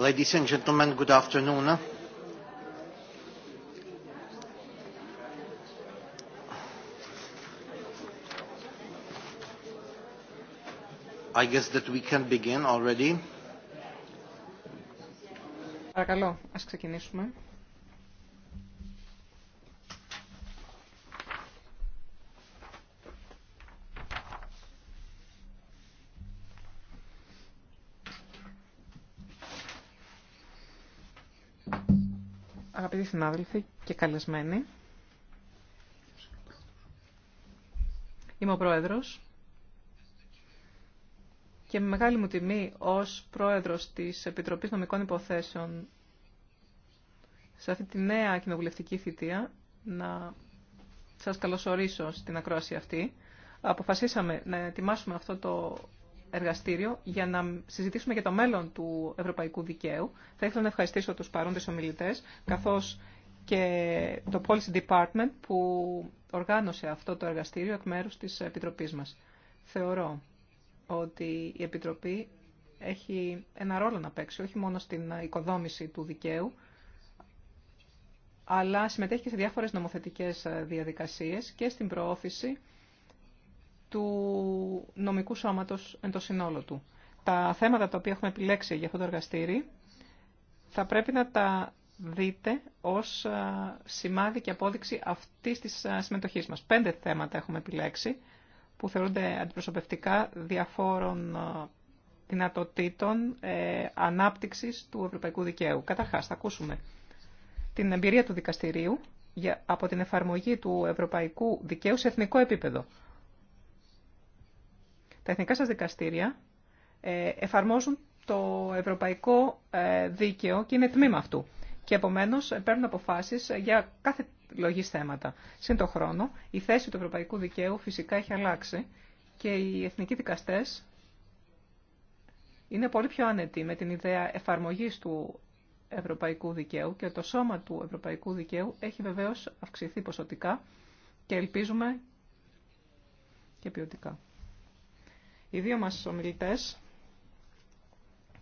Ladies and gentlemen, good afternoon. I guess that we can begin already. Παρακαλώ, ας ξεκινήσουμε. συνάδελφοι και καλεσμένοι. Είμαι ο Πρόεδρος και με μεγάλη μου τιμή ως Πρόεδρος της Επιτροπής Νομικών Υποθέσεων σε αυτή τη νέα κοινοβουλευτική θητεία να σας καλωσορίσω στην ακρόαση αυτή. Αποφασίσαμε να ετοιμάσουμε αυτό το εργαστήριο για να συζητήσουμε για το μέλλον του ευρωπαϊκού δικαίου. Θα ήθελα να ευχαριστήσω τους παρόντες ομιλητές, καθώς και το Policy Department που οργάνωσε αυτό το εργαστήριο εκ μέρους της Επιτροπής μας. Θεωρώ ότι η Επιτροπή έχει ένα ρόλο να παίξει, όχι μόνο στην οικοδόμηση του δικαίου, αλλά συμμετέχει και σε διάφορες νομοθετικές διαδικασίες και στην προώθηση του νομικού σώματος εν το συνόλο του. Τα θέματα τα οποία έχουμε επιλέξει για αυτό το εργαστήρι θα πρέπει να τα δείτε ως σημάδι και απόδειξη αυτής της συμμετοχής μας. Πέντε θέματα έχουμε επιλέξει που θεωρούνται αντιπροσωπευτικά διαφόρων δυνατοτήτων ε, ανάπτυξης του ευρωπαϊκού δικαίου. Καταρχάς, θα ακούσουμε την εμπειρία του δικαστηρίου για, από την εφαρμογή του ευρωπαϊκού δικαίου σε εθνικό επίπεδο τα εθνικά σας δικαστήρια ε, εφαρμόζουν το ευρωπαϊκό ε, δίκαιο και είναι τμήμα αυτού. Και επομένω ε, παίρνουν αποφάσει για κάθε λογή θέματα. Συν το χρόνο, η θέση του ευρωπαϊκού δικαίου φυσικά έχει αλλάξει και οι εθνικοί δικαστέ είναι πολύ πιο άνετοι με την ιδέα εφαρμογή του ευρωπαϊκού δικαίου και το σώμα του ευρωπαϊκού δικαίου έχει βεβαίω αυξηθεί ποσοτικά και ελπίζουμε και ποιοτικά. Οι δύο μας ομιλητές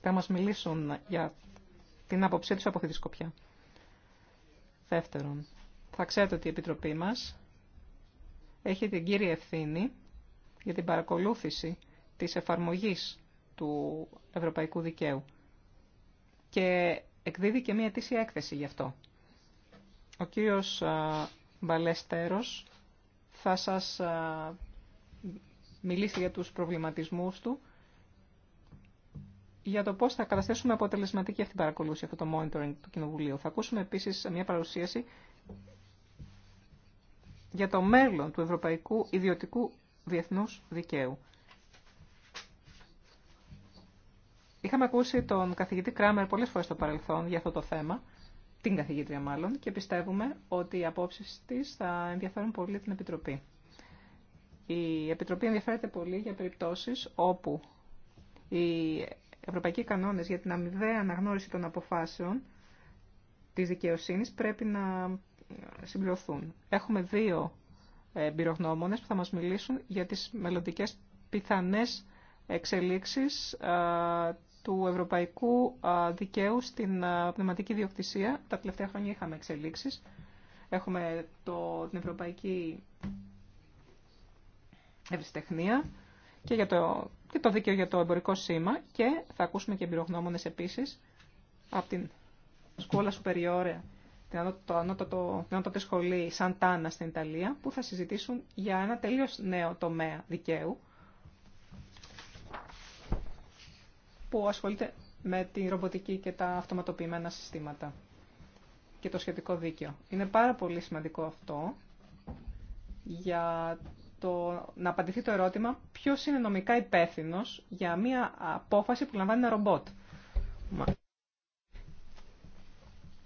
θα μας μιλήσουν για την άποψή τους από αυτή τη Δεύτερον, θα ξέρετε ότι η Επιτροπή μας έχει την κύρια ευθύνη για την παρακολούθηση της εφαρμογής του Ευρωπαϊκού Δικαίου και εκδίδει και μία αιτήσια έκθεση γι' αυτό. Ο κύριος Μπαλέστερος θα σας μιλήσει για τους προβληματισμούς του, για το πώς θα καταστήσουμε αποτελεσματική αυτή την παρακολούθηση, αυτό το monitoring του Κοινοβουλίου. Θα ακούσουμε επίσης μια παρουσίαση για το μέλλον του Ευρωπαϊκού Ιδιωτικού Διεθνούς Δικαίου. Είχαμε ακούσει τον καθηγητή Κράμερ πολλές φορές στο παρελθόν για αυτό το θέμα, την καθηγήτρια μάλλον, και πιστεύουμε ότι οι απόψεις της θα ενδιαφέρουν πολύ την Επιτροπή. Η Επιτροπή ενδιαφέρεται πολύ για περιπτώσεις όπου οι ευρωπαϊκοί κανόνες για την αμοιβαία αναγνώριση των αποφάσεων της δικαιοσύνης πρέπει να συμπληρωθούν. Έχουμε δύο ε, εμπειρογνώμονες που θα μας μιλήσουν για τις μελλοντικέ πιθανές εξελίξεις ε, του ευρωπαϊκού ε, δικαίου στην πνευματική διοκτησία. Τα τελευταία χρόνια είχαμε εξελίξεις. Έχουμε το, την Ευρωπαϊκή ευρυστεχνία και, για το, και το δίκαιο για το εμπορικό σήμα και θα ακούσουμε και εμπειρογνώμονες επίσης από την Σκόλα Superiore, την ανώτατη σχολή Σαντάνα στην Ιταλία, που θα συζητήσουν για ένα τελείως νέο τομέα δικαίου, που ασχολείται με τη ρομποτική και τα αυτοματοποιημένα συστήματα και το σχετικό δίκαιο. Είναι πάρα πολύ σημαντικό αυτό για το, να απαντηθεί το ερώτημα ποιο είναι νομικά υπεύθυνο για μια απόφαση που λαμβάνει ένα ρομπότ.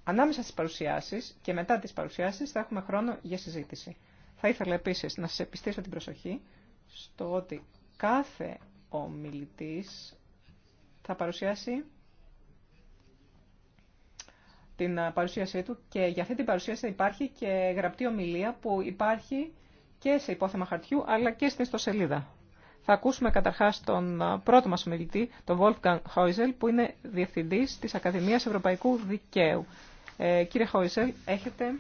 Ανάμεσα στις παρουσιάσεις και μετά τις παρουσιάσεις θα έχουμε χρόνο για συζήτηση. Θα ήθελα επίσης να σας επιστήσω την προσοχή στο ότι κάθε ομιλητής θα παρουσιάσει την παρουσίασή του και για αυτή την παρουσίαση υπάρχει και γραπτή ομιλία που υπάρχει και σε υπόθεμα χαρτιού, αλλά και στην ιστοσελίδα. Θα ακούσουμε καταρχάς τον ε, πρώτο μας ομιλητή, τον Wolfgang Χόιζελ, που είναι Διευθυντής της Ακαδημίας Ευρωπαϊκού Δικαίου. Ε, κύριε Χόιζελ, έχετε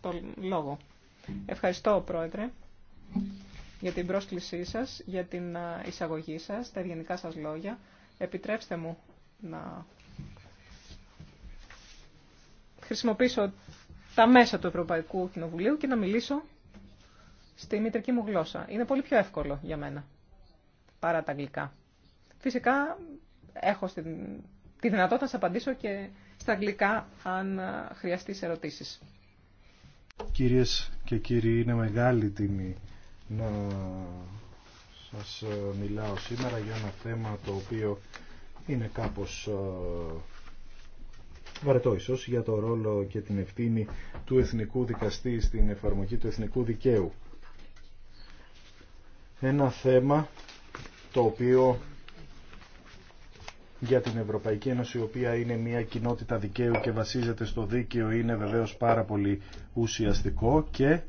τον λόγο. Ευχαριστώ, Πρόεδρε, για την πρόσκλησή σας, για την ε, εισαγωγή σας, τα ευγενικά σας λόγια. Επιτρέψτε μου να χρησιμοποιήσω τα μέσα του Ευρωπαϊκού Κοινοβουλίου και να μιλήσω στη μητρική μου γλώσσα. Είναι πολύ πιο εύκολο για μένα παρά τα αγγλικά. Φυσικά έχω τη δυνατότητα να σας απαντήσω και στα αγγλικά αν χρειαστεί ερωτήσεις. Κυρίες και κύριοι, είναι μεγάλη τιμή να σας ε, μιλάω σήμερα για ένα θέμα το οποίο είναι κάπως ε, βαρετό ίσως για το ρόλο και την ευθύνη του Εθνικού Δικαστή στην εφαρμογή του Εθνικού Δικαίου ένα θέμα το οποίο για την Ευρωπαϊκή Ένωση, η οποία είναι μια κοινότητα δικαίου και βασίζεται στο δίκαιο, είναι βεβαίως πάρα πολύ ουσιαστικό και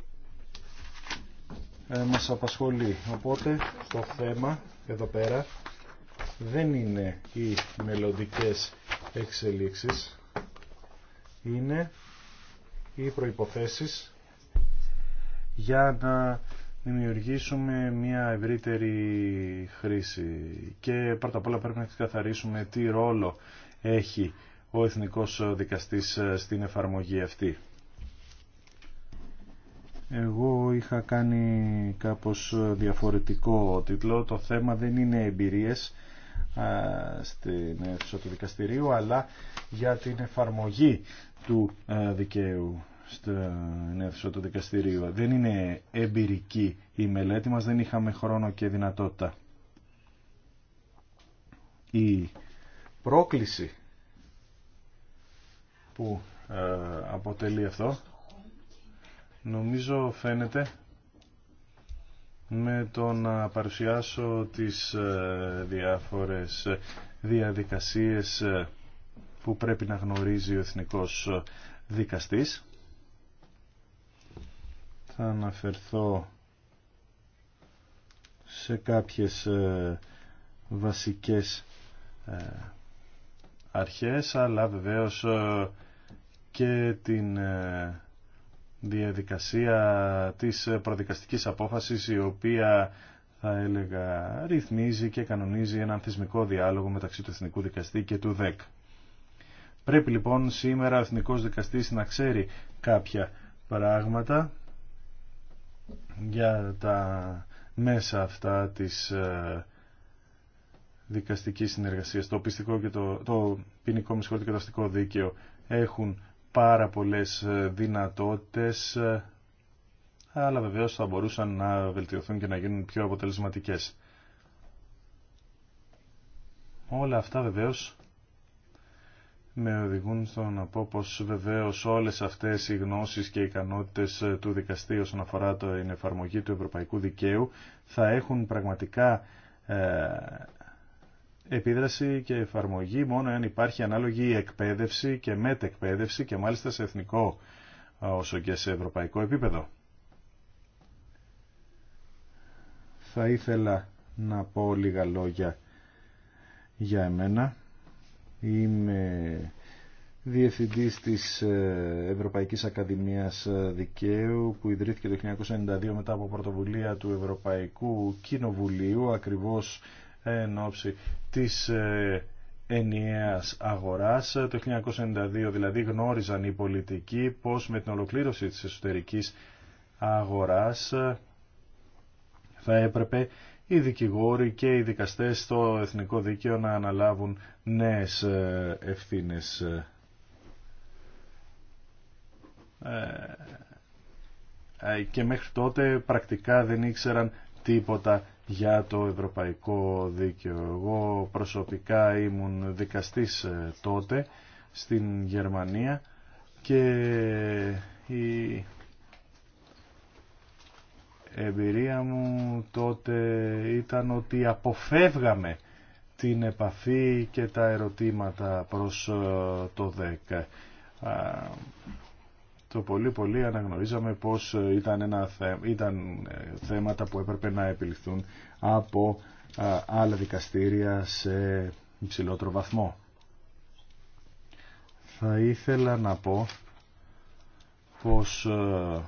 ε, μας απασχολεί. Οπότε το θέμα εδώ πέρα δεν είναι οι μελλοντικέ εξελίξεις, είναι οι προϋποθέσεις για να δημιουργήσουμε μια ευρύτερη χρήση και πρώτα απ' όλα πρέπει να ξεκαθαρίσουμε τι ρόλο έχει ο Εθνικός Δικαστής στην εφαρμογή αυτή. Εγώ είχα κάνει κάπως διαφορετικό τίτλο. Το θέμα δεν είναι εμπειρίες στην αίθουσα του αλλά για την εφαρμογή του δικαίου στην αίθουσα του δικαστηρίου. Δεν είναι εμπειρική η μελέτη μας, δεν είχαμε χρόνο και δυνατότητα. Η πρόκληση που ε, αποτελεί αυτό νομίζω φαίνεται με το να παρουσιάσω τις ε, διάφορες διαδικασίες ε, που πρέπει να γνωρίζει ο εθνικός δικαστής θα αναφερθώ σε κάποιες ε, βασικές ε, αρχές αλλά βεβαίως ε, και την διαδικασία της προδικαστικής απόφασης η οποία θα έλεγα ρυθμίζει και κανονίζει έναν θεσμικό διάλογο μεταξύ του Εθνικού Δικαστή και του ΔΕΚ. Πρέπει λοιπόν σήμερα ο Εθνικός Δικαστής να ξέρει κάποια πράγματα για τα μέσα αυτά της ε, δικαστικής συνεργασίας. Το, πιστικό και το, το ποινικό με και δίκαιο έχουν πάρα πολλές ε, δυνατότητες ε, αλλά βεβαίως θα μπορούσαν να βελτιωθούν και να γίνουν πιο αποτελεσματικές. Όλα αυτά βεβαίως με οδηγούν στο να πω πως βεβαίως όλες αυτές οι γνώσεις και οι ικανότητες ε, του δικαστή όσον αφορά την εφαρμογή του ευρωπαϊκού δικαίου θα έχουν πραγματικά ε, επίδραση και εφαρμογή μόνο αν υπάρχει ανάλογη εκπαίδευση και μετεκπαίδευση και μάλιστα σε εθνικό ε, όσο και σε ευρωπαϊκό επίπεδο. Θα ήθελα να πω λίγα λόγια για εμένα. Είμαι διευθυντής της ε, Ευρωπαϊκής Ακαδημίας ε, Δικαίου που ιδρύθηκε το 1992 μετά από πρωτοβουλία του Ευρωπαϊκού Κοινοβουλίου ακριβώς εν ώψη της ε, ενιαίας αγοράς. Το 1992 δηλαδή γνώριζαν οι πολιτικοί πως με την ολοκλήρωση της εσωτερικής αγοράς θα έπρεπε οι δικηγόροι και οι δικαστές στο εθνικό δίκαιο να αναλάβουν νέες ευθύνες ε, ε, και μέχρι τότε πρακτικά δεν ήξεραν τίποτα για το ευρωπαϊκό δίκαιο. Εγώ προσωπικά ήμουν δικαστής ε, τότε στην Γερμανία και η εμπειρία μου τότε ήταν ότι αποφεύγαμε την επαφή και τα ερωτήματα προς το 10 το πολύ πολύ αναγνωρίζαμε πως ε, ήταν, ένα ήταν ε, θέματα που έπρεπε να επιληφθούν από ε, άλλα δικαστήρια σε υψηλότερο βαθμό. Θα ήθελα να πω πως α,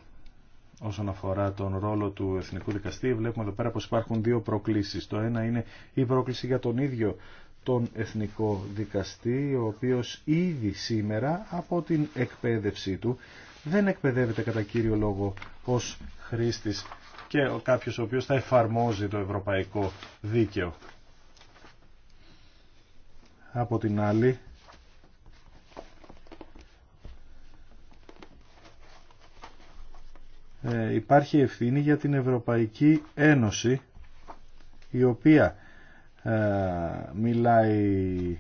όσον αφορά τον ρόλο του Εθνικού Δικαστή βλέπουμε εδώ πέρα πως υπάρχουν δύο προκλήσεις. Το ένα είναι η πρόκληση για τον ίδιο τον Εθνικό Δικαστή, ο οποίος ήδη σήμερα από την εκπαίδευσή του δεν εκπαιδεύεται κατά κύριο λόγο ως χρήστης και ο κάποιος ο οποίος θα εφαρμόζει το ευρωπαϊκό δίκαιο. Από την άλλη, ε, υπάρχει ευθύνη για την Ευρωπαϊκή Ένωση η οποία ε, μιλάει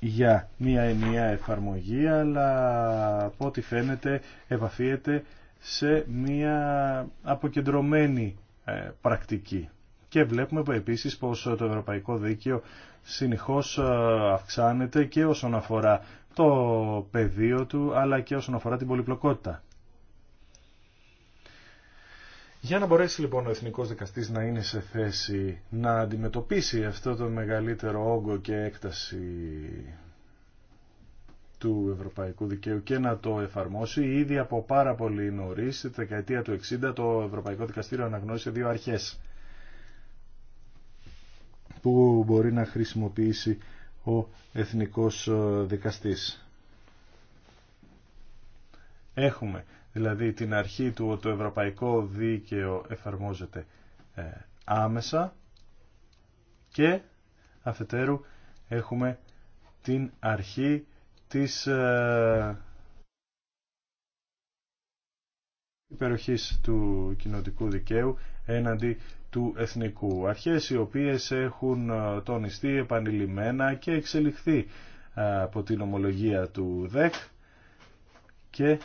για μια ενιαία εφαρμογή, αλλά από ό,τι φαίνεται επαφίεται σε μια αποκεντρωμένη ε, πρακτική. Και βλέπουμε επίσης πως το ευρωπαϊκό δίκαιο συνεχώς ε, αυξάνεται και όσον αφορά το πεδίο του, αλλά και όσον αφορά την πολυπλοκότητα. Για να μπορέσει λοιπόν ο Εθνικός Δικαστής να είναι σε θέση να αντιμετωπίσει αυτό το μεγαλύτερο όγκο και έκταση του Ευρωπαϊκού Δικαίου και να το εφαρμόσει, ήδη από πάρα πολύ νωρίς, τη δεκαετία του 60, το Ευρωπαϊκό Δικαστήριο αναγνώρισε δύο αρχές που μπορεί να χρησιμοποιήσει ο Εθνικός ε, Δικαστής. Έχουμε δηλαδή την αρχή του ότι το ευρωπαϊκό δίκαιο εφαρμόζεται ε, άμεσα και αφετέρου έχουμε την αρχή της ε, υπεροχής του κοινοτικού δικαίου έναντι του εθνικού. Αρχές οι οποίες έχουν ε, τονιστεί επανειλημμένα και εξελιχθεί από την ομολογία του ΔΕΚ και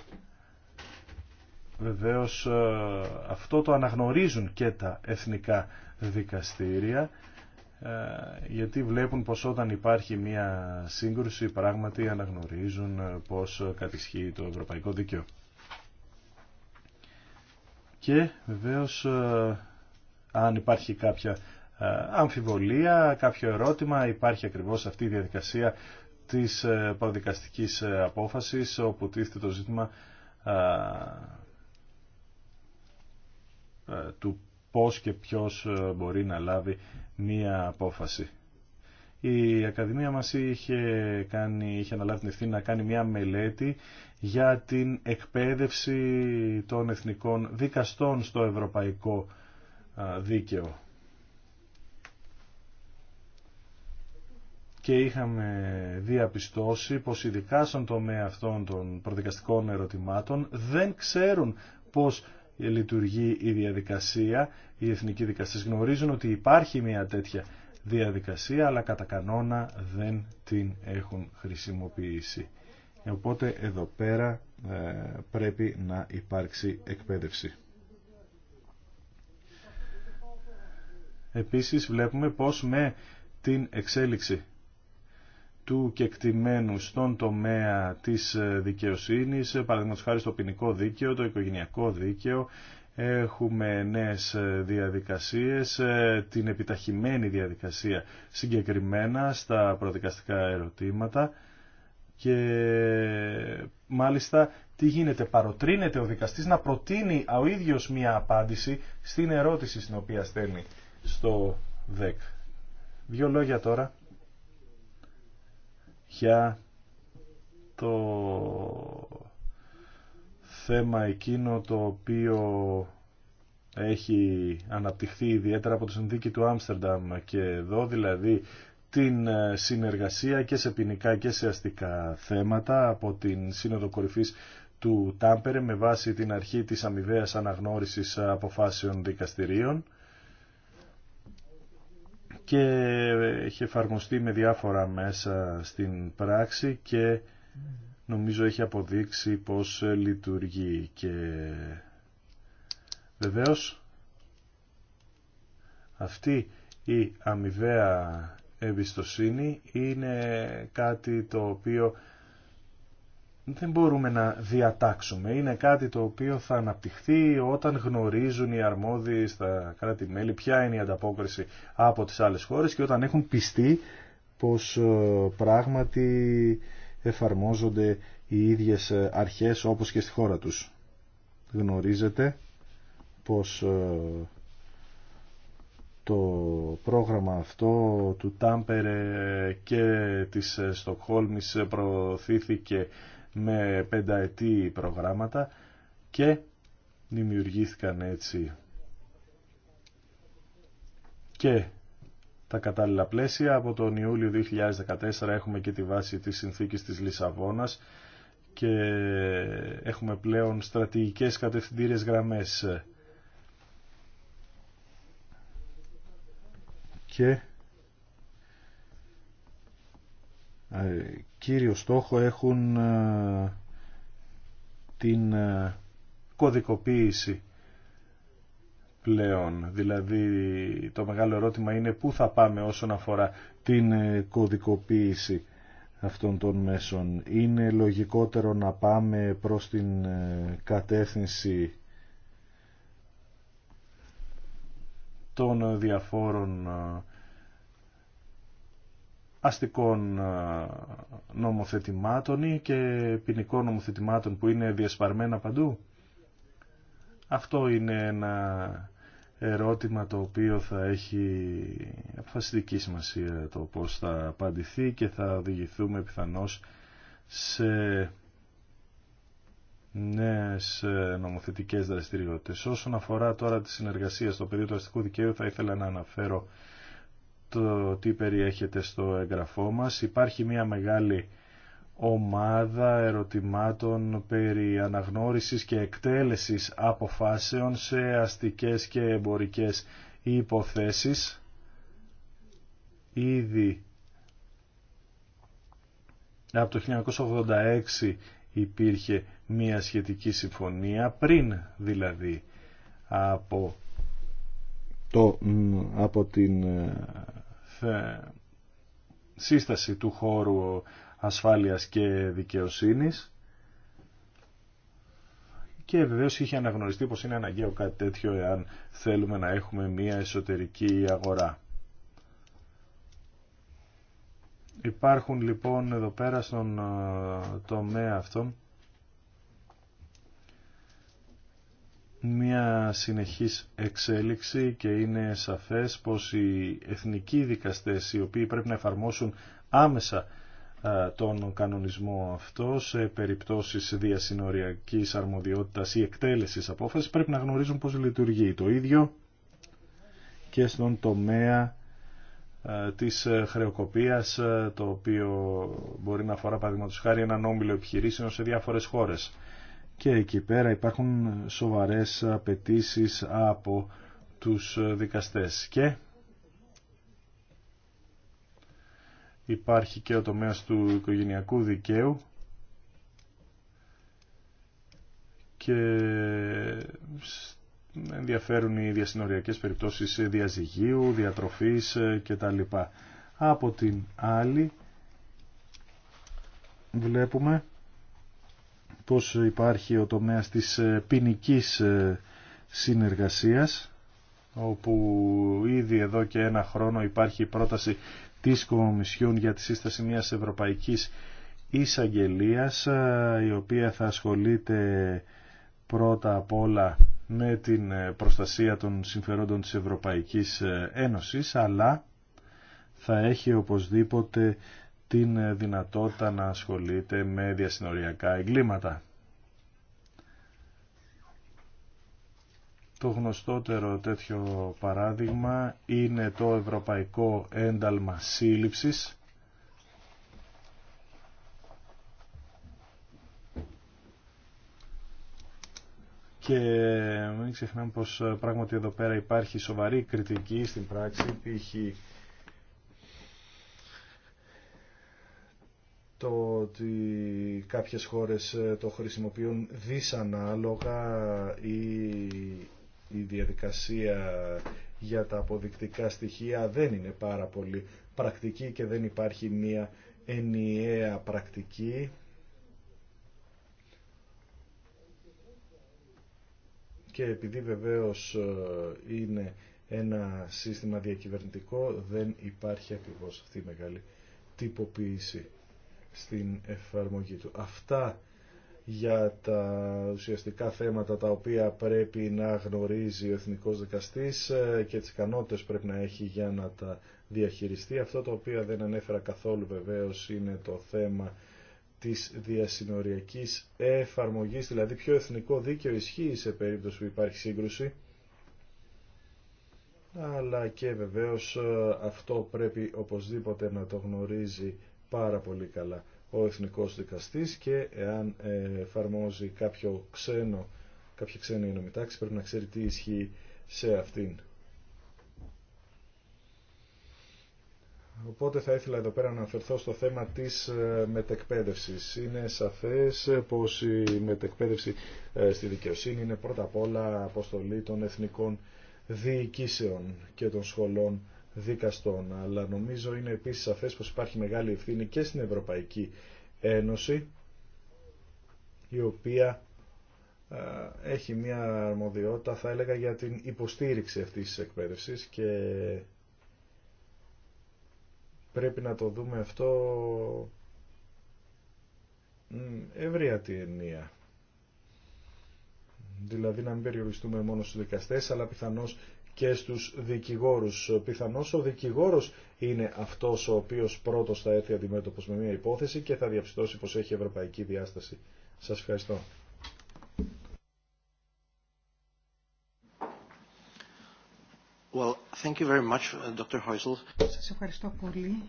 Βεβαίως ε, αυτό το αναγνωρίζουν και τα εθνικά δικαστήρια ε, γιατί βλέπουν πως όταν υπάρχει μια σύγκρουση πράγματι αναγνωρίζουν ε, πως κατησχύει το ευρωπαϊκό δίκαιο. Και βεβαίως αν υπάρχει κάποια αμφιβολία, κάποιο ερώτημα, υπάρχει ακριβώς αυτή η διαδικασία της παδικαστικής απόφασης όπου τίθεται το ζήτημα ε, του πώς και ποιος ε, μπορεί να λάβει μία απόφαση. Η Ακαδημία μας είχε, κάνει, είχε αναλάβει την ευθύνη να κάνει μία μελέτη για την εκπαίδευση των εθνικών δικαστών στο ευρωπαϊκό ε, δίκαιο. και είχαμε διαπιστώσει πως ειδικά στον τομέα αυτών των προδικαστικών ερωτημάτων δεν ξέρουν πως λειτουργεί η διαδικασία, οι εθνικοί δικαστές γνωρίζουν ότι υπάρχει μια τέτοια διαδικασία, αλλά κατά κανόνα δεν την έχουν χρησιμοποιήσει. Οπότε εδώ πέρα ε, πρέπει να υπάρξει εκπαίδευση. Επίσης βλέπουμε πως με την εξέλιξη του κεκτημένου στον τομέα της ε, δικαιοσύνης, ε, παραδείγματο χάρη στο ποινικό δίκαιο, το οικογενειακό δίκαιο, έχουμε νέες ε, διαδικασίες, την επιταχυμένη διαδικασία συγκεκριμένα στα προδικαστικά ερωτήματα και μάλιστα τι γίνεται, παροτρύνεται ο δικαστής να προτείνει ο ίδιος μία απάντηση στην ερώτηση στην οποία στέλνει στο ΔΕΚ. Δύο λόγια τώρα για το θέμα εκείνο το οποίο έχει αναπτυχθεί ιδιαίτερα από το συνθήκη του Άμστερνταμ και εδώ δηλαδή την ε, συνεργασία και σε ποινικά και σε αστικά θέματα από την Σύνοδο Κορυφής του Τάμπερε με βάση την αρχή της αμοιβαίας αναγνώρισης αποφάσεων δικαστηρίων και έχει εφαρμοστεί με διάφορα μέσα στην πράξη και νομίζω έχει αποδείξει πως λειτουργεί και βεβαίως αυτή η αμοιβαία εμπιστοσύνη είναι κάτι το οποίο δεν μπορούμε να διατάξουμε. Είναι κάτι το οποίο θα αναπτυχθεί όταν γνωρίζουν οι αρμόδιοι στα κράτη-μέλη ποια είναι η ανταπόκριση από τις άλλες χώρες και όταν έχουν πιστεί πως ε, πράγματι εφαρμόζονται οι ίδιες ε, αρχές όπως και στη χώρα τους. Γνωρίζετε πως ε, το πρόγραμμα αυτό του Τάμπερε και της Στοκχόλμης προωθήθηκε με πενταετή προγράμματα και δημιουργήθηκαν έτσι και τα κατάλληλα πλαίσια. Από τον Ιούλιο 2014 έχουμε και τη βάση της συνθήκης της Λισαβόνας και έχουμε πλέον στρατηγικές κατευθυντήριες γραμμές. Και Ε, κύριο στόχο έχουν ε, την ε, κωδικοποίηση πλέον. Δηλαδή το μεγάλο ερώτημα είναι πού θα πάμε όσον αφορά την κωδικοποίηση αυτών των μέσων. Είναι λογικότερο να πάμε προς την κατεύθυνση των διαφόρων αστικών νομοθετημάτων ή και ποινικών νομοθετημάτων που είναι διασπαρμένα παντού. Αυτό είναι ένα ερώτημα το οποίο θα έχει αποφασιστική σημασία το πώς θα απαντηθεί και θα οδηγηθούμε πιθανώς σε νέες ε, νομοθετικές δραστηριότητες. Όσον αφορά τώρα τη συνεργασία στο πεδίο του αστικού δικαίου θα ήθελα να αναφέρω το τι περιέχεται στο εγγραφό μας. Υπάρχει μια μεγάλη ομάδα ερωτημάτων περί αναγνώρισης και εκτέλεσης αποφάσεων σε αστικές και εμπορικές υποθέσεις. Ήδη από το 1986 υπήρχε μια σχετική συμφωνία, πριν δηλαδή από, το, από την ε, ε, σύσταση του χώρου ασφάλειας και δικαιοσύνης και βεβαίω είχε αναγνωριστεί πως είναι αναγκαίο κάτι τέτοιο εάν θέλουμε να έχουμε μια εσωτερική αγορά. Υπάρχουν λοιπόν εδώ πέρα στον ε, τομέα αυτό μια συνεχής εξέλιξη και είναι σαφές πως οι εθνικοί δικαστές οι οποίοι πρέπει να εφαρμόσουν άμεσα τον κανονισμό αυτό σε περιπτώσεις διασυνοριακής αρμοδιότητας ή εκτέλεσης απόφασης πρέπει να γνωρίζουν πώς λειτουργεί το ίδιο και στον τομέα της ε, χρεοκοπίας ε, το οποίο μπορεί να αφορά παραδείγματος χάρη έναν όμιλο επιχειρήσεων σε διάφορες χώρες και εκεί πέρα υπάρχουν σοβαρές απαιτήσει από τους δικαστές και υπάρχει και ο τομέας του οικογενειακού δικαίου και ενδιαφέρουν οι διασυνοριακές περιπτώσεις διαζυγίου, διατροφής κτλ. Από την άλλη βλέπουμε πως υπάρχει ο τομέας της ε, ποινική ε, συνεργασίας όπου ήδη εδώ και ένα χρόνο υπάρχει η πρόταση της Κομισιόν για τη σύσταση μιας Ευρωπαϊκής εισαγγελία, ε, η οποία θα ασχολείται πρώτα απ' όλα με την προστασία των συμφερόντων της Ευρωπαϊκής Ένωσης αλλά θα έχει οπωσδήποτε την δυνατότητα να ασχολείται με διασυνοριακά εγκλήματα. Το γνωστότερο τέτοιο παράδειγμα είναι το Ευρωπαϊκό Ένταλμα Σύλληψης, Και μην ξεχνάμε πως πράγματι εδώ πέρα υπάρχει σοβαρή κριτική στην πράξη, π.χ. το ότι κάποιες χώρες ε, το χρησιμοποιούν δυσανάλογα ή η διαδικασία για τα αποδεικτικά στοιχεία δεν είναι πάρα πολύ πρακτική και δεν υπάρχει μία ενιαία πρακτική. Και επειδή βεβαίως ε, είναι ένα σύστημα διακυβερνητικό δεν υπάρχει ακριβώς αυτή η μεγάλη τυποποίηση στην εφαρμογή του. Αυτά για τα ουσιαστικά θέματα τα οποία πρέπει να γνωρίζει ο Εθνικός Δικαστής ε, και τις ικανότητε πρέπει να έχει για να τα διαχειριστεί. Αυτό το οποίο δεν ανέφερα καθόλου βεβαίως είναι το θέμα της διασυνοριακής εφαρμογής, δηλαδή ποιο εθνικό δίκαιο ισχύει σε περίπτωση που υπάρχει σύγκρουση, αλλά και βεβαίως ε, αυτό πρέπει οπωσδήποτε να το γνωρίζει πάρα πολύ καλά ο εθνικός δικαστής και εάν ε, εφαρμόζει κάποιο ξένο, κάποια ξένη νομιτάξη πρέπει να ξέρει τι ισχύει σε αυτήν. Οπότε θα ήθελα εδώ πέρα να αναφερθώ στο θέμα της ε, μετεκπαίδευσης. Είναι σαφές ε, πως η μετεκπαίδευση στη δικαιοσύνη είναι πρώτα απ' όλα αποστολή των εθνικών διοικήσεων και των σχολών δικαστών. Αλλά νομίζω είναι επίσης σαφές πως υπάρχει μεγάλη ευθύνη και στην Ευρωπαϊκή Ένωση η οποία έχει μια αρμοδιότητα θα έλεγα για την υποστήριξη αυτής της εκπαίδευσης και πρέπει να το δούμε αυτό ευρεία τη ενία. Δηλαδή να μην περιοριστούμε μόνο στους δικαστές αλλά πιθανώς και στους δικηγόρους. Πιθανώς ο δικηγόρος είναι αυτός ο οποίος πρώτος θα έρθει αντιμέτωπος με μια υπόθεση και θα διαπιστώσει πως έχει ευρωπαϊκή διάσταση. Σας ευχαριστώ. Well, thank you very much, uh, Dr. Σας ευχαριστώ πολύ,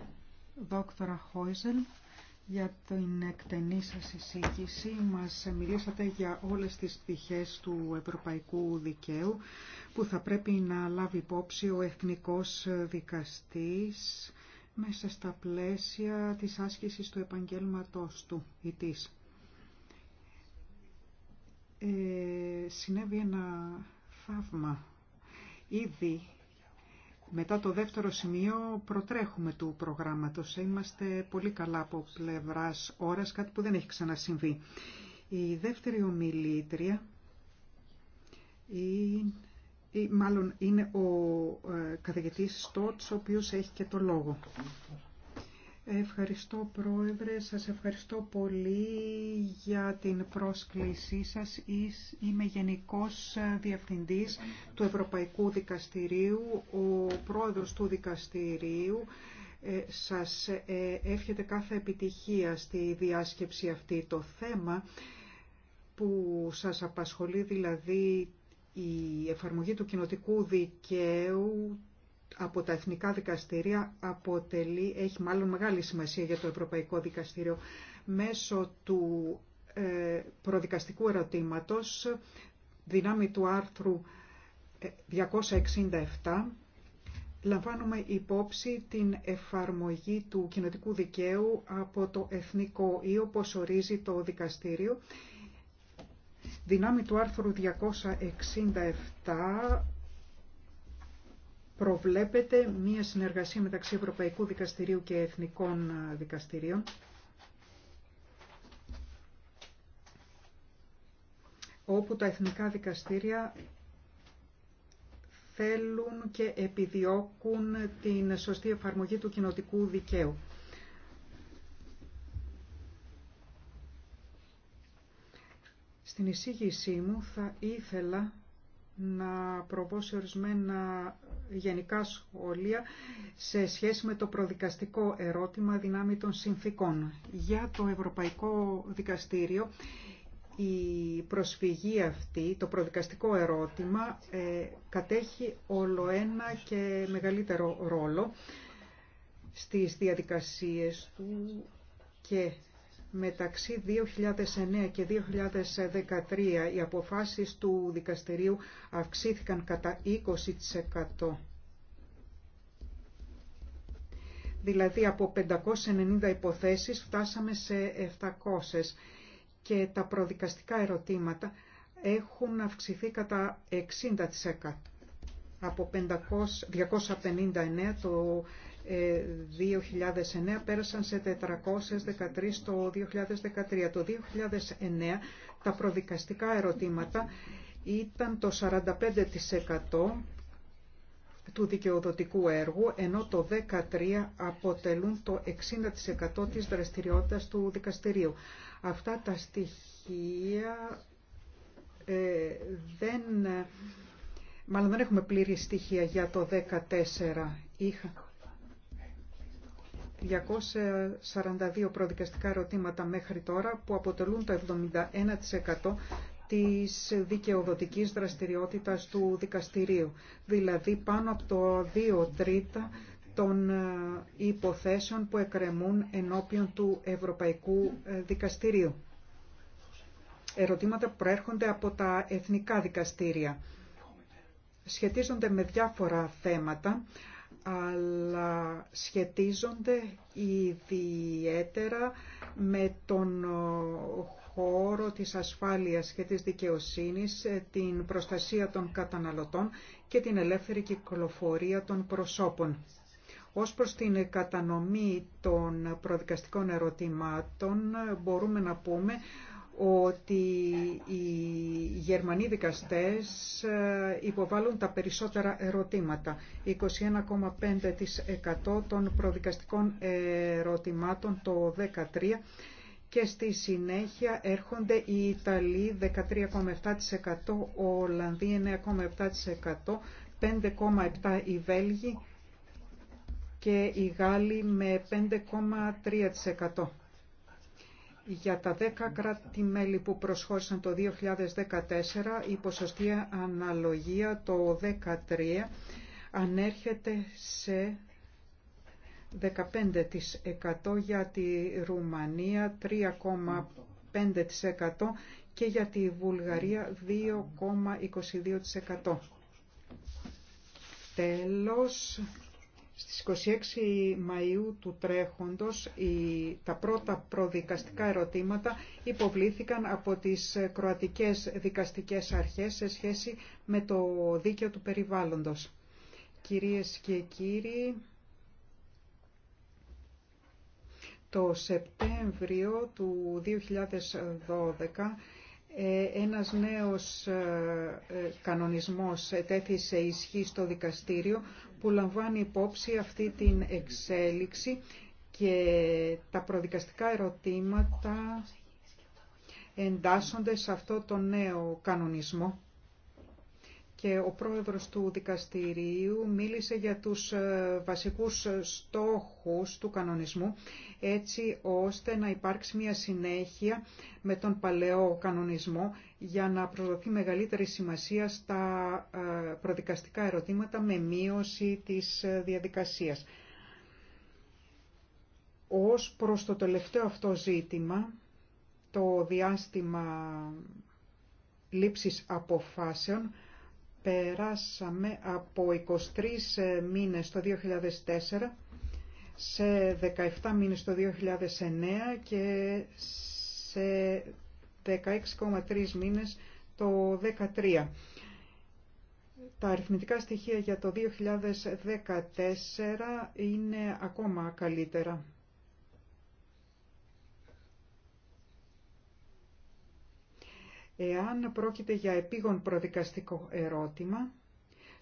Δόκτωρα Χόιζελ για την εκτενή σας εισήγηση. Μας μιλήσατε για όλες τις πτυχές του ευρωπαϊκού δικαίου που θα πρέπει να λάβει υπόψη ο εθνικός δικαστής μέσα στα πλαίσια της άσκησης του επαγγέλματός του ή τη. Ε, συνέβη ένα θαύμα. Ήδη μετά το δεύτερο σημείο προτρέχουμε του προγράμματος. Είμαστε πολύ καλά από πλευράς ώρας, κάτι που δεν έχει ξανασυμβεί. Η δεύτερη ομιλήτρια, ή, μάλλον είναι ο ε, καθηγητής Στότς, ο οποίος έχει και το λόγο. Ευχαριστώ Πρόεδρε, σας ευχαριστώ πολύ για την πρόσκλησή σας. Είμαι Γενικός Διευθυντής του Ευρωπαϊκού Δικαστηρίου, ο Πρόεδρος του Δικαστηρίου. Ε, σας ε, εύχεται κάθε επιτυχία στη διάσκεψη αυτή. Το θέμα που σας απασχολεί δηλαδή η εφαρμογή του κοινοτικού δικαίου από τα εθνικά δικαστήρια αποτελεί, έχει μάλλον μεγάλη σημασία για το Ευρωπαϊκό Δικαστήριο. Μέσω του ε, προδικαστικού ερωτήματος, δυνάμει του άρθρου 267, ε, λαμβάνουμε υπόψη την εφαρμογή του κοινοτικού δικαίου από το εθνικό ή όπως ορίζει το δικαστήριο. Δυνάμει του άρθρου 267 προβλέπεται μία συνεργασία μεταξύ Ευρωπαϊκού Δικαστηρίου και Εθνικών Δικαστηρίων όπου τα εθνικά δικαστήρια θέλουν και επιδιώκουν την σωστή εφαρμογή του κοινοτικού δικαίου. Στην εισήγησή μου θα ήθελα να προβώ σε ορισμένα γενικά σχόλια σε σχέση με το προδικαστικό ερώτημα δυνάμει των συνθήκων. Για το Ευρωπαϊκό Δικαστήριο η προσφυγή αυτή, το προδικαστικό ερώτημα, ε, κατέχει όλο ένα και μεγαλύτερο ρόλο στις διαδικασίες του και Μεταξύ 2009 και 2013 οι αποφάσεις του δικαστηρίου αυξήθηκαν κατά 20%. Δηλαδή από 590 υποθέσεις φτάσαμε σε 700 και τα προδικαστικά ερωτήματα έχουν αυξηθεί κατά 60% από 500, 259 το 2009 ε, πέρασαν σε 413 το 2013. Το 2009 τα προδικαστικά ερωτήματα ήταν το 45% του δικαιοδοτικού έργου, ενώ το 13 αποτελούν το 60% της δραστηριότητας του δικαστηρίου. Αυτά τα στοιχεία ε, δεν... Μάλλον δεν έχουμε πλήρη στοιχεία για το 14. Είχα, 242 προδικαστικά ερωτήματα μέχρι τώρα που αποτελούν το 71% της δικαιοδοτικής δραστηριότητας του δικαστηρίου. Δηλαδή πάνω από το 2 τρίτα των ε, υποθέσεων που εκκρεμούν ενώπιον του Ευρωπαϊκού ε, Δικαστηρίου. Ερωτήματα που προέρχονται από τα εθνικά δικαστήρια. Σχετίζονται με διάφορα θέματα αλλά σχετίζονται ιδιαίτερα με τον χώρο της ασφάλειας και της δικαιοσύνης, ε, την προστασία των καταναλωτών και την ελεύθερη κυκλοφορία των προσώπων. Ως προς την κατανομή των προδικαστικών ερωτημάτων ε, μπορούμε να πούμε ότι οι Γερμανοί δικαστές ε, υποβάλλουν τα περισσότερα ερωτήματα. 21,5% των προδικαστικών ερωτημάτων το 2013 και στη συνέχεια έρχονται οι Ιταλοί 13,7%, ο Ολλανδοί 9,7%, 5,7% οι Βέλγοι και οι Γάλλοι με 5,3%. Για τα 10 κράτη-μέλη που προσχώρησαν το 2014, η ποσοστή αναλογία το 2013 ανέρχεται σε 15% για τη Ρουμανία, 3,5% και για τη Βουλγαρία 2,22%. Τέλος, στις 26 Μαΐου του τρέχοντος τα πρώτα προδικαστικά ερωτήματα υποβλήθηκαν από τις κροατικές δικαστικές αρχές σε σχέση με το δίκαιο του περιβάλλοντος. Κυρίες και κύριοι, το Σεπτέμβριο του 2012 ε, ένας νέος ε, ε, κανονισμός ετέθησε ισχύ στο δικαστήριο που λαμβάνει υπόψη αυτή την εξέλιξη και τα προδικαστικά ερωτήματα εντάσσονται σε αυτό το νέο κανονισμό και ο πρόεδρος του δικαστηρίου μίλησε για τους ε, βασικούς στόχους του κανονισμού έτσι ώστε να υπάρξει μια συνέχεια με τον παλαιό κανονισμό για να προσδοθεί μεγαλύτερη σημασία στα ε, προδικαστικά ερωτήματα με μείωση της ε, διαδικασίας. Ως προς το τελευταίο αυτό ζήτημα, το διάστημα λήψης αποφάσεων περάσαμε από 23 ε, μήνες το 2004 σε 17 μήνες το 2009 και σε 16,3 μήνες το 2013. Τα αριθμητικά στοιχεία για το 2014 είναι ακόμα καλύτερα. Εάν πρόκειται για επίγον προδικαστικό ερώτημα,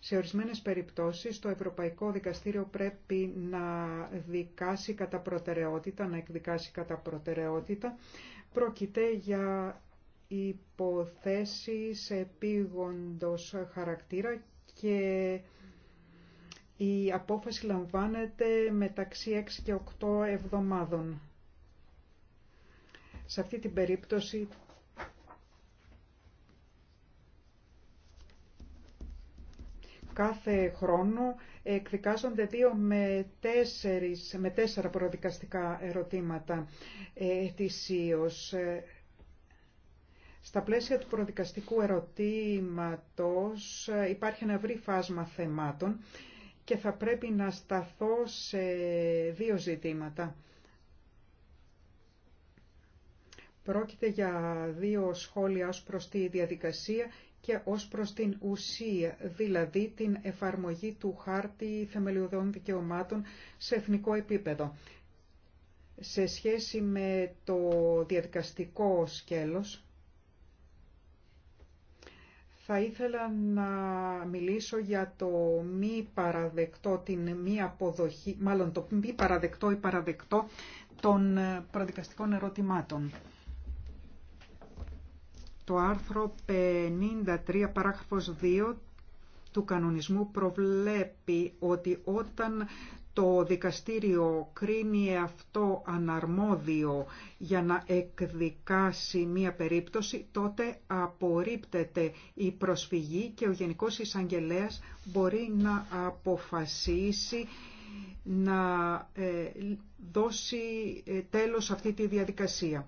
σε ορισμένες περιπτώσεις το Ευρωπαϊκό Δικαστήριο πρέπει να δικάσει κατά προτεραιότητα, να εκδικάσει κατά προτεραιότητα. Πρόκειται για υποθέσεις επίγοντος χαρακτήρα και η απόφαση λαμβάνεται μεταξύ 6 και 8 εβδομάδων. Σε αυτή την περίπτωση κάθε χρόνο εκδικάζονται δύο με, τέσσερις, με τέσσερα προδικαστικά ερωτήματα ε, ετησίως. Ε, στα πλαίσια του προδικαστικού ερωτήματος ε, υπάρχει ένα ευρύ φάσμα θεμάτων και θα πρέπει να σταθώ σε δύο ζητήματα. Πρόκειται για δύο σχόλια ως προς τη διαδικασία και ως προς την ουσία, δηλαδή την εφαρμογή του χάρτη θεμελιωδών δικαιωμάτων σε εθνικό επίπεδο. Σε σχέση με το διαδικαστικό σκέλος, θα ήθελα να μιλήσω για το μη παραδεκτό, την μη αποδοχή, μάλλον το μη παραδεκτό ή παραδεκτό των ε, προδικαστικών ερωτημάτων. Το άρθρο 53 παράγραφος 2 του κανονισμού προβλέπει ότι όταν το δικαστήριο κρίνει αυτό αναρμόδιο για να εκδικάσει μία περίπτωση, τότε απορρίπτεται η προσφυγή και ο Γενικός Εισαγγελέας μπορεί να αποφασίσει να ε, δώσει ε, τέλος αυτή τη διαδικασία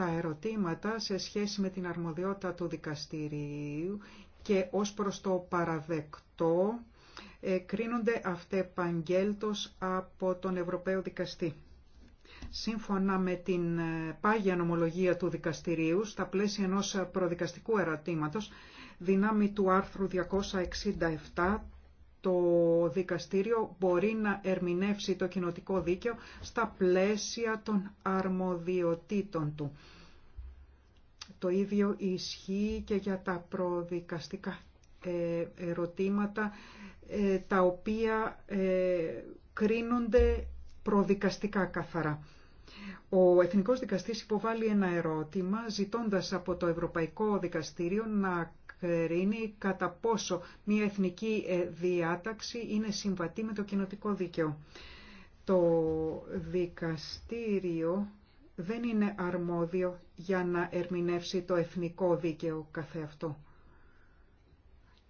τα ερωτήματα σε σχέση με την αρμοδιότητα του δικαστηρίου και ως προς το παραδεκτό ε, κρίνονται αυτεπαγγέλτος από τον Ευρωπαίο Δικαστή. Σύμφωνα με την ε, πάγια νομολογία του δικαστηρίου, στα πλαίσια ενός προδικαστικού ερωτήματος, δυνάμει του άρθρου 267 το δικαστήριο μπορεί να ερμηνεύσει το κοινοτικό δίκαιο στα πλαίσια των αρμοδιοτήτων του. Το ίδιο ισχύει και για τα προδικαστικά ε, ερωτήματα ε, τα οποία ε, κρίνονται προδικαστικά καθαρά. Ο Εθνικός Δικαστής υποβάλλει ένα ερώτημα ζητώντας από το Ευρωπαϊκό Δικαστήριο να κατά πόσο μια εθνική ε, διάταξη είναι συμβατή με το κοινοτικό δίκαιο. Το δικαστήριο δεν είναι αρμόδιο για να ερμηνεύσει το εθνικό δίκαιο καθεαυτό.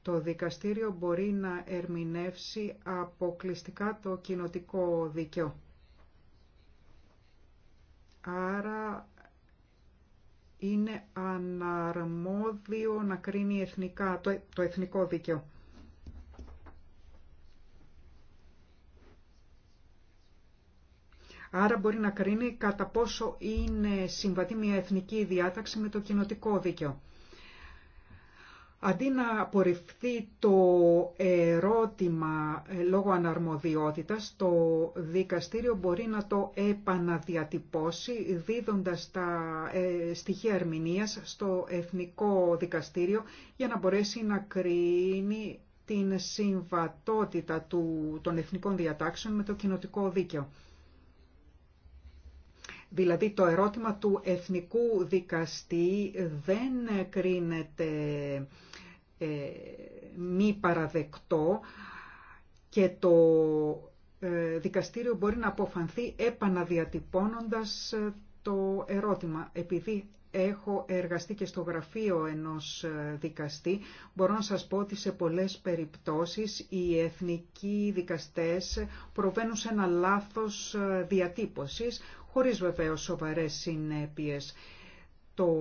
Το δικαστήριο μπορεί να ερμηνεύσει αποκλειστικά το κοινοτικό δίκαιο. Άρα είναι αναρμόδιο να κρίνει εθνικά, το, το εθνικό δίκαιο. Άρα μπορεί να κρίνει κατά πόσο είναι συμβατή μια εθνική διάταξη με το κοινοτικό δίκαιο. Αντί να απορριφθεί το ερώτημα ε, λόγω αναρμοδιότητας, το δικαστήριο μπορεί να το επαναδιατυπώσει δίδοντας τα ε, στοιχεία ερμηνείας στο Εθνικό Δικαστήριο για να μπορέσει να κρίνει την συμβατότητα του, των εθνικών διατάξεων με το κοινοτικό δίκαιο. Δηλαδή το ερώτημα του Εθνικού Δικαστή δεν κρίνεται ε, μη παραδεκτό και το ε, δικαστήριο μπορεί να αποφανθεί επαναδιατυπώνοντας ε, το ερώτημα. Επειδή έχω εργαστεί και στο γραφείο ενός δικαστή, μπορώ να σας πω ότι σε πολλές περιπτώσεις οι εθνικοί δικαστές προβαίνουν σε ένα λάθος διατύπωσης, χωρίς βεβαίως σοβαρές συνέπειες. Το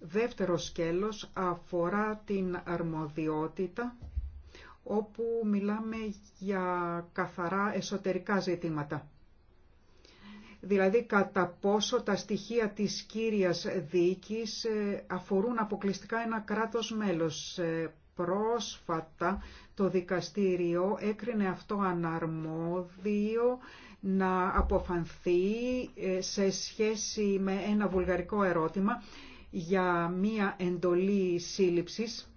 Δεύτερο σκέλος αφορά την αρμοδιότητα όπου μιλάμε για καθαρά εσωτερικά ζητήματα. Δηλαδή κατά πόσο τα στοιχεία της κύριας δίκης ε, αφορούν αποκλειστικά ένα κράτος μέλος. Ε, πρόσφατα το δικαστήριο έκρινε αυτό αναρμόδιο να αποφανθεί ε, σε σχέση με ένα βουλγαρικό ερώτημα για μία εντολή σύλληψης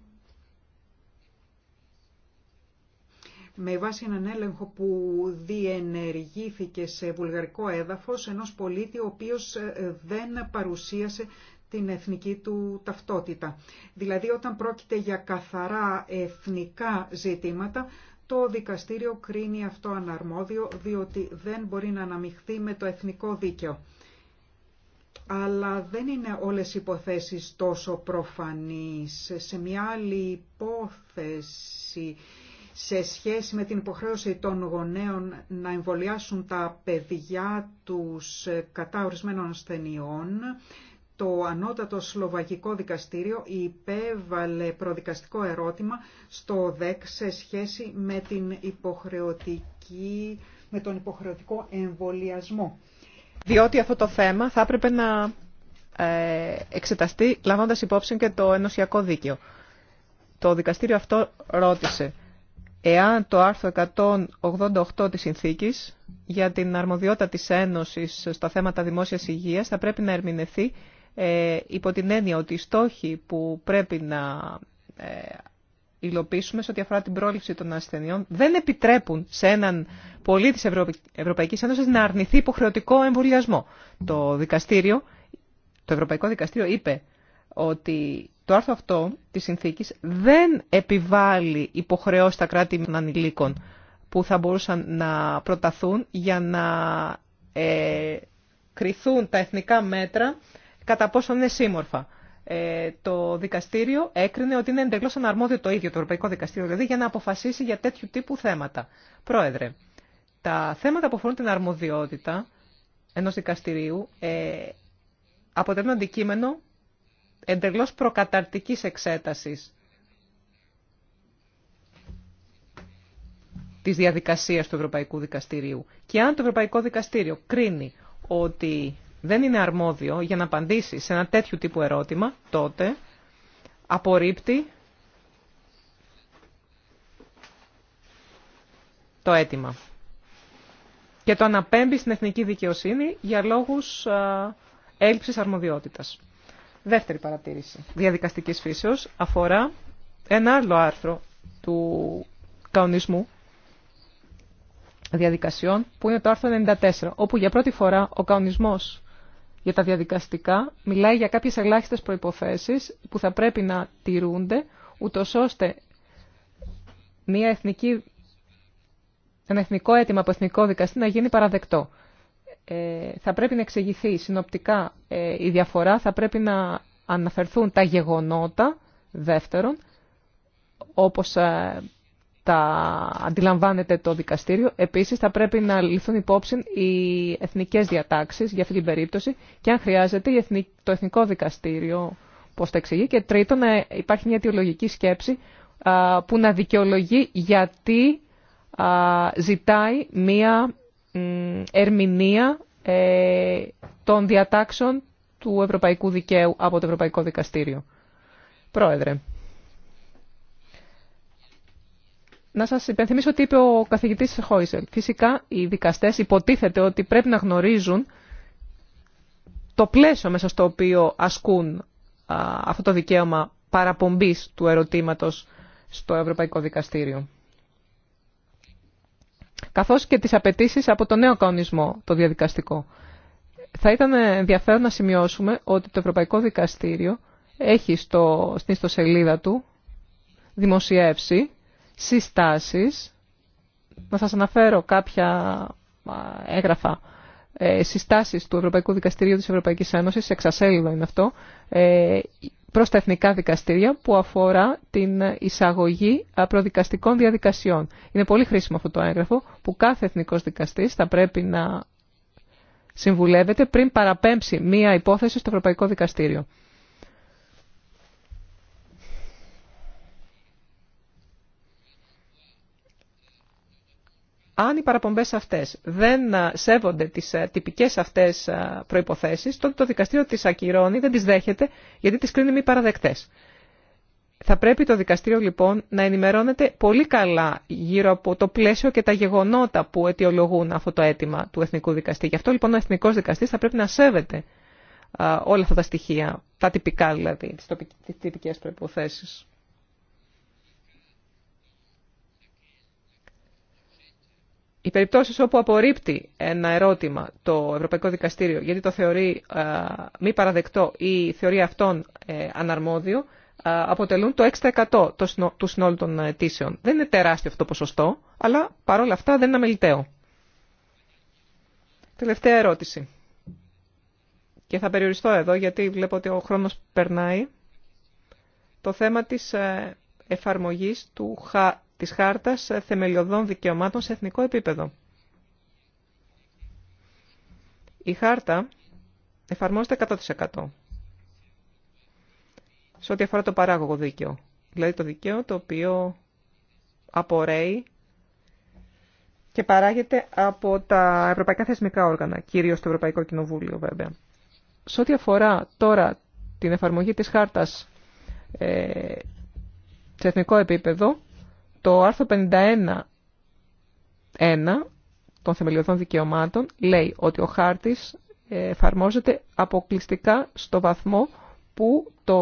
με βάση έναν έλεγχο που διενεργήθηκε σε βουλγαρικό έδαφος ενός πολίτη ο οποίος ε, δεν παρουσίασε την εθνική του ταυτότητα. Δηλαδή όταν πρόκειται για καθαρά εθνικά ζητήματα, το δικαστήριο κρίνει αυτό αναρμόδιο διότι δεν μπορεί να αναμειχθεί με το εθνικό δίκαιο αλλά δεν είναι όλες οι υποθέσεις τόσο προφανείς. Σε μια άλλη υπόθεση, σε σχέση με την υποχρέωση των γονέων να εμβολιάσουν τα παιδιά τους κατά ορισμένων ασθενειών, το ανώτατο Σλοβακικό Δικαστήριο υπέβαλε προδικαστικό ερώτημα στο ΔΕΚ σε σχέση με, την υποχρεωτική, με τον υποχρεωτικό εμβολιασμό διότι αυτό το θέμα θα έπρεπε να ε, εξεταστεί λαμβάνοντας υπόψη και το ενωσιακό δίκαιο. Το δικαστήριο αυτό ρώτησε εάν το άρθρο 188 της Συνθήκης για την αρμοδιότητα της Ένωσης στα θέματα δημόσιας υγείας θα πρέπει να ερμηνευθεί ε, υπό την έννοια ότι οι στόχοι που πρέπει να ε, υλοποιήσουμε σε ό,τι αφορά την πρόληψη των ασθενειών δεν επιτρέπουν σε έναν πολίτη της Ευρω... Ευρωπαϊκής Ένωσης να αρνηθεί υποχρεωτικό εμβολιασμό. Το δικαστήριο, το Ευρωπαϊκό Δικαστήριο είπε ότι το άρθρο αυτό της συνθήκης δεν επιβάλλει υποχρεώσει στα κράτη των ανηλίκων που θα μπορούσαν να προταθούν για να ε, κριθούν τα εθνικά μέτρα κατά πόσο είναι σύμμορφα. Ε, το δικαστήριο έκρινε ότι είναι εντελώ αναρμόδιο το ίδιο το Ευρωπαϊκό Δικαστήριο, δηλαδή για να αποφασίσει για τέτοιου τύπου θέματα. Πρόεδρε, τα θέματα που αφορούν την αρμοδιότητα ενός δικαστηρίου ε, αποτελούν αντικείμενο εντελώ προκαταρτική εξέτασης της διαδικασίας του Ευρωπαϊκού Δικαστηρίου. Και αν το Ευρωπαϊκό Δικαστήριο κρίνει ότι δεν είναι αρμόδιο για να απαντήσει σε ένα τέτοιο τύπου ερώτημα, τότε απορρίπτει το αίτημα. Και το αναπέμπει στην εθνική δικαιοσύνη για λόγους έλλειψης αρμοδιότητας. Δεύτερη παρατήρηση διαδικαστικής φύσεως αφορά ένα άλλο άρθρο του καονισμού διαδικασιών που είναι το άρθρο 94, όπου για πρώτη φορά ο καονισμός για τα διαδικαστικά μιλάει για κάποιες ελάχιστες προϋποθέσεις που θα πρέπει να τηρούνται, ούτω ώστε μια εθνική, ένα εθνικό αίτημα από εθνικό δικαστή να γίνει παραδεκτό. Ε, θα πρέπει να εξηγηθεί συνοπτικά ε, η διαφορά, θα πρέπει να αναφερθούν τα γεγονότα, δεύτερον, όπως ε, τα αντιλαμβάνεται το δικαστήριο. Επίσης θα πρέπει να ληφθούν υπόψη οι εθνικές διατάξεις για αυτή την περίπτωση και αν χρειάζεται το εθνικό δικαστήριο πώς τα εξηγεί. Και τρίτον να ε, υπάρχει μια αιτιολογική σκέψη που να δικαιολογεί γιατί ζητάει μια ερμηνεία ε, των διατάξεων του Ευρωπαϊκού Δικαίου από το Ευρωπαϊκό Δικαστήριο. Πρόεδρε. Να σας υπενθυμίσω τι είπε ο καθηγητής Χόισελ. Φυσικά οι δικαστές υποτίθεται ότι πρέπει να γνωρίζουν το πλαίσιο μέσα στο οποίο ασκούν αυτό το δικαίωμα παραπομπής του ερωτήματος στο Ευρωπαϊκό Δικαστήριο. Καθώς και τις απαιτήσει από το νέο κανονισμό, το διαδικαστικό. Θα ήταν ενδιαφέρον να σημειώσουμε ότι το Ευρωπαϊκό Δικαστήριο έχει στο, στην ιστοσελίδα του δημοσιεύσει συστάσεις, να σας αναφέρω κάποια έγγραφα ε, συστάσεις του Ευρωπαϊκού Δικαστηρίου της Ευρωπαϊκής Ένωσης, εξασέλιδο είναι αυτό, ε, προς τα εθνικά δικαστήρια που αφορά την εισαγωγή προδικαστικών διαδικασιών. Είναι πολύ χρήσιμο αυτό το έγγραφο που κάθε εθνικός δικαστής θα πρέπει να συμβουλεύεται πριν παραπέμψει μία υπόθεση στο Ευρωπαϊκό Δικαστήριο. Αν οι παραπομπές αυτές δεν σέβονται τις τυπικές αυτές προϋποθέσεις, τότε το δικαστήριο τι ακυρώνει, δεν τις δέχεται, γιατί τις κρίνει μη παραδεκτές. Θα πρέπει το δικαστήριο λοιπόν να ενημερώνεται πολύ καλά γύρω από το πλαίσιο και τα γεγονότα που αιτιολογούν αυτό το αίτημα του Εθνικού Δικαστή. Γι' αυτό λοιπόν ο εθνικό δικαστή θα πρέπει να σέβεται όλα αυτά τα στοιχεία, τα τυπικά δηλαδή, τι τυπικές προποθέσει. οι περιπτώσεις όπου απορρίπτει ένα ερώτημα το Ευρωπαϊκό Δικαστήριο γιατί το θεωρεί μη παραδεκτό ή θεωρεί αυτόν ε, αναρμόδιο, αποτελούν το 6% του συνόλου των αιτήσεων. Δεν είναι τεράστιο αυτό το ποσοστό, αλλά παρόλα αυτά δεν είναι αμεληταίο. Τελευταία ερώτηση. Και θα περιοριστώ εδώ γιατί βλέπω ότι ο χρόνος περνάει. Το θέμα της ε, εφαρμογής του, χα της Χάρτας Θεμελιωδών Δικαιωμάτων σε εθνικό επίπεδο. Η Χάρτα εφαρμόζεται 100% σε ό,τι αφορά το παράγωγο δίκαιο. Δηλαδή το δίκαιο το οποίο απορρέει και παράγεται από τα ευρωπαϊκά θεσμικά όργανα, κυρίως το Ευρωπαϊκό Κοινοβούλιο βέβαια. Σε ό,τι αφορά τώρα την εφαρμογή της χάρτας ε, σε εθνικό επίπεδο, το άρθρο 51.1 των θεμελιωδών δικαιωμάτων λέει ότι ο χάρτης ε, εφαρμόζεται αποκλειστικά στο βαθμό που το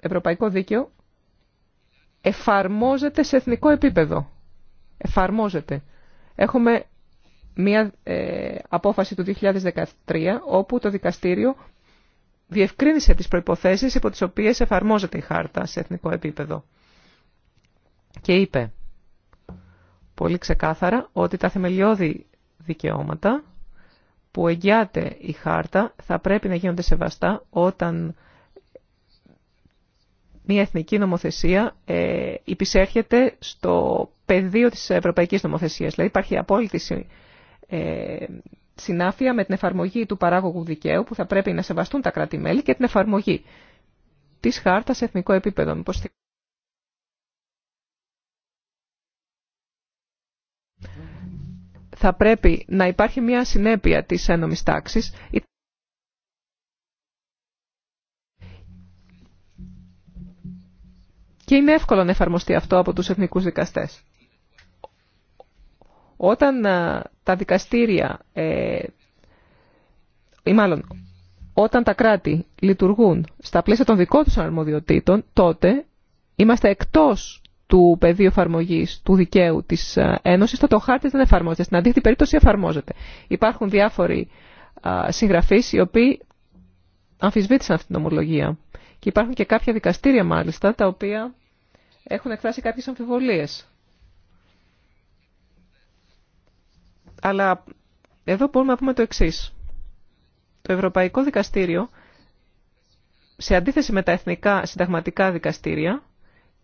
ευρωπαϊκό δίκαιο εφαρμόζεται σε εθνικό επίπεδο. Εφαρμόζεται. Έχουμε μία ε, απόφαση του 2013 όπου το δικαστήριο διευκρίνησε τις προϋποθέσεις υπό τις οποίες εφαρμόζεται η χάρτα σε εθνικό επίπεδο και είπε πολύ ξεκάθαρα ότι τα θεμελιώδη δικαιώματα που εγγυάται η χάρτα θα πρέπει να γίνονται σεβαστά όταν μια εθνική νομοθεσία ε, υπησέρχεται στο πεδίο της ευρωπαϊκής νομοθεσίας. Δηλαδή υπάρχει απόλυτη ε, συνάφεια με την εφαρμογή του παράγωγου δικαίου που θα πρέπει να σεβαστούν τα κράτη-μέλη και την εφαρμογή της χάρτας σε εθνικό επίπεδο. θα πρέπει να υπάρχει μια συνέπεια της ένομης τάξης. Και είναι εύκολο να εφαρμοστεί αυτό από τους εθνικούς δικαστές. Όταν τα δικαστήρια, ε, ή μάλλον όταν τα κράτη λειτουργούν στα πλαίσια των δικών τους αρμοδιοτήτων, τότε είμαστε εκτός του πεδίου εφαρμογή του δικαίου τη ε, Ένωση, τότε ο χάρτη δεν εφαρμόζεται. Στην αντίθετη περίπτωση εφαρμόζεται. Υπάρχουν διάφοροι συγγραφεί οι οποίοι αμφισβήτησαν αυτή την ομολογία. Και υπάρχουν και κάποια δικαστήρια μάλιστα τα οποία έχουν εκφράσει κάποιες αμφιβολίες. Αλλά εδώ μπορούμε να πούμε το εξή. Το Ευρωπαϊκό Δικαστήριο, σε αντίθεση με τα εθνικά συνταγματικά δικαστήρια,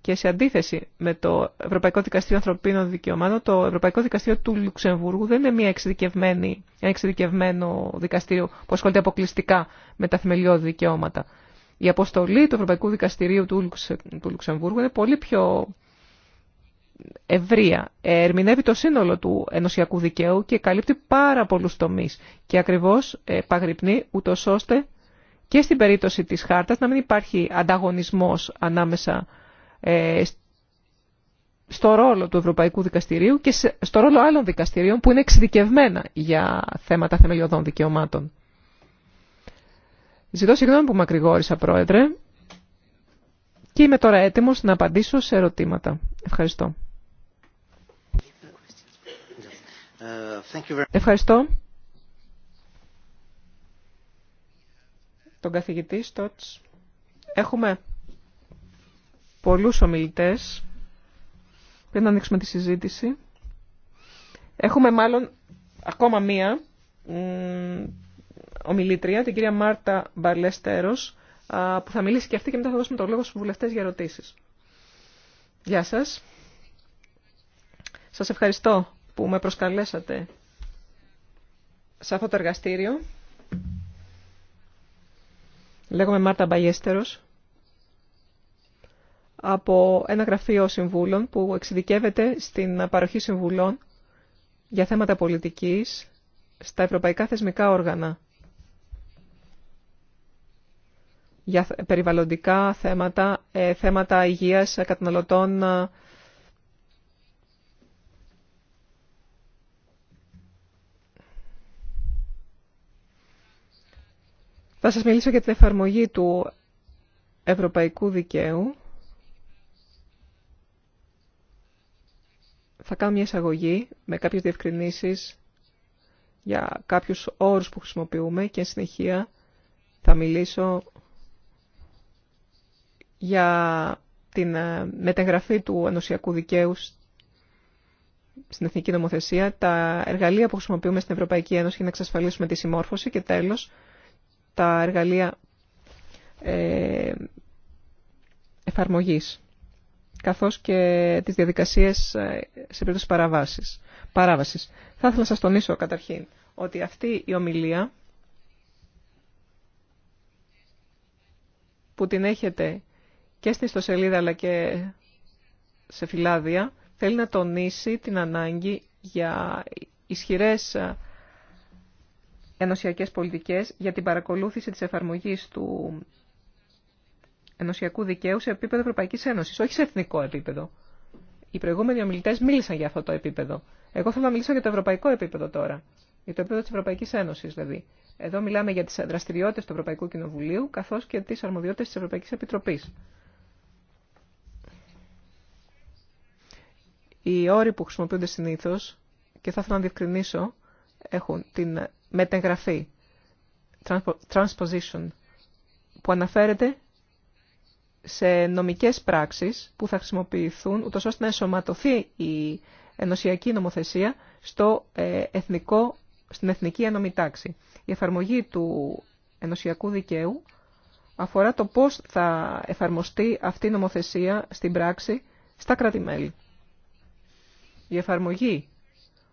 και σε αντίθεση με το Ευρωπαϊκό Δικαστήριο Ανθρωπίνων Δικαιωμάτων, το Ευρωπαϊκό Δικαστήριο του Λουξεμβούργου δεν είναι μια εξειδικευμένη, ένα εξειδικευμένο δικαστήριο που ασχολείται αποκλειστικά με τα θεμελιώδη δικαιώματα. Η αποστολή του Ευρωπαϊκού Δικαστηρίου του, του Λουξεμβούργου είναι πολύ πιο ευρεία. Ε, ερμηνεύει το σύνολο του ενωσιακού δικαίου και καλύπτει πάρα πολλού τομεί. Και ακριβώ ε, παγρυπνεί ούτω ώστε και στην περίπτωση τη χάρτα να μην υπάρχει ανταγωνισμό ανάμεσα ε, στο ρόλο του Ευρωπαϊκού Δικαστηρίου και στο ρόλο άλλων δικαστηρίων που είναι εξειδικευμένα για θέματα θεμελιωδών δικαιωμάτων. Ζητώ συγγνώμη που μακρηγόρησα, Πρόεδρε, και είμαι τώρα έτοιμος να απαντήσω σε ερωτήματα. Ευχαριστώ. Ευχαριστώ. Τον καθηγητή Στότς. Έχουμε πολλούς ομιλητές. Πριν να ανοίξουμε τη συζήτηση. Έχουμε μάλλον ακόμα μία ομιλήτρια, την κυρία Μάρτα Μπαρλέστέρος, που θα μιλήσει και αυτή και μετά θα δώσουμε το λόγο στους βουλευτές για ερωτήσεις. Γεια σας. Σας ευχαριστώ που με προσκαλέσατε σε αυτό το εργαστήριο. Λέγομαι Μάρτα Μπαγέστερος από ένα γραφείο συμβούλων που εξειδικεύεται στην παροχή συμβουλών για θέματα πολιτικής στα ευρωπαϊκά θεσμικά όργανα. Για περιβαλλοντικά θέματα, ε, θέματα υγείας καταναλωτών, ε, Θα σας μιλήσω για την εφαρμογή του ευρωπαϊκού δικαίου. Θα κάνω μια εισαγωγή με κάποιες διευκρινήσεις για κάποιους όρους που χρησιμοποιούμε και εν συνεχεία θα μιλήσω για την ε, μεταγραφή του ανοσιακού δικαίου στην εθνική νομοθεσία, τα εργαλεία που χρησιμοποιούμε στην Ευρωπαϊκή Ένωση για να εξασφαλίσουμε τη συμμόρφωση και τέλος τα εργαλεία ε, εφαρμογής καθώς και τις διαδικασίες ε, σε περίπτωση παραβάσης, παράβασης. Θα ήθελα να σας τονίσω καταρχήν ότι αυτή η ομιλία που την έχετε και στην ιστοσελίδα αλλά και σε φυλάδια θέλει να τονίσει την ανάγκη για ισχυρές ε, ενωσιακές πολιτικές για την παρακολούθηση της εφαρμογής του ενωσιακού δικαίου σε επίπεδο Ευρωπαϊκή Ένωση, όχι σε εθνικό επίπεδο. Οι προηγούμενοι ομιλητέ μίλησαν για αυτό το επίπεδο. Εγώ θέλω να μιλήσω για το ευρωπαϊκό επίπεδο τώρα. Για το επίπεδο τη Ευρωπαϊκή Ένωση δηλαδή. Εδώ μιλάμε για τι δραστηριότητε του Ευρωπαϊκού Κοινοβουλίου καθώ και τι αρμοδιότητε τη Ευρωπαϊκή Επιτροπή. Οι όροι που χρησιμοποιούνται συνήθω, και θα ήθελα να διευκρινίσω, έχουν την μετεγγραφή, transposition, που αναφέρεται σε νομικές πράξεις που θα χρησιμοποιηθούν ούτως ώστε να ενσωματωθεί η ενωσιακή νομοθεσία στο ε, εθνικό, στην εθνική τάξη. Η εφαρμογή του ενωσιακού δικαίου αφορά το πώς θα εφαρμοστεί αυτή η νομοθεσία στην πράξη στα κράτη-μέλη. Η εφαρμογή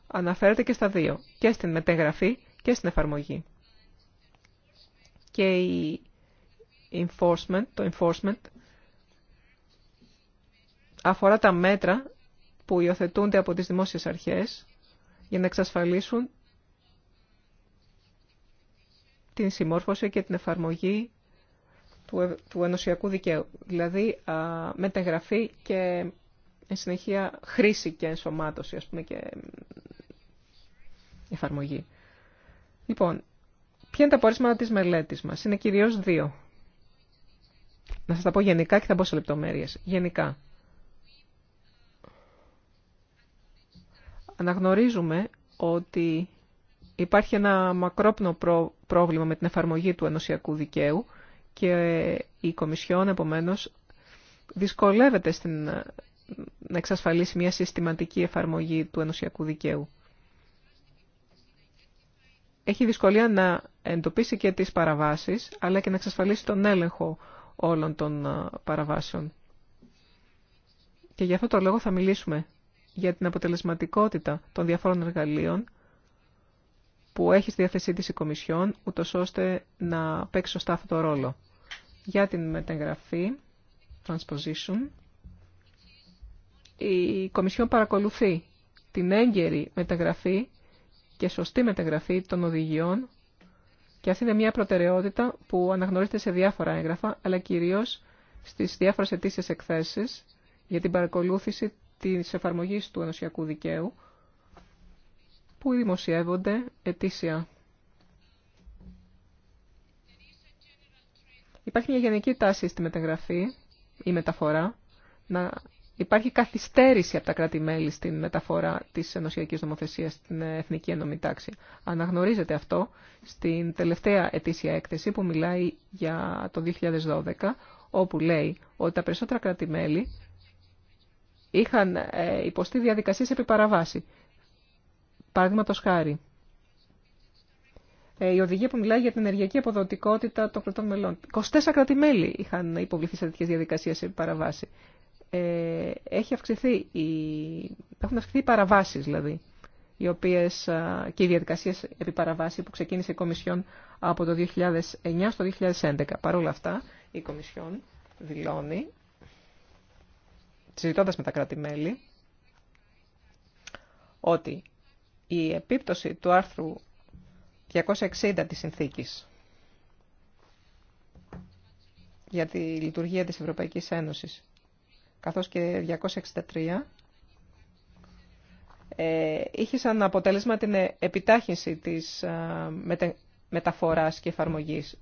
αναφέρεται και στα δύο, και στην μετεγραφή και στην εφαρμογή. Και η enforcement, το enforcement αφορά τα μέτρα που υιοθετούνται από τις δημόσιες αρχές για να εξασφαλίσουν την συμμόρφωση και την εφαρμογή του, ε, του ενωσιακού δικαίου, δηλαδή α, μεταγραφή και εν συνεχεία χρήση και ενσωμάτωση, ας πούμε, και εφαρμογή. Λοιπόν, ποια είναι τα πόρισματα της μελέτης μας. Είναι κυρίως δύο. Να σας τα πω γενικά και θα μπω σε λεπτομέρειες. Γενικά, αναγνωρίζουμε ότι υπάρχει ένα μακρόπνο πρόβλημα με την εφαρμογή του ενωσιακού δικαίου και η Κομισιόν επομένως δυσκολεύεται στην, να εξασφαλίσει μια συστηματική εφαρμογή του ενωσιακού δικαίου. Έχει δυσκολία να εντοπίσει και τις παραβάσεις, αλλά και να εξασφαλίσει τον έλεγχο όλων των παραβάσεων. Και για αυτό το λόγο θα μιλήσουμε για την αποτελεσματικότητα των διαφόρων εργαλείων που έχει στη διάθεσή της η Κομισιόν, ούτω ώστε να παίξει σωστά αυτό το ρόλο. Για την μεταγραφή, transposition, η Κομισιόν παρακολουθεί την έγκαιρη μεταγραφή και σωστή μεταγραφή των οδηγιών και αυτή είναι μια προτεραιότητα που αναγνωρίζεται σε διάφορα έγγραφα, αλλά κυρίως στις διάφορες αιτήσεις εκθέσεις για την παρακολούθηση της εφαρμογής του ενωσιακού δικαίου που δημοσιεύονται ετήσια. Υπάρχει μια γενική τάση στη μεταγραφή ή μεταφορά να υπάρχει καθυστέρηση από τα κράτη-μέλη στην μεταφορά της ενωσιακής νομοθεσίας στην Εθνική Ενωμή Τάξη. Αναγνωρίζεται αυτό στην τελευταία ετήσια έκθεση που μιλάει για το 2012, όπου λέει ότι τα περισσότερα κράτη-μέλη είχαν ε, υποστεί διαδικασίες επί παραβάση. Παραδείγματο χάρη. Ε, η οδηγία που μιλάει για την ενεργειακή αποδοτικότητα των κρατών μελών. 24 κρατημέλη είχαν υποβληθεί σε τέτοιε διαδικασίε επί παραβάση. Ε, έχει αυξηθεί η... Έχουν αυξηθεί οι παραβάσει δηλαδή, οι οποίες, και οι διαδικασίε επί παραβάση που ξεκίνησε η Κομισιόν από το 2009 στο 2011. Παρ' όλα αυτά, η Κομισιόν δηλώνει Συζητώντα με τα κρατη ότι η επίπτωση του άρθρου 260 της συνθήκης για τη λειτουργία της Ευρωπαϊκής Ένωσης, καθώς και 263, ε, είχε σαν αποτέλεσμα την επιτάχυνση της ε, μεταφοράς και εφαρμογής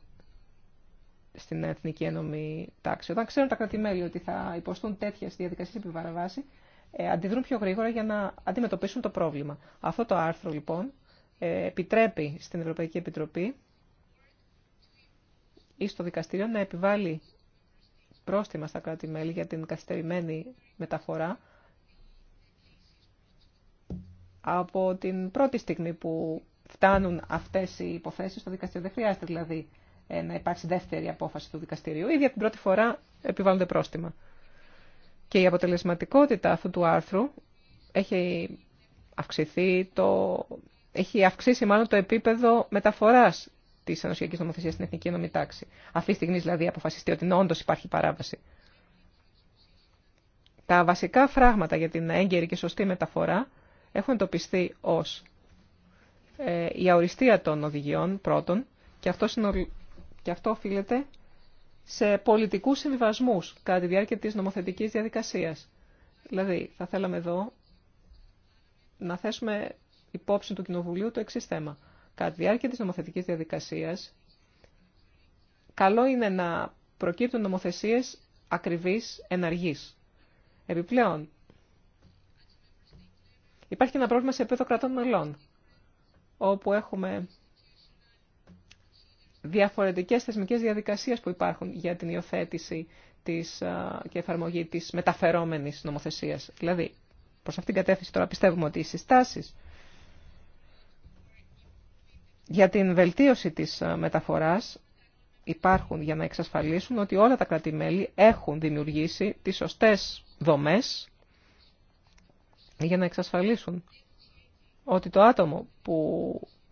στην Εθνική Ένωμη Τάξη. Όταν ξέρουν τα κρατημέλη ότι θα υποστούν τέτοιε διαδικασίε επιβαραβάση, ε, αντιδρούν πιο γρήγορα για να αντιμετωπίσουν το πρόβλημα. Αυτό το άρθρο λοιπόν ε, επιτρέπει στην Ευρωπαϊκή Επιτροπή ή στο δικαστήριο να επιβάλλει πρόστιμα στα κράτη-μέλη για την καθυστερημένη μεταφορά από την πρώτη στιγμή που φτάνουν αυτές οι υποθέσεις στο δικαστήριο. Δεν χρειάζεται δηλαδή ε, να υπάρξει δεύτερη απόφαση του δικαστηρίου. Ήδη από την πρώτη φορά επιβάλλονται πρόστιμα. Και η αποτελεσματικότητα αυτού του άρθρου έχει αυξηθεί το... Έχει αυξήσει μάλλον το επίπεδο μεταφορά τη ανοσιακής νομοθεσία στην Εθνική νομητάξη. Τάξη. Αυτή τη στιγμή δηλαδή αποφασιστεί ότι όντω υπάρχει παράβαση. Τα βασικά φράγματα για την έγκαιρη και σωστή μεταφορά έχουν εντοπιστεί ως ε, η αοριστία των οδηγιών πρώτον και αυτό είναι και αυτό οφείλεται σε πολιτικούς συμβιβασμούς κατά τη διάρκεια της νομοθετικής διαδικασίας. Δηλαδή, θα θέλαμε εδώ να θέσουμε υπόψη του Κοινοβουλίου το εξή θέμα. Κατά τη διάρκεια της νομοθετικής διαδικασίας, καλό είναι να προκύπτουν νομοθεσίες ακριβής εναργής. Επιπλέον, υπάρχει ένα πρόβλημα σε επίπεδο κρατών μελών, όπου έχουμε διαφορετικές θεσμικές διαδικασίες που υπάρχουν για την υιοθέτηση της, και εφαρμογή της μεταφερόμενης νομοθεσίας. Δηλαδή, προς αυτήν την κατεύθυνση τώρα πιστεύουμε ότι οι συστάσεις για την βελτίωση της μεταφοράς υπάρχουν για να εξασφαλίσουν ότι όλα τα κρατημέλη έχουν δημιουργήσει τις σωστές δομές για να εξασφαλίσουν ότι το άτομο που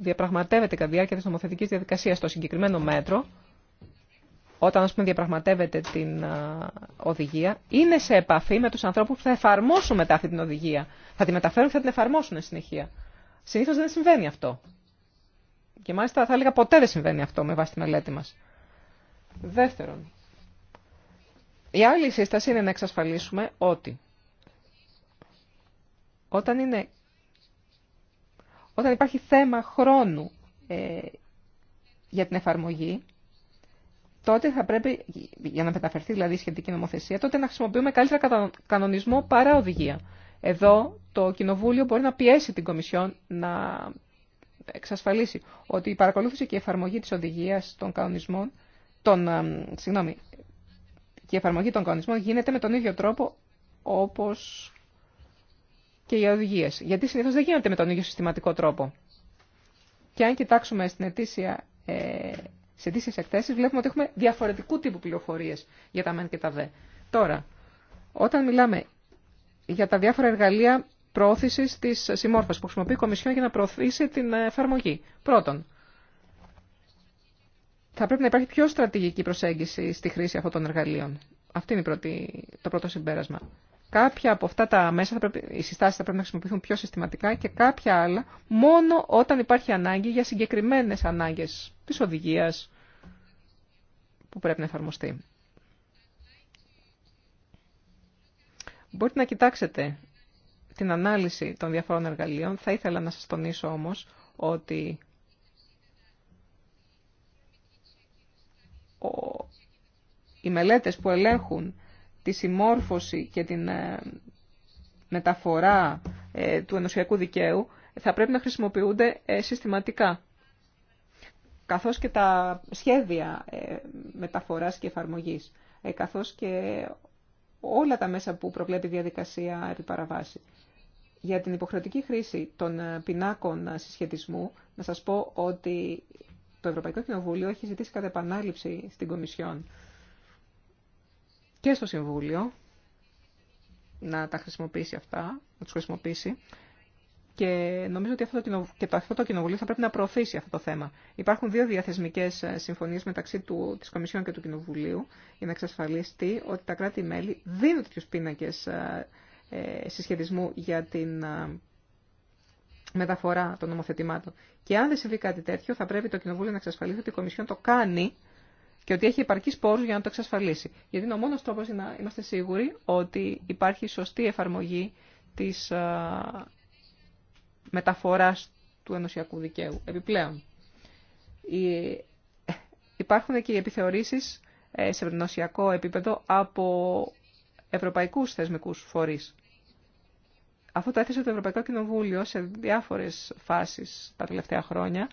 διαπραγματεύεται κατά διάρκεια της νομοθετικής διαδικασίας το συγκεκριμένο μέτρο, όταν ας πούμε διαπραγματεύεται την οδηγία, είναι σε επαφή με τους ανθρώπους που θα εφαρμόσουν μετά αυτή την οδηγία. Θα τη μεταφέρουν και θα την εφαρμόσουν στη συνεχεία. Συνήθως δεν συμβαίνει αυτό. Και μάλιστα θα έλεγα ποτέ δεν συμβαίνει αυτό με βάση τη μελέτη μας. Δεύτερον, η άλλη σύσταση είναι να εξασφαλίσουμε ότι όταν είναι όταν υπάρχει θέμα χρόνου ε, για την εφαρμογή, τότε θα πρέπει, για να μεταφερθεί δηλαδή η σχετική νομοθεσία, τότε να χρησιμοποιούμε καλύτερα κανονισμό παρά οδηγία. Εδώ το Κοινοβούλιο μπορεί να πιέσει την Κομισιόν να εξασφαλίσει ότι η παρακολούθηση και η εφαρμογή της οδηγίας των κανονισμών, των, ε, συγγνώμη, και η εφαρμογή των κανονισμών γίνεται με τον ίδιο τρόπο όπως και οι οδηγίε. Γιατί συνήθω δεν γίνονται με τον ίδιο συστηματικό τρόπο. Και αν κοιτάξουμε στην ετήσια, ε, σε αιτήσει εκθέσει, βλέπουμε ότι έχουμε διαφορετικού τύπου πληροφορίε για τα μεν και τα δε. Τώρα, όταν μιλάμε για τα διάφορα εργαλεία προώθηση τη συμμόρφωση που χρησιμοποιεί η Κομισιόν για να προωθήσει την εφαρμογή. Πρώτον, θα πρέπει να υπάρχει πιο στρατηγική προσέγγιση στη χρήση αυτών των εργαλείων. Αυτό είναι το πρώτο συμπέρασμα. Κάποια από αυτά τα μέσα, θα πρέπει, οι συστάσει θα πρέπει να χρησιμοποιηθούν πιο συστηματικά και κάποια άλλα μόνο όταν υπάρχει ανάγκη για συγκεκριμένες ανάγκες τη οδηγία που πρέπει να εφαρμοστεί. Μπορείτε να κοιτάξετε την ανάλυση των διαφόρων εργαλείων. Θα ήθελα να σας τονίσω όμως ότι οι μελέτες που ελέγχουν τη συμμόρφωση και την ε, μεταφορά ε, του ενωσιακού δικαίου θα πρέπει να χρησιμοποιούνται ε, συστηματικά, καθώς και τα σχέδια μεταφοράς και εφαρμογής, καθώς και όλα τα μέσα που προβλέπει η διαδικασία επί Για την υποχρεωτική χρήση των πινάκων συσχετισμού, να σας πω ότι το Ευρωπαϊκό Κοινοβούλιο έχει ζητήσει κατά επανάληψη στην Κομισιόν και στο Συμβούλιο να τα χρησιμοποιήσει αυτά, να τους χρησιμοποιήσει. Και νομίζω ότι αυτό το, και αυτό το Κοινοβουλίο θα πρέπει να προωθήσει αυτό το θέμα. Υπάρχουν δύο διαθεσμικέ ε, συμφωνίε μεταξύ του, της Κομισιόν και του Κοινοβουλίου για να εξασφαλιστεί ότι τα κράτη-μέλη δίνουν τέτοιου πίνακε ε, ε, συσχετισμού για την ε, μεταφορά των νομοθετημάτων. Και αν δεν συμβεί κάτι τέτοιο, θα πρέπει το Κοινοβούλιο να εξασφαλίσει ότι η Κομισιόν το κάνει και ότι έχει επαρκή πόρου για να το εξασφαλίσει. Γιατί είναι ο μόνο τρόπο για να είμαστε σίγουροι ότι υπάρχει σωστή εφαρμογή τη μεταφορά του ενωσιακού δικαίου. Επιπλέον, υπάρχουν και οι επιθεωρήσεις ε, σε ενωσιακό επίπεδο από ευρωπαϊκούς θεσμικούς φορείς. Αυτό το έθεσε το Ευρωπαϊκό Κοινοβούλιο σε διάφορες φάσεις τα τελευταία χρόνια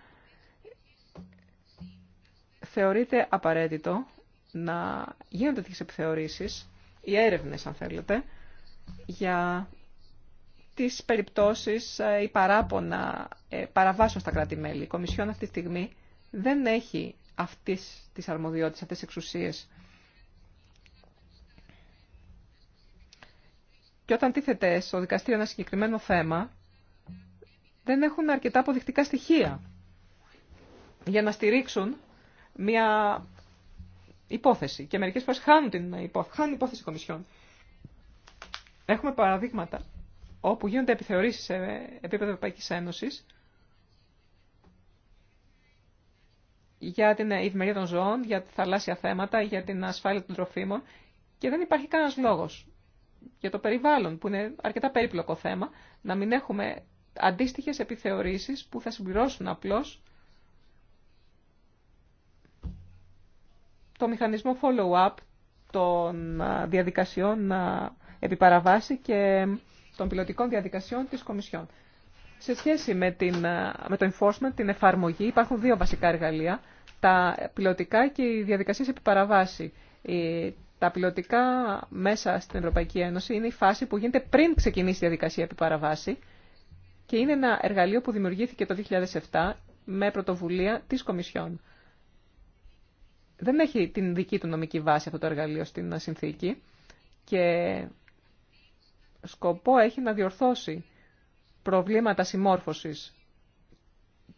θεωρείται απαραίτητο να γίνονται τέτοιες επιθεωρήσεις ή έρευνες αν θέλετε για τις περιπτώσεις ή ε, παράπονα ε, παραβάσεων στα κράτη-μέλη. Η Κομισιόν αυτή τη στιγμή δεν έχει αυτής της αρμοδιότητας, αυτές τις εξουσίες. Και όταν τίθεται στο δικαστήριο ένα συγκεκριμένο θέμα, δεν έχουν αρκετά αποδεικτικά στοιχεία για να στηρίξουν μια υπόθεση και μερικέ φορέ χάνουν την υπόθεση, χάνουν υπόθεση κομισιών. Έχουμε παραδείγματα όπου γίνονται επιθεωρήσεις σε επίπεδο Ευρωπαϊκή Ένωση. για την ευημερία των ζώων, για τα θαλάσσια θέματα, για την ασφάλεια των τροφίμων και δεν υπάρχει κανένα λόγος για το περιβάλλον, που είναι αρκετά περίπλοκο θέμα, να μην έχουμε αντίστοιχε επιθεωρήσεις που θα συμπληρώσουν απλώ. το μηχανισμό follow-up των ε, διαδικασιών ε, παραβάση και των πιλωτικών διαδικασιών της Κομισιόν. Σε σχέση με, την, ε, με το enforcement, την εφαρμογή, υπάρχουν δύο βασικά εργαλεία, τα πιλωτικά και οι διαδικασίες επιπαραβάση. Τα πιλωτικά μέσα στην Ευρωπαϊκή Ένωση είναι η φάση που γίνεται πριν ξεκινήσει η διαδικασία επιπαραβάση και είναι ένα εργαλείο που δημιουργήθηκε το 2007 με πρωτοβουλία της Κομισιόν δεν έχει την δική του νομική βάση αυτό το εργαλείο στην συνθήκη και σκοπό έχει να διορθώσει προβλήματα συμμόρφωσης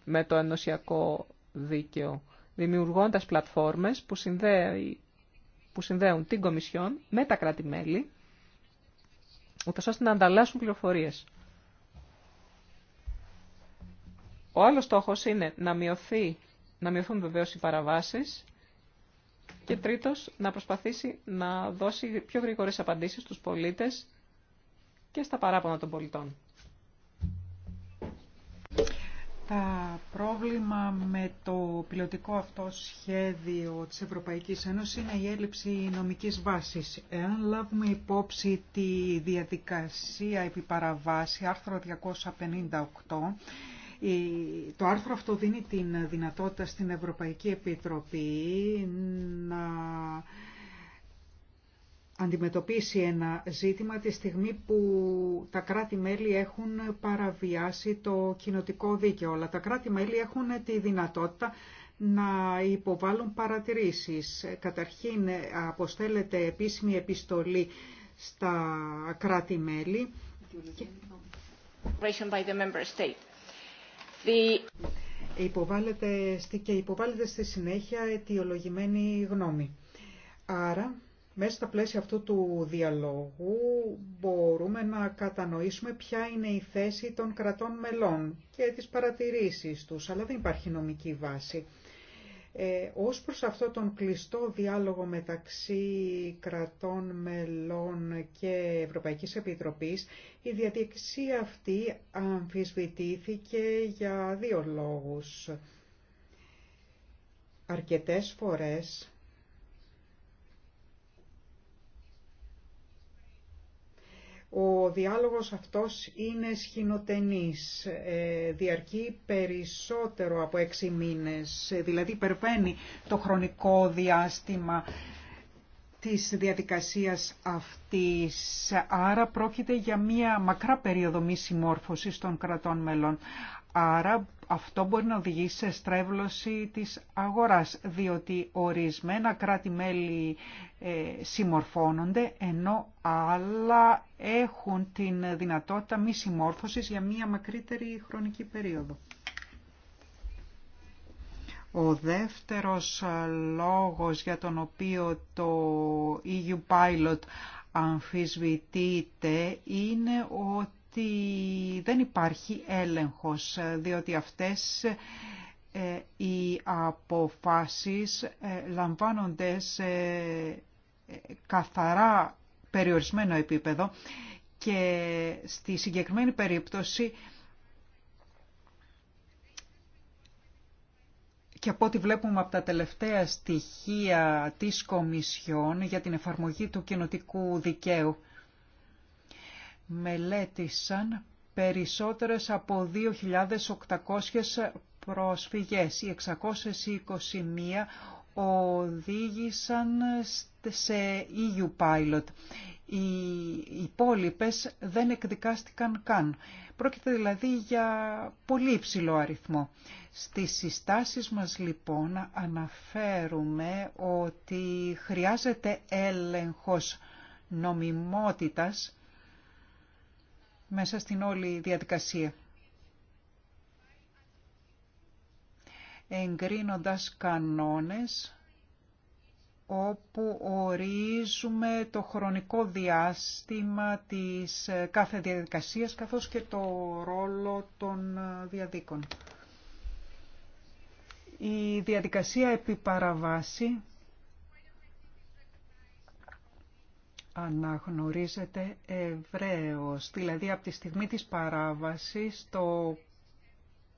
με το ενωσιακό δίκαιο, δημιουργώντας πλατφόρμες που, συνδέει, που συνδέουν την Κομισιόν με τα κράτη-μέλη, ούτως ώστε να ανταλλάσσουν πληροφορίες. Ο άλλος στόχος είναι να, μειωθεί, να μειωθούν βεβαίως οι παραβάσεις και τρίτος, να προσπαθήσει να δώσει πιο γρήγορες απαντήσεις στους πολίτες και στα παράπονα των πολιτών. Τα πρόβλημα με το πιλωτικό αυτό σχέδιο της Ευρωπαϊκής Ένωσης είναι η έλλειψη νομικής βάσης. Εάν λάβουμε υπόψη τη διαδικασία επιπαραβάση, άρθρο 258, το άρθρο αυτό δίνει την δυνατότητα στην Ευρωπαϊκή Επιτροπή να αντιμετωπίσει ένα ζήτημα τη στιγμή που τα κράτη-μέλη έχουν παραβιάσει το κοινοτικό δίκαιο. Αλλά τα κράτη-μέλη έχουν τη δυνατότητα να υποβάλουν παρατηρήσεις. Καταρχήν αποστέλλεται επίσημη επιστολή στα κράτη-μέλη. By the The... και υποβάλλεται στη συνέχεια αιτιολογημένη γνώμη. Άρα, μέσα στα πλαίσια αυτού του διαλόγου μπορούμε να κατανοήσουμε ποια είναι η θέση των κρατών μελών και τις παρατηρήσεις τους, αλλά δεν υπάρχει νομική βάση. Ε, ως προς αυτό τον κλειστό διάλογο μεταξύ κρατών μελών και Ευρωπαϊκής Επιτροπής, η διαδικασία αυτή αμφισβητήθηκε για δύο λόγους. Αρκετές φορές Ο διάλογος αυτός είναι σχηνοτενής, ε, διαρκεί περισσότερο από έξι μήνες, ε, δηλαδή υπερβαίνει το χρονικό διάστημα της διαδικασίας αυτής. Άρα πρόκειται για μία μακρά περίοδο μη συμμόρφωσης των κρατών μελών. Άρα αυτό μπορεί να οδηγήσει σε στρέβλωση της αγοράς, διότι ορισμένα κράτη-μέλη ε, συμμορφώνονται, ενώ άλλα έχουν την δυνατότητα μη συμμόρφωσης για μία μακρύτερη χρονική περίοδο. Ο δεύτερος λόγος για τον οποίο το EU Pilot αμφισβητείται είναι ότι ότι δεν υπάρχει έλεγχος, διότι αυτές ε, οι αποφάσεις ε, λαμβάνονται σε ε, καθαρά περιορισμένο επίπεδο και στη συγκεκριμένη περίπτωση και από ό,τι βλέπουμε από τα τελευταία στοιχεία της Κομισιόν για την εφαρμογή του κοινοτικού δικαίου μελέτησαν περισσότερες από 2.800 πρόσφυγες. Οι 621 οδήγησαν σε EU Pilot. Οι υπόλοιπε δεν εκδικάστηκαν καν. Πρόκειται δηλαδή για πολύ υψηλό αριθμό. Στις συστάσεις μας λοιπόν αναφέρουμε ότι χρειάζεται έλεγχος νομιμότητας μέσα στην όλη διαδικασία. Εγκρίνοντας κανόνες όπου ορίζουμε το χρονικό διάστημα της κάθε διαδικασίας καθώς και το ρόλο των διαδίκων. Η διαδικασία επί αναγνωρίζεται ευραίος. δηλαδή από τη στιγμή της παράβασης το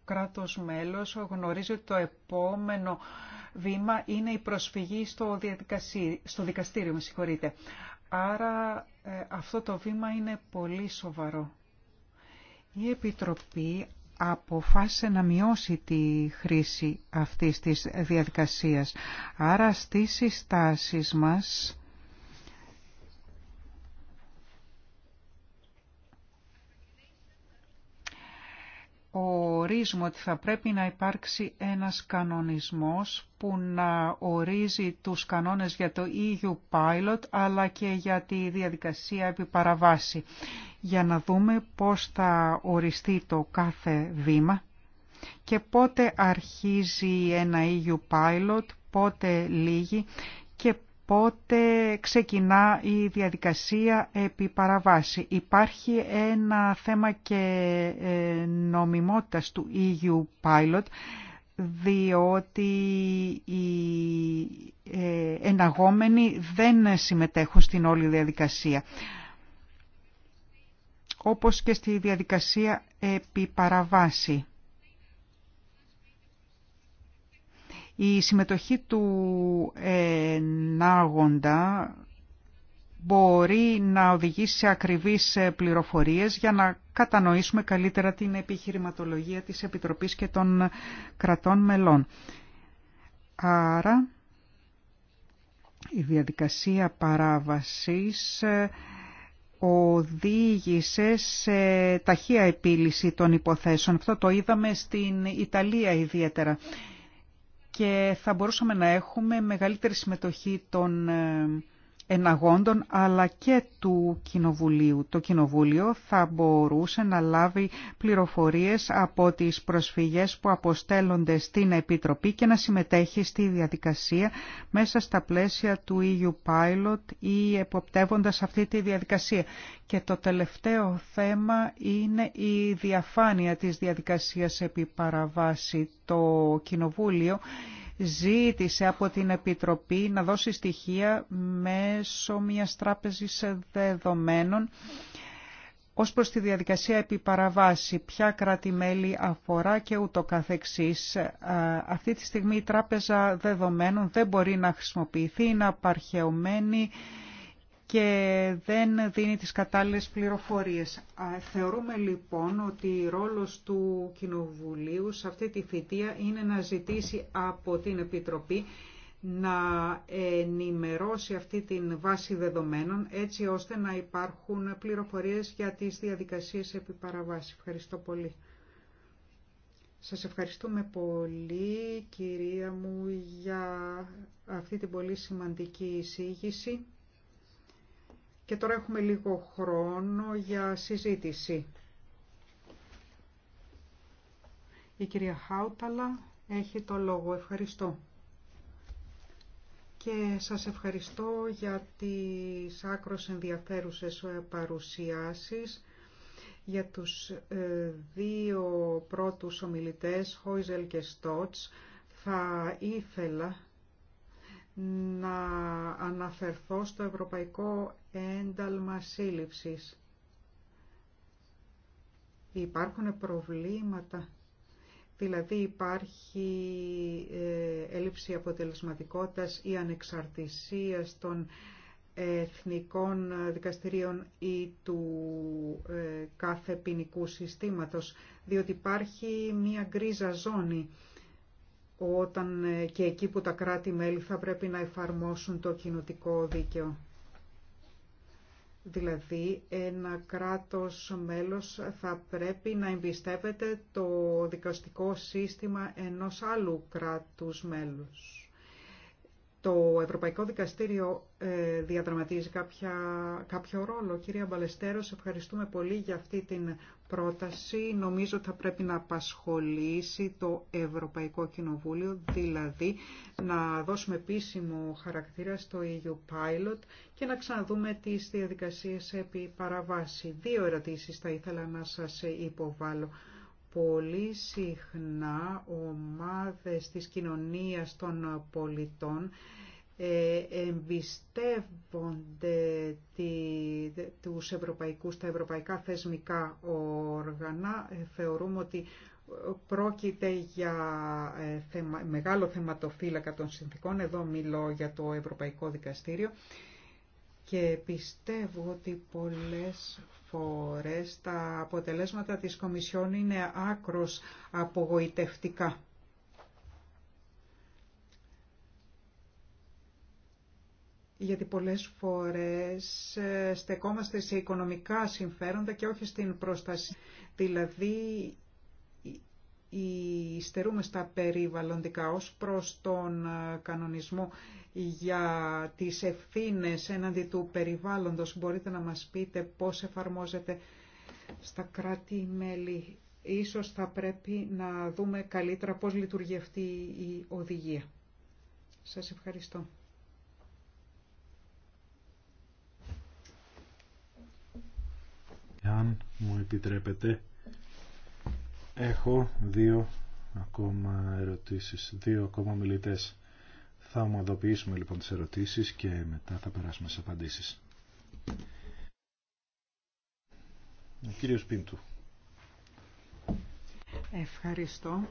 κράτος μέλος γνωρίζει ότι το επόμενο βήμα είναι η προσφυγή στο, στο δικαστήριο. Με συγχωρείτε. Άρα ε, αυτό το βήμα είναι πολύ σοβαρό. Η Επιτροπή αποφάσισε να μειώσει τη χρήση αυτής της διαδικασίας. Άρα στις συστάσεις μας ορίζουμε ότι θα πρέπει να υπάρξει ένας κανονισμός που να ορίζει τους κανόνες για το EU Pilot αλλά και για τη διαδικασία επιπαραβάση για να δούμε πώς θα οριστεί το κάθε βήμα και πότε αρχίζει ένα EU Pilot, πότε λύγει και Οπότε ξεκινά η διαδικασία επί παραβάση. Υπάρχει ένα θέμα και ε, νομιμότητας του EU Pilot, διότι οι ε, εναγόμενοι δεν συμμετέχουν στην όλη διαδικασία. Όπως και στη διαδικασία επί παραβάση. Η συμμετοχή του ενάγοντα μπορεί να οδηγήσει σε ακριβείς πληροφορίες για να κατανοήσουμε καλύτερα την επιχειρηματολογία της Επιτροπής και των κρατών μελών. Άρα, η διαδικασία παράβασης οδήγησε σε ταχεία επίλυση των υποθέσεων. Αυτό το είδαμε στην Ιταλία ιδιαίτερα και θα μπορούσαμε να έχουμε μεγαλύτερη συμμετοχή των ε, εναγόντων αλλά και του Κοινοβουλίου. Το Κοινοβούλιο θα μπορούσε να λάβει πληροφορίες από τις προσφυγές που αποστέλλονται στην Επιτροπή και να συμμετέχει στη διαδικασία μέσα στα πλαίσια του EU Pilot ή εποπτεύοντας αυτή τη διαδικασία. Και το τελευταίο θέμα είναι η διαφάνεια της διαδικασίας επί παραβάση. Το Κοινοβούλιο ζήτησε από την Επιτροπή να δώσει στοιχεία μέσω μιας τράπεζης δεδομένων ως προς τη διαδικασία επιπαραβάση, ποια κράτη-μέλη αφορά και ούτω καθεξής. Αυτή τη στιγμή η τράπεζα δεδομένων δεν μπορεί να χρησιμοποιηθεί, είναι απαρχαιωμένη και δεν δίνει τις κατάλληλες πληροφορίες. Θεωρούμε λοιπόν ότι ρόλος του Κοινοβουλίου σε αυτή τη θητεία είναι να ζητήσει από την Επιτροπή να ενημερώσει αυτή την βάση δεδομένων έτσι ώστε να υπάρχουν πληροφορίες για τις διαδικασίες επί παραβάση. Ευχαριστώ πολύ. Σας ευχαριστούμε πολύ κυρία μου για αυτή την πολύ σημαντική εισήγηση. Και τώρα έχουμε λίγο χρόνο για συζήτηση. Η κυρία Χάουταλα έχει το λόγο. Ευχαριστώ. Και σας ευχαριστώ για τις άκρως ενδιαφέρουσες παρουσιάσεις για τους ε, δύο πρώτους ομιλητές, Χόιζελ και Στότς. Θα ήθελα να αναφερθώ στο Ευρωπαϊκό ένταλμα σύλληψης. Υπάρχουν προβλήματα, δηλαδή υπάρχει ε, έλλειψη αποτελεσματικότητας ή ανεξαρτησίας των εθνικών δικαστηρίων ή του ε, κάθε ποινικού συστήματος, διότι υπάρχει μία γκρίζα ζώνη όταν ε, και εκεί που τα κράτη-μέλη θα πρέπει να εφαρμόσουν το κοινοτικό δίκαιο. Δηλαδή ένα κράτος μέλος θα πρέπει να εμπιστεύεται το δικαστικό σύστημα ενός άλλου κράτους μέλους το Ευρωπαϊκό Δικαστήριο ε, διαδραματίζει κάποια, κάποιο ρόλο. Κυρία Μπαλεστέρος, ευχαριστούμε πολύ για αυτή την πρόταση. Νομίζω ότι θα πρέπει να απασχολήσει το Ευρωπαϊκό Κοινοβούλιο, δηλαδή να δώσουμε επίσημο χαρακτήρα στο EU Pilot και να ξαναδούμε τις διαδικασίες επί παραβάση. Δύο ερωτήσεις θα ήθελα να σας υποβάλω πολύ συχνά ομάδες της κοινωνίας των πολιτών ε, εμπιστεύονται τη, τους τα ευρωπαϊκά θεσμικά όργανα. Ε, θεωρούμε ότι πρόκειται για ε, θεμα, μεγάλο θεματοφύλακα των συνθήκων. Εδώ μιλώ για το Ευρωπαϊκό Δικαστήριο και πιστεύω ότι πολλές φορές τα αποτελέσματα της Κομισιόν είναι άκρος απογοητευτικά. γιατί πολλές φορές ε, στεκόμαστε σε οικονομικά συμφέροντα και όχι στην προστασία. Δηλαδή στερούμε στα περιβαλλοντικά ως προς τον ε, κανονισμό για τις ευθύνες έναντι του περιβάλλοντος. Μπορείτε να μας πείτε πώς εφαρμόζεται στα κράτη-μέλη. Ίσως θα πρέπει να δούμε καλύτερα πώς λειτουργεί αυτή η οδηγία. Σας ευχαριστώ. Αν μου επιτρέπετε Έχω δύο ακόμα ερωτήσεις, δύο ακόμα μιλητές. Θα ομοδοποιήσουμε λοιπόν τις ερωτήσεις και μετά θα περάσουμε στις απαντήσεις. Ο κύριος Πίντου. Ευχαριστώ.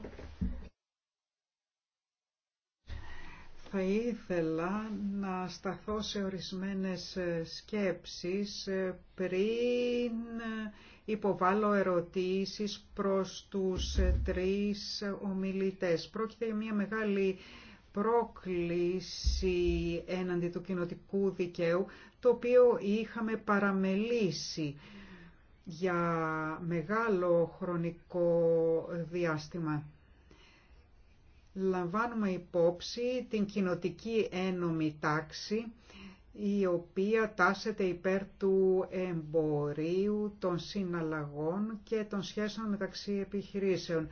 Θα ήθελα να σταθώ σε ορισμένες σκέψεις πριν Υποβάλλω ερωτήσεις προς τους τρεις ομιλητές. Πρόκειται για μια μεγάλη πρόκληση έναντι του κοινοτικού δικαίου, το οποίο είχαμε παραμελήσει για μεγάλο χρονικό διάστημα. Λαμβάνουμε υπόψη την κοινοτική ένωμη τάξη η οποία τάσεται υπέρ του εμπορίου, των συναλλαγών και των σχέσεων μεταξύ επιχειρήσεων.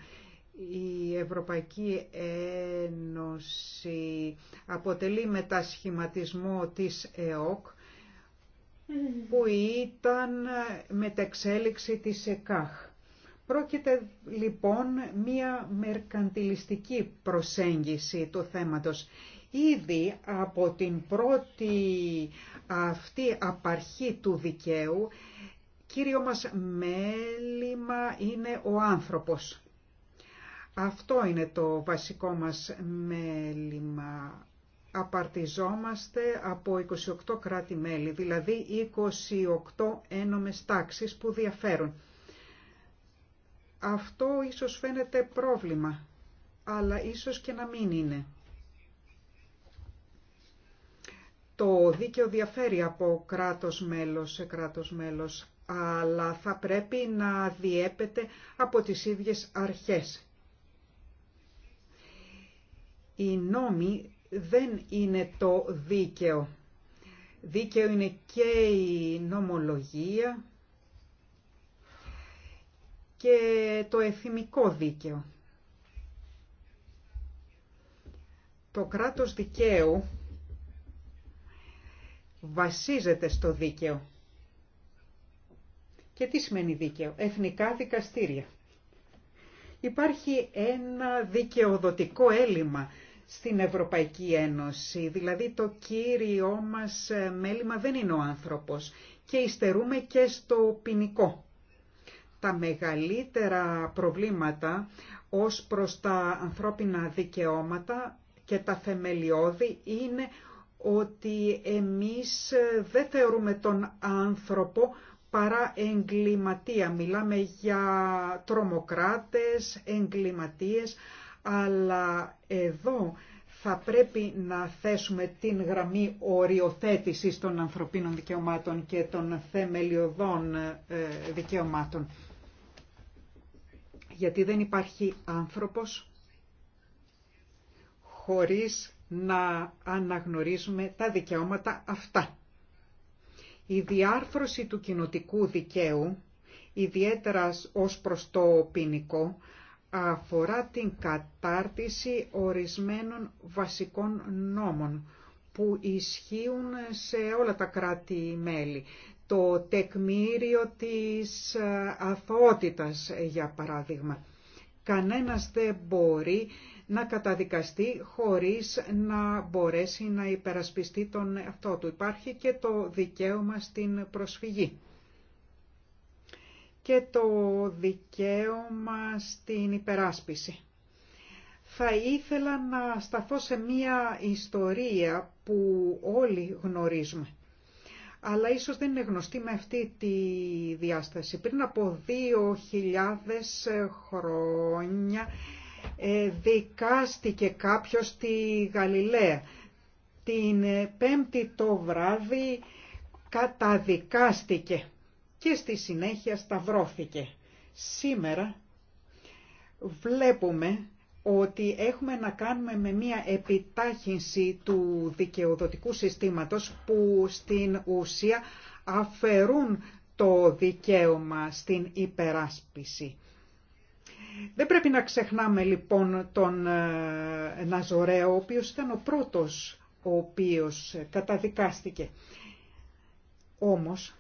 Η Ευρωπαϊκή Ένωση αποτελεί μετασχηματισμό της ΕΟΚ, που ήταν μετεξέλιξη της ΕΚΑΧ. Πρόκειται λοιπόν μία μερκαντιλιστική προσέγγιση του θέματος. Ήδη από την πρώτη αυτή απαρχή του δικαίου, κύριο μας μέλημα είναι ο άνθρωπος. Αυτό είναι το βασικό μας μέλημα. Απαρτιζόμαστε από 28 κράτη-μέλη, δηλαδή 28 ένομες τάξεις που διαφέρουν. Αυτό ίσως φαίνεται πρόβλημα, αλλά ίσως και να μην είναι. Το δίκαιο διαφέρει από κράτος μέλος σε κράτος μέλος, αλλά θα πρέπει να διέπεται από τις ίδιες αρχές. Οι νόμοι δεν είναι το δίκαιο. Δίκαιο είναι και η νομολογία και το εθιμικό δίκαιο. Το κράτος δικαίου βασίζεται στο δίκαιο. Και τι σημαίνει δίκαιο. Εθνικά δικαστήρια. Υπάρχει ένα δικαιοδοτικό έλλειμμα στην Ευρωπαϊκή Ένωση. Δηλαδή το κύριό μας ε, μέλημα δεν είναι ο άνθρωπος και υστερούμε και στο ποινικό. Τα μεγαλύτερα προβλήματα ως προς τα ανθρώπινα δικαιώματα και τα θεμελιώδη είναι ότι εμείς δεν θεωρούμε τον άνθρωπο παρά εγκληματία. Μιλάμε για τρομοκράτες, εγκληματίες, αλλά εδώ θα πρέπει να θέσουμε την γραμμή οριοθέτησης των ανθρωπίνων δικαιωμάτων και των θεμελιωδών ε, δικαιωμάτων. Γιατί δεν υπάρχει άνθρωπος χωρίς να αναγνωρίζουμε τα δικαιώματα αυτά. Η διάρθρωση του κοινοτικού δικαίου, ιδιαίτερα ως προς το ποινικό, αφορά την κατάρτιση ορισμένων βασικών νόμων που ισχύουν σε όλα τα κράτη-μέλη. Το τεκμήριο της ε, αθωότητας, για παράδειγμα. Κανένας δεν μπορεί να καταδικαστεί χωρίς να μπορέσει να υπερασπιστεί τον εαυτό του. Υπάρχει και το δικαίωμα στην προσφυγή και το δικαίωμα στην υπεράσπιση. Θα ήθελα να σταθώ σε μία ιστορία που όλοι γνωρίζουμε αλλά ίσως δεν είναι γνωστή με αυτή τη διάσταση. Πριν από χιλιάδες χρόνια δικάστηκε κάποιος στη Γαλιλαία. Την πέμπτη το βράδυ καταδικάστηκε και στη συνέχεια σταυρώθηκε. Σήμερα βλέπουμε ότι έχουμε να κάνουμε με μια επιτάχυνση του δικαιοδοτικού συστήματος που στην ουσία αφαιρούν το δικαίωμα στην υπεράσπιση. Δεν πρέπει να ξεχνάμε λοιπόν τον ε, Ναζωρέο, ο οποίος ήταν ο πρώτος ο οποίος ε, καταδικάστηκε. Όμως,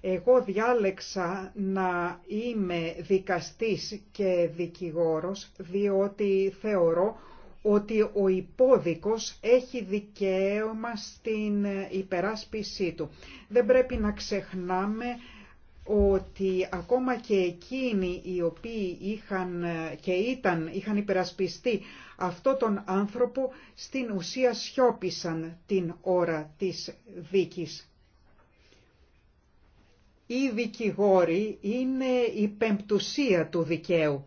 εγώ διάλεξα να είμαι δικαστής και δικηγόρος, διότι θεωρώ ότι ο υπόδικος έχει δικαίωμα στην ε, υπεράσπισή του. Δεν πρέπει να ξεχνάμε ότι ακόμα και εκείνοι οι οποίοι είχαν και ήταν, είχαν υπερασπιστεί αυτό τον άνθρωπο, στην ουσία σιώπησαν την ώρα της δίκης. Οι δικηγόροι είναι η πεμπτουσία του δικαίου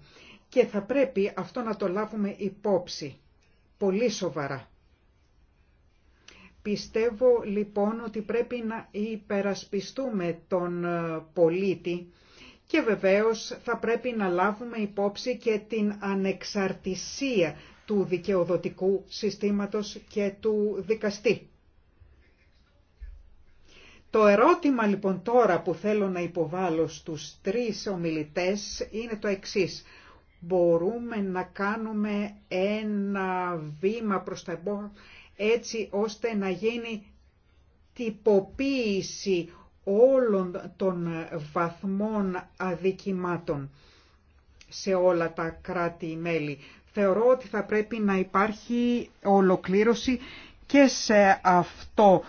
και θα πρέπει αυτό να το λάβουμε υπόψη πολύ σοβαρά. Πιστεύω λοιπόν ότι πρέπει να υπερασπιστούμε τον ε, πολίτη και βεβαίως θα πρέπει να λάβουμε υπόψη και την ανεξαρτησία του δικαιοδοτικού συστήματος και του δικαστή. Το ερώτημα λοιπόν τώρα που θέλω να υποβάλω στους τρεις ομιλητές είναι το εξής. Μπορούμε να κάνουμε ένα βήμα προς τα εμπόδια έτσι ώστε να γίνει τυποποίηση όλων των βαθμών αδικημάτων σε όλα τα κράτη-μέλη. Θεωρώ ότι θα πρέπει να υπάρχει ολοκλήρωση και σε αυτό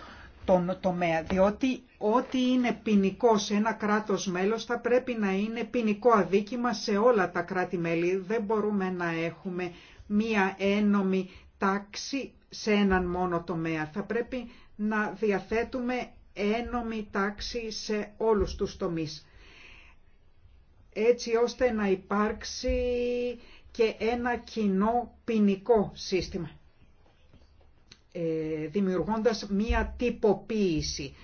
τον τομέα, διότι ό,τι είναι ποινικό σε ένα κράτος μέλος θα πρέπει να είναι ποινικό αδίκημα σε όλα τα κράτη-μέλη. Δεν μπορούμε να έχουμε μία ένομη τάξη σε έναν μόνο τομέα. Θα πρέπει να διαθέτουμε ένομη τάξη σε όλους τους τομείς. Έτσι ώστε να υπάρξει και ένα κοινό ποινικό σύστημα, ε, δημιουργώντας μία τυποποίηση.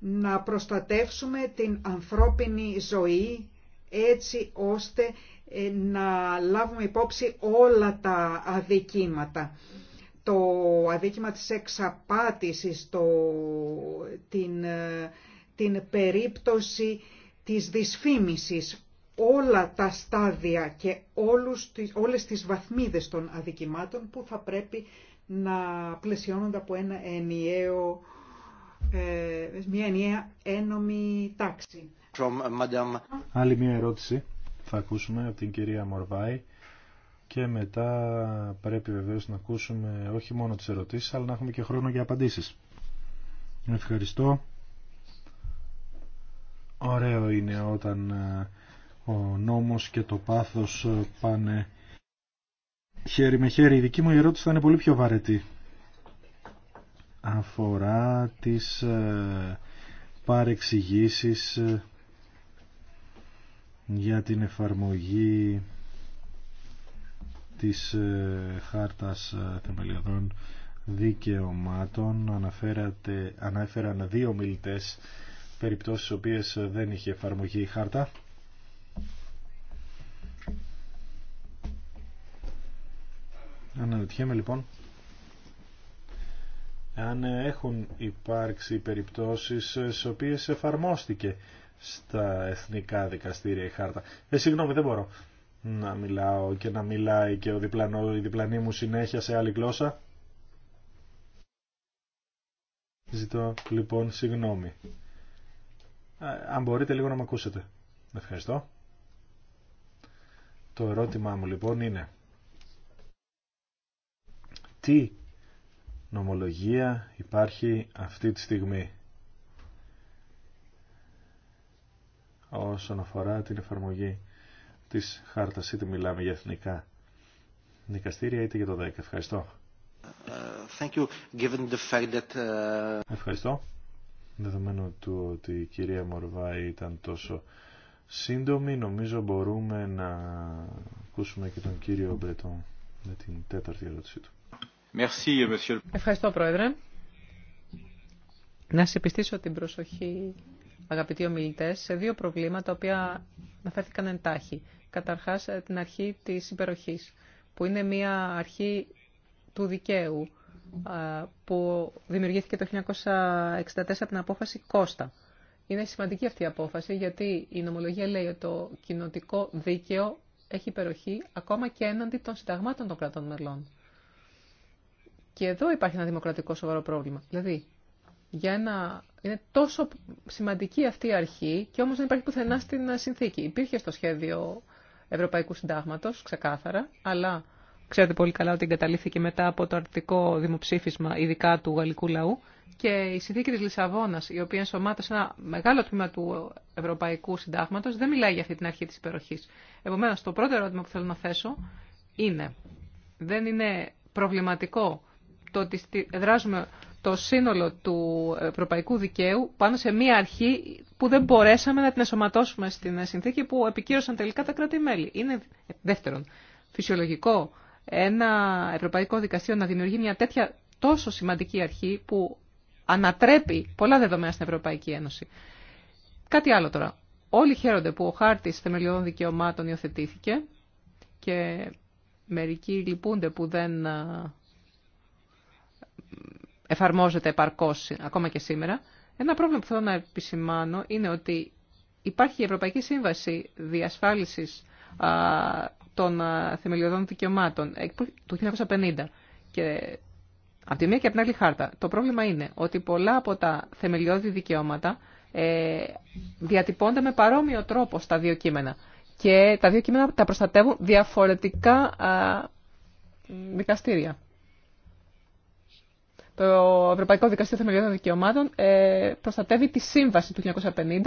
Να προστατεύσουμε την ανθρώπινη ζωή έτσι ώστε ε, να λάβουμε υπόψη όλα τα αδικήματα. Το αδίκημα της εξαπάτησης, το, την, ε, περίπτωση της δυσφήμισης, όλα τα στάδια και όλους, όλες τις βαθμίδες των αδικημάτων που θα πρέπει να πλαισιώνονται από ένα ενιαίο, ε, μια ενιαία ένομη τάξη. From Άλλη μια ερώτηση θα ακούσουμε από την κυρία Μορβάη και μετά πρέπει βεβαίως να ακούσουμε όχι μόνο τις ερωτήσεις αλλά να έχουμε και χρόνο για απαντήσεις. Ευχαριστώ. Ωραίο είναι όταν ε, ο νόμος και το πάθος ε, πάνε χέρι με χέρι. Η δική μου ερώτηση θα είναι πολύ πιο βαρετή. Αφορά τις ε, παρεξηγήσεις για την εφαρμογή της ε, χάρτας ε, θεμελιωδών δικαιωμάτων αναφέρατε, ανάφεραν δύο μιλητές περιπτώσεις οποίες δεν είχε εφαρμογή η χάρτα Αναρωτιέμαι λοιπόν αν έχουν υπάρξει περιπτώσεις στις οποίες εφαρμόστηκε στα εθνικά δικαστήρια η χάρτα. Ε, συγγνώμη, δεν μπορώ να μιλάω και να μιλάει και ο διπλανό, η διπλανή μου συνέχεια σε άλλη γλώσσα. Ζητώ λοιπόν συγγνώμη. Αν μπορείτε λίγο να με ακούσετε. Ευχαριστώ. Το ερώτημά μου λοιπόν είναι τι νομολογία υπάρχει αυτή τη στιγμή όσον αφορά την εφαρμογή της χάρτας, είτε μιλάμε για εθνικά δικαστήρια, είτε για το 10. Ευχαριστώ. Uh, uh, Ευχαριστώ. Δεδομένου του ότι η κυρία Μορβάη ήταν τόσο σύντομη, νομίζω μπορούμε να ακούσουμε και τον κύριο Μπρετόν με την τέταρτη ερώτησή του. Merci, Ευχαριστώ, Πρόεδρε. Να σε πιστήσω την προσοχή αγαπητοί ομιλητέ, σε δύο προβλήματα τα οποία αναφέρθηκαν εντάχει. Καταρχά, την αρχή τη υπεροχή, που είναι μια αρχή του δικαίου που δημιουργήθηκε το 1964 από την απόφαση Κώστα. Είναι σημαντική αυτή η απόφαση γιατί η νομολογία λέει ότι το κοινοτικό δίκαιο έχει υπεροχή ακόμα και έναντι των συνταγμάτων των κρατών μελών. Και εδώ υπάρχει ένα δημοκρατικό σοβαρό πρόβλημα. Δηλαδή, για ένα... Είναι τόσο σημαντική αυτή η αρχή και όμως δεν υπάρχει πουθενά στην συνθήκη. Υπήρχε στο σχέδιο Ευρωπαϊκού Συντάγματος, ξεκάθαρα, αλλά ξέρετε πολύ καλά ότι εγκαταλείφθηκε μετά από το αρνητικό δημοψήφισμα, ειδικά του γαλλικού λαού, και η συνθήκη της Λισαβόνας, η οποία ενσωμάτωσε ένα μεγάλο τμήμα του Ευρωπαϊκού Συντάγματος, δεν μιλάει για αυτή την αρχή της υπεροχής. Επομένως, το πρώτο ερώτημα που θέλω να θέσω είναι, δεν είναι προβληματικό το ότι δράζουμε το σύνολο του ευρωπαϊκού δικαίου πάνω σε μία αρχή που δεν μπορέσαμε να την εσωματώσουμε στην συνθήκη που επικύρωσαν τελικά τα κράτη-μέλη. Είναι δεύτερον φυσιολογικό ένα ευρωπαϊκό δικαστήριο να δημιουργεί μια τέτοια τόσο σημαντική αρχή που ανατρέπει πολλά δεδομένα στην Ευρωπαϊκή Ένωση. Κάτι άλλο τώρα. Όλοι χαίρονται που ο χάρτη θεμελιωδών δικαιωμάτων υιοθετήθηκε και μερικοί λυπούνται που δεν εφαρμόζεται επαρκώς ακόμα και σήμερα. Ένα πρόβλημα που θέλω να επισημάνω είναι ότι υπάρχει η Ευρωπαϊκή Σύμβαση Διασφάλισης των Θεμελιωδών Δικαιωμάτων του 1950 και από τη μία και από την άλλη χάρτα. Το πρόβλημα είναι ότι πολλά από τα θεμελιώδη δικαιώματα ε, διατυπώνται με παρόμοιο τρόπο στα δύο κείμενα και τα δύο κείμενα τα προστατεύουν διαφορετικά δικαστήρια. Το Ευρωπαϊκό Δικαστήριο Θεμελιωδών Δικαιωμάτων ε, προστατεύει τη σύμβαση του 1950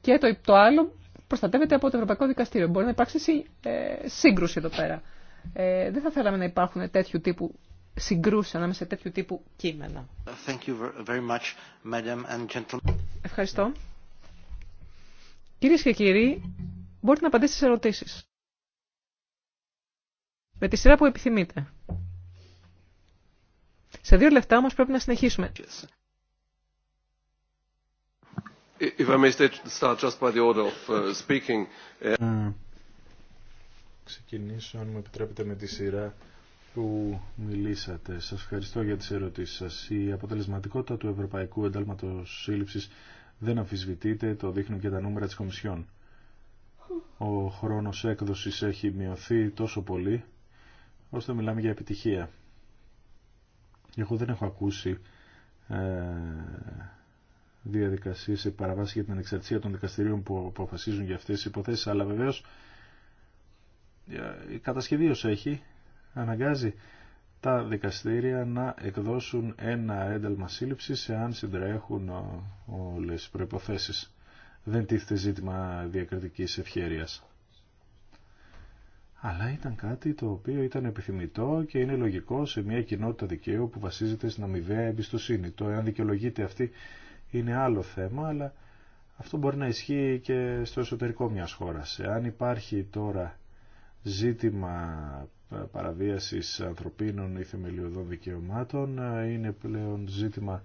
και το, το άλλο προστατεύεται από το Ευρωπαϊκό Δικαστήριο. Μπορεί να υπάρξει ε, σύγκρουση εδώ πέρα. Ε, δεν θα θέλαμε να υπάρχουν τέτοιου τύπου συγκρούσει ανάμεσα σε τέτοιου τύπου κείμενα. Thank you very much, and Ευχαριστώ. Κυρίε και κύριοι, μπορείτε να απαντήσετε σε ερωτήσεις. Με τη σειρά που επιθυμείτε. Σε δύο λεπτά όμως πρέπει να συνεχίσουμε. Ξεκινήσω, αν μου επιτρέπετε, με τη σειρά που μιλήσατε. Σας ευχαριστώ για τις ερωτήσεις σας. Η αποτελεσματικότητα του Ευρωπαϊκού Εντάλματος Σύλληψης δεν αμφισβητείται, το δείχνουν και τα νούμερα της Κομισιόν. Ο χρόνος έκδοσης έχει μειωθεί τόσο πολύ, ώστε μιλάμε για επιτυχία. Εγώ δεν έχω ακούσει ε, διαδικασίες σε παραβάση για την ανεξαρτησία των δικαστηρίων που αποφασίζουν για αυτές τις υποθέσεις, αλλά βεβαίως ε, η κατασκευή έχει αναγκάζει τα δικαστήρια να εκδώσουν ένα ένταλμα σύλληψης εάν συντρέχουν ε, όλες οι προϋποθέσεις. Δεν τίθεται ζήτημα διακριτικής ευχέρειας αλλά ήταν κάτι το οποίο ήταν επιθυμητό και είναι λογικό σε μια κοινότητα δικαίου που βασίζεται στην αμοιβαία εμπιστοσύνη. Το εάν δικαιολογείται αυτή είναι άλλο θέμα, αλλά αυτό μπορεί να ισχύει και στο εσωτερικό μιας χώρας. Εάν υπάρχει τώρα ζήτημα παραβίασης ανθρωπίνων ή θεμελιωδών δικαιωμάτων, είναι πλέον ζήτημα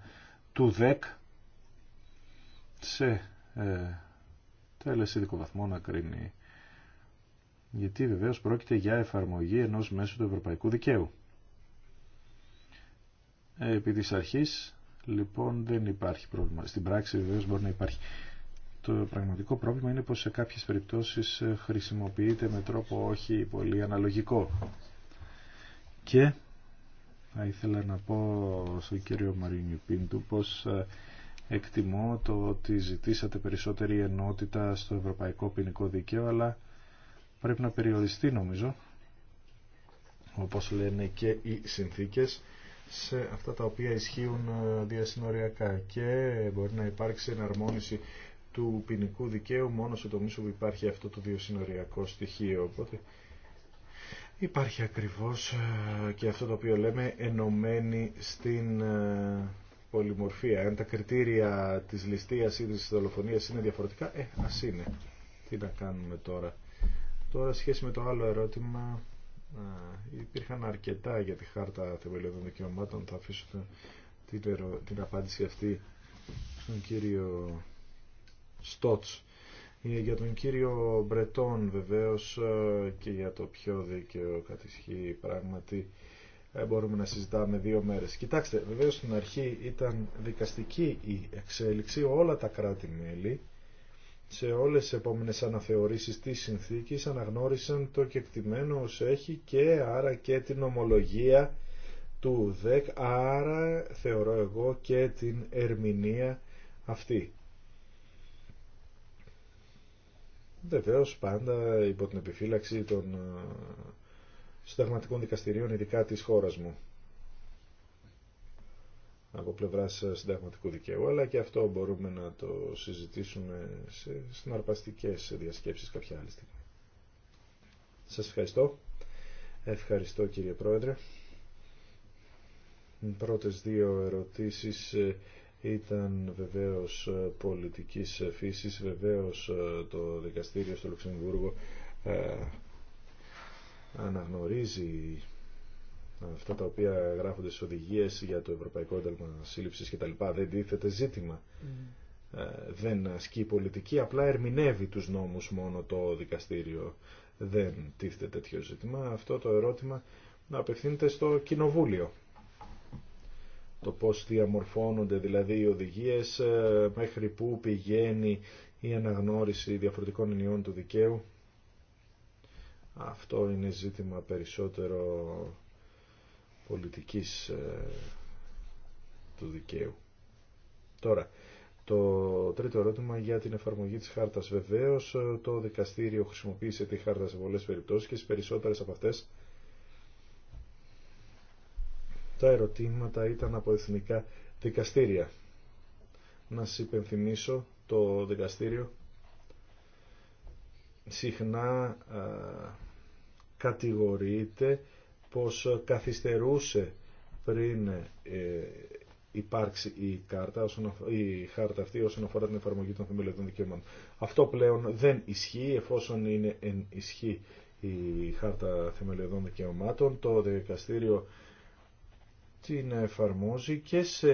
του ΔΕΚ σε ε, τέλεση βαθμό να κρίνει γιατί βεβαίως πρόκειται για εφαρμογή ενός μέσου του ευρωπαϊκού δικαίου. Ε, επί της αρχής, λοιπόν, δεν υπάρχει πρόβλημα. Στην πράξη βεβαίως μπορεί να υπάρχει. Το πραγματικό πρόβλημα είναι πως σε κάποιες περιπτώσεις ε, χρησιμοποιείται με τρόπο όχι πολύ αναλογικό. Και θα ήθελα να πω στον κύριο Μαρίνιου Πίντου πως ε, εκτιμώ το ότι ζητήσατε περισσότερη ενότητα στο Ευρωπαϊκό Ποινικό Δίκαιο, αλλά πρέπει να περιοριστεί νομίζω όπως λένε και οι συνθήκες σε αυτά τα οποία ισχύουν ε, διασυνοριακά και μπορεί να υπάρξει εναρμόνιση του ποινικού δικαίου μόνο σε τομείς που υπάρχει αυτό το διασυνοριακό στοιχείο. Οπότε υπάρχει ακριβώς ε, και αυτό το οποίο λέμε ενωμένη στην ε, πολυμορφία. Αν τα κριτήρια της ληστείας ή της δολοφονίας είναι διαφορετικά, ε, ας είναι. Τι να κάνουμε τώρα. Τώρα σχέση με το άλλο ερώτημα, υπήρχαν αρκετά για τη χάρτα θεμελιωδών δικαιωμάτων. Θα αφήσω την, την απάντηση αυτή στον κύριο Στότς. Ε, για τον κύριο Μπρετόν βεβαίως και για το πιο δίκαιο κατησχεί πράγματι ε, μπορούμε να συζητάμε δύο μέρες. Κοιτάξτε, βεβαίως στην αρχή ήταν δικαστική η εξέλιξη, όλα τα κράτη-μέλη σε όλες τις επόμενες αναθεωρήσεις της συνθήκης αναγνώρισαν το κεκτημένο ως έχει και άρα και την ομολογία του ΔΕΚ, άρα θεωρώ εγώ και την ερμηνεία αυτή. Βεβαίω πάντα υπό την επιφύλαξη των ε, συνταγματικών δικαστηρίων, ειδικά της χώρας μου από πλευρά συνταγματικού δικαίου, αλλά και αυτό μπορούμε να το συζητήσουμε σε συναρπαστικές διασκέψει κάποια άλλη στιγμή. Σας ευχαριστώ. Ευχαριστώ κύριε Πρόεδρε. Οι πρώτες δύο ερωτήσεις ήταν βεβαίως πολιτικής φύσης, βεβαίως το δικαστήριο στο Λουξεμβούργο ε, αναγνωρίζει αυτά τα οποία γράφονται στις οδηγίες για το Ευρωπαϊκό Ένταλμα Σύλληψης κτλ. δεν τίθεται ζήτημα. Ε, δεν ασκεί πολιτική, απλά ερμηνεύει τους νόμους μόνο το δικαστήριο. Δεν τίθεται τέτοιο ζήτημα. Αυτό το ερώτημα να απευθύνεται στο Κοινοβούλιο. Το πώς διαμορφώνονται δηλαδή οι οδηγίες, ε, μέχρι πού πηγαίνει η αναγνώριση διαφορετικών ενιών του δικαίου. Αυτό είναι ζήτημα περισσότερο πολιτικής ε, του δικαίου. Τώρα, το τρίτο ερώτημα για την εφαρμογή της χάρτας. Βεβαίως, ε, το δικαστήριο χρησιμοποίησε τη χάρτα σε πολλές περιπτώσεις και στις περισσότερες από αυτές τα ερωτήματα ήταν από εθνικά δικαστήρια. Να σας υπενθυμίσω το δικαστήριο συχνά ε, κατηγορείται πως καθυστερούσε πριν ε, υπάρξει η, κάρτα, η χάρτα αυτή όσον αφορά την εφαρμογή των θεμελιωδών δικαιωμάτων. Αυτό πλέον δεν ισχύει εφόσον είναι εν ισχύ η χάρτα θεμελιωδών δικαιωμάτων. Το δικαστήριο την εφαρμόζει και σε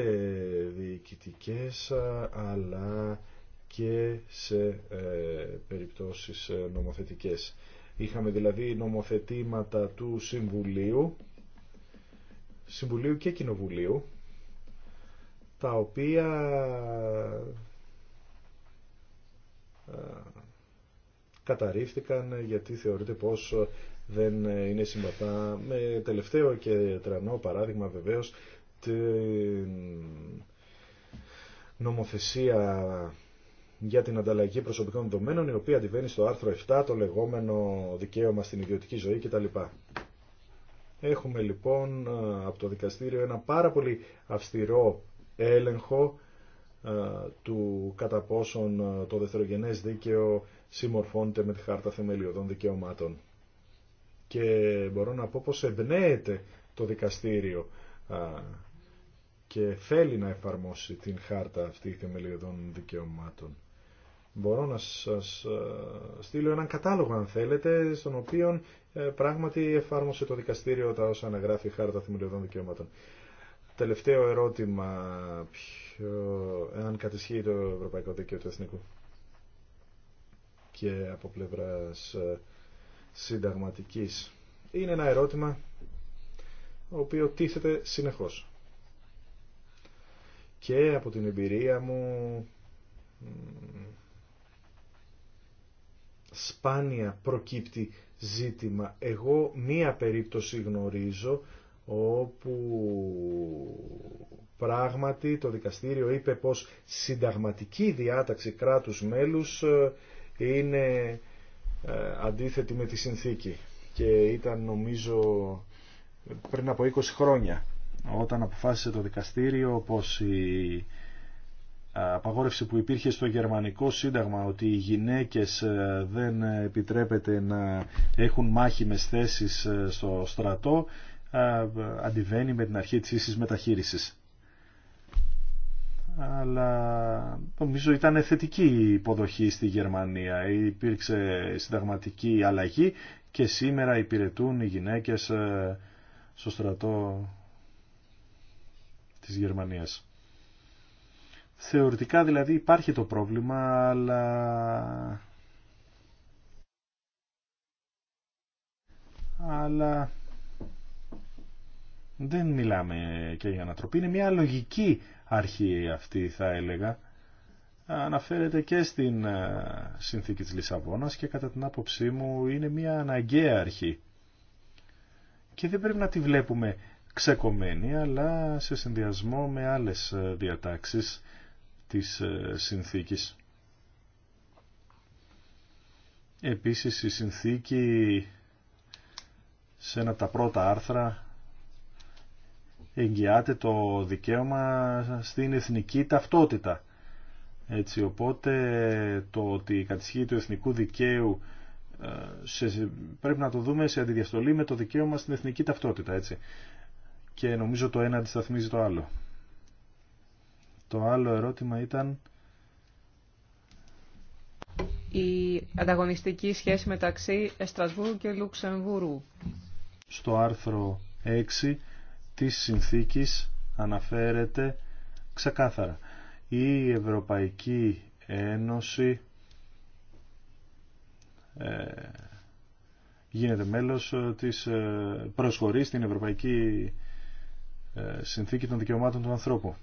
διοικητικές αλλά και σε ε, περιπτώσεις ε, νομοθετικές. Είχαμε δηλαδή νομοθετήματα του Συμβουλίου, Συμβουλίου και Κοινοβουλίου, τα οποία ε, καταρρίφθηκαν γιατί θεωρείται πως δεν είναι συμβατά με τελευταίο και τρανό παράδειγμα βεβαίως την νομοθεσία για την ανταλλαγή προσωπικών δεδομένων, η οποία αντιβαίνει στο άρθρο 7, το λεγόμενο δικαίωμα στην ιδιωτική ζωή κτλ. Έχουμε λοιπόν από το δικαστήριο ένα πάρα πολύ αυστηρό έλεγχο του κατά πόσον το δευτερογενές δίκαιο συμμορφώνεται με τη Χάρτα Θεμελιωδών Δικαιωμάτων. Και μπορώ να πω πως εμπνέεται το δικαστήριο και θέλει να εφαρμόσει την Χάρτα αυτή Θεμελιωδών Δικαιωμάτων. Μπορώ να σας ε, στείλω έναν κατάλογο αν θέλετε, στον οποίο ε, πράγματι εφάρμοσε το δικαστήριο τα όσα αναγράφει η Χάρτα Θεμελιωδών Δικαιωμάτων. Τελευταίο ερώτημα, ποιο, αν κατησχύει το Ευρωπαϊκό Δίκαιο του Εθνικού και από πλευράς ε, συνταγματικής. Είναι ένα ερώτημα το οποίο τίθεται συνεχώς. Και από την εμπειρία μου σπάνια προκύπτει ζήτημα. Εγώ μία περίπτωση γνωρίζω όπου πράγματι το δικαστήριο είπε πως συνταγματική διάταξη κράτους μέλους ε, είναι ε, αντίθετη με τη συνθήκη και ήταν νομίζω πριν από 20 χρόνια όταν αποφάσισε το δικαστήριο πως η απαγόρευση που υπήρχε στο γερμανικό σύνταγμα ότι οι γυναίκες ε, δεν επιτρέπεται να έχουν μάχημες θέσεις ε, στο στρατό ε, αντιβαίνει με την αρχή της ίσης μεταχείρισης. Αλλά νομίζω ήταν θετική η υποδοχή στη Γερμανία. Υπήρξε συνταγματική αλλαγή και σήμερα υπηρετούν οι γυναίκες στο στρατό της Γερμανίας. Θεωρητικά δηλαδή υπάρχει το πρόβλημα, αλλά... Αλλά δεν μιλάμε και για ανατροπή. Είναι μια λογική αρχή αυτή θα έλεγα. Αναφέρεται και στην ε, συνθήκη της Λισαβόνας και κατά την άποψή μου είναι μια αναγκαία αρχή. Και δεν πρέπει να τη βλέπουμε ξεκομμένη αλλά σε συνδυασμό με άλλες ε, διατάξεις της ε, συνθήκης. Επίσης η συνθήκη σε ένα από τα πρώτα άρθρα εγγυάται το δικαίωμα στην εθνική ταυτότητα. Έτσι, οπότε το ότι η του εθνικού δικαίου ε, σε, πρέπει να το δούμε σε αντιδιαστολή με το δικαίωμα στην εθνική ταυτότητα. Έτσι. Και νομίζω το ένα αντισταθμίζει το άλλο. Το άλλο ερώτημα ήταν... Η ανταγωνιστική σχέση μεταξύ Εστρασβούρου και Λουξεμβούρου. Στο άρθρο 6 της συνθήκης αναφέρεται ξεκάθαρα. Η Ευρωπαϊκή Ένωση ε, γίνεται μέλος ε, της ε, προσχωρή στην Ευρωπαϊκή Συνθήκη των Δικαιωμάτων του Ανθρώπου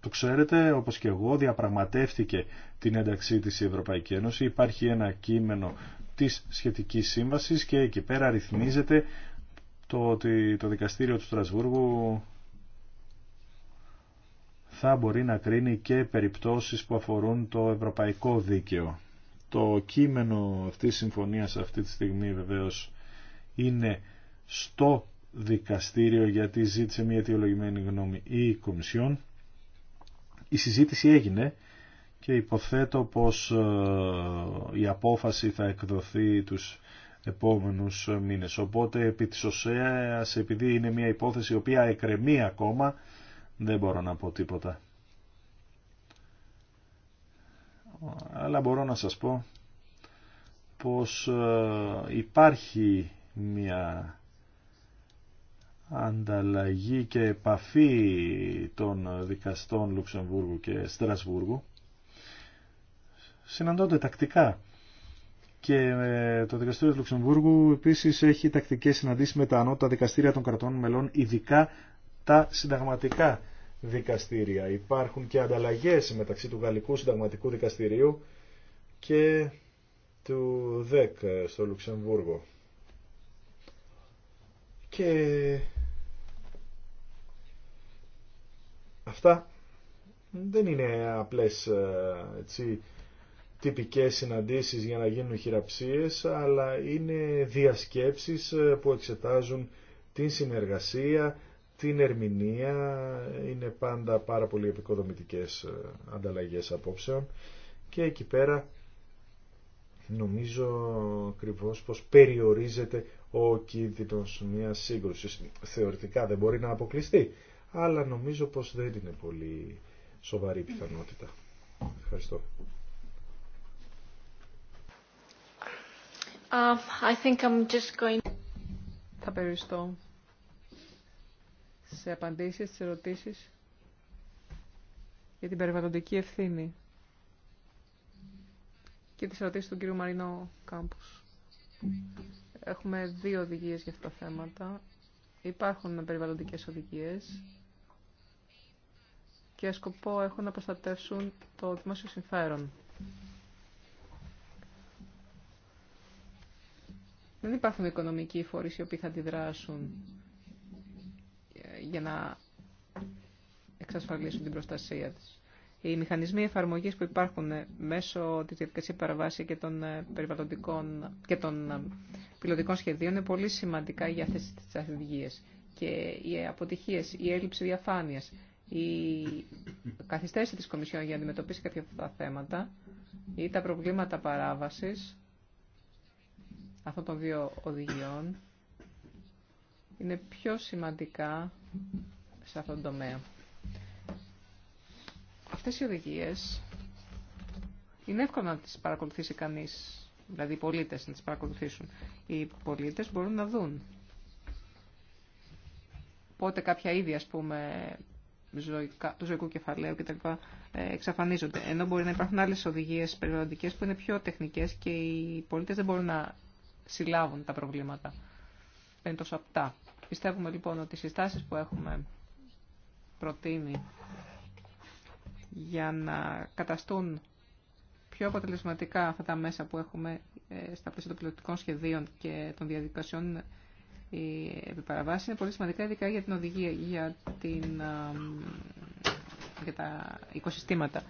το ξέρετε, όπως και εγώ, διαπραγματεύτηκε την ένταξή της η Ευρωπαϊκή Ένωση. Υπάρχει ένα κείμενο της σχετικής σύμβασης και εκεί πέρα ρυθμίζεται το ότι το δικαστήριο του Στρασβούργου θα μπορεί να κρίνει και περιπτώσεις που αφορούν το ευρωπαϊκό δίκαιο. Το κείμενο αυτής της συμφωνίας αυτή τη στιγμή βεβαίως είναι στο δικαστήριο γιατί ζήτησε μια αιτιολογημένη γνώμη ή η Κομισιόν η συζήτηση έγινε και υποθέτω πως ε, η απόφαση θα εκδοθεί τους επόμενους μήνες. Οπότε επί της ΟΣΕΑΣ, επειδή είναι μια υπόθεση η οποία εκρεμεί ακόμα, δεν μπορώ να πω τίποτα. Αλλά μπορώ να σας πω πως ε, υπάρχει μια ανταλλαγή και επαφή των δικαστών Λουξεμβούργου και Στρασβούργου συναντώνται τακτικά και ε, το δικαστήριο του Λουξεμβούργου επίσης έχει τακτικές συναντήσεις με τα ανώτατα δικαστήρια των κρατών μελών ειδικά τα συνταγματικά δικαστήρια. Υπάρχουν και ανταλλαγές μεταξύ του Γαλλικού Συνταγματικού Δικαστηρίου και του ΔΕΚ στο Λουξεμβούργο. Και Αυτά δεν είναι απλές ε, έτσι, τυπικές συναντήσεις για να γίνουν χειραψίες, αλλά είναι διασκέψεις ε, που εξετάζουν την συνεργασία, την ερμηνεία, είναι πάντα πάρα πολύ επικοδομητικές ε, ανταλλαγές απόψεων και εκεί πέρα νομίζω ακριβώ πως περιορίζεται ο κίνδυνος μιας σύγκρουσης. Θεωρητικά δεν μπορεί να αποκλειστεί αλλά νομίζω πως δεν είναι πολύ σοβαρή πιθανότητα. Ευχαριστώ. Um, Θα περιστώ σε απαντήσεις, σε ερωτήσεις για την περιβαλλοντική ευθύνη και τις ερωτήσεις του κύριου Μαρινό Κάμπους. Έχουμε δύο οδηγίες για αυτά τα θέματα. Υπάρχουν περιβαλλοντικές οδηγίες και σκοπό έχουν να προστατεύσουν το δημόσιο συμφέρον. Δεν υπάρχουν οικονομικοί φορείς οι οποίοι θα αντιδράσουν ε, για να εξασφαλίσουν την προστασία της. Οι μηχανισμοί εφαρμογής που υπάρχουν ε, μέσω της διαδικασία παραβάσης και των, ε, περιβαλλοντικών, και των πιλωτικών σχεδίων είναι πολύ σημαντικά για αυτές τις οδηγίες. Και οι αποτυχίες, η έλλειψη διαφάνειας, η καθυστέρηση της Κομισιόν για να αντιμετωπίσει κάποια αυτά τα θέματα ή τα προβλήματα παράβασης αυτών των δύο οδηγιών είναι πιο σημαντικά σε αυτόν τον τομέα. Αυτές οι οδηγίες είναι εύκολο να τις παρακολουθήσει κανείς, δηλαδή οι πολίτες να τις παρακολουθήσουν. Οι πολίτες μπορούν να δουν πότε κάποια είδη, ας πούμε, του ζωικού κεφαλαίου κτλ. Ε, εξαφανίζονται. Ενώ μπορεί να υπάρχουν άλλες οδηγίες περιβαλλοντικέ που είναι πιο τεχνικές και οι πολίτε δεν μπορούν να συλλάβουν τα προβλήματα. Δεν είναι Πιστεύουμε λοιπόν ότι οι συστάσει που έχουμε προτείνει για να καταστούν πιο αποτελεσματικά αυτά τα μέσα που έχουμε ε, στα πλαίσια των πιλωτικών σχεδίων και των διαδικασιών οι επιπαραβάσεις είναι πολύ σημαντικά, ειδικά για την οδηγία, για, την, για τα οικοσυστήματα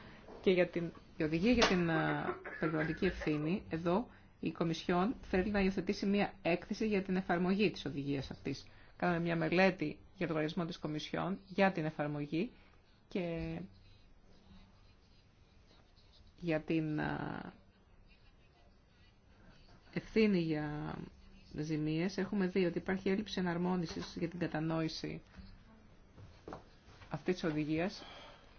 και για την η οδηγία για την περιβαλλοντική ευθύνη. Εδώ η Κομισιόν θέλει να υιοθετήσει μια έκθεση για την εφαρμογή της οδηγίας αυτής. Κάναμε μια μελέτη για τον λογαριασμό της Κομισιόν για την εφαρμογή και για την ευθύνη για ζημίες, έχουμε δει ότι υπάρχει έλλειψη εναρμόνισης για την κατανόηση αυτής της οδηγίας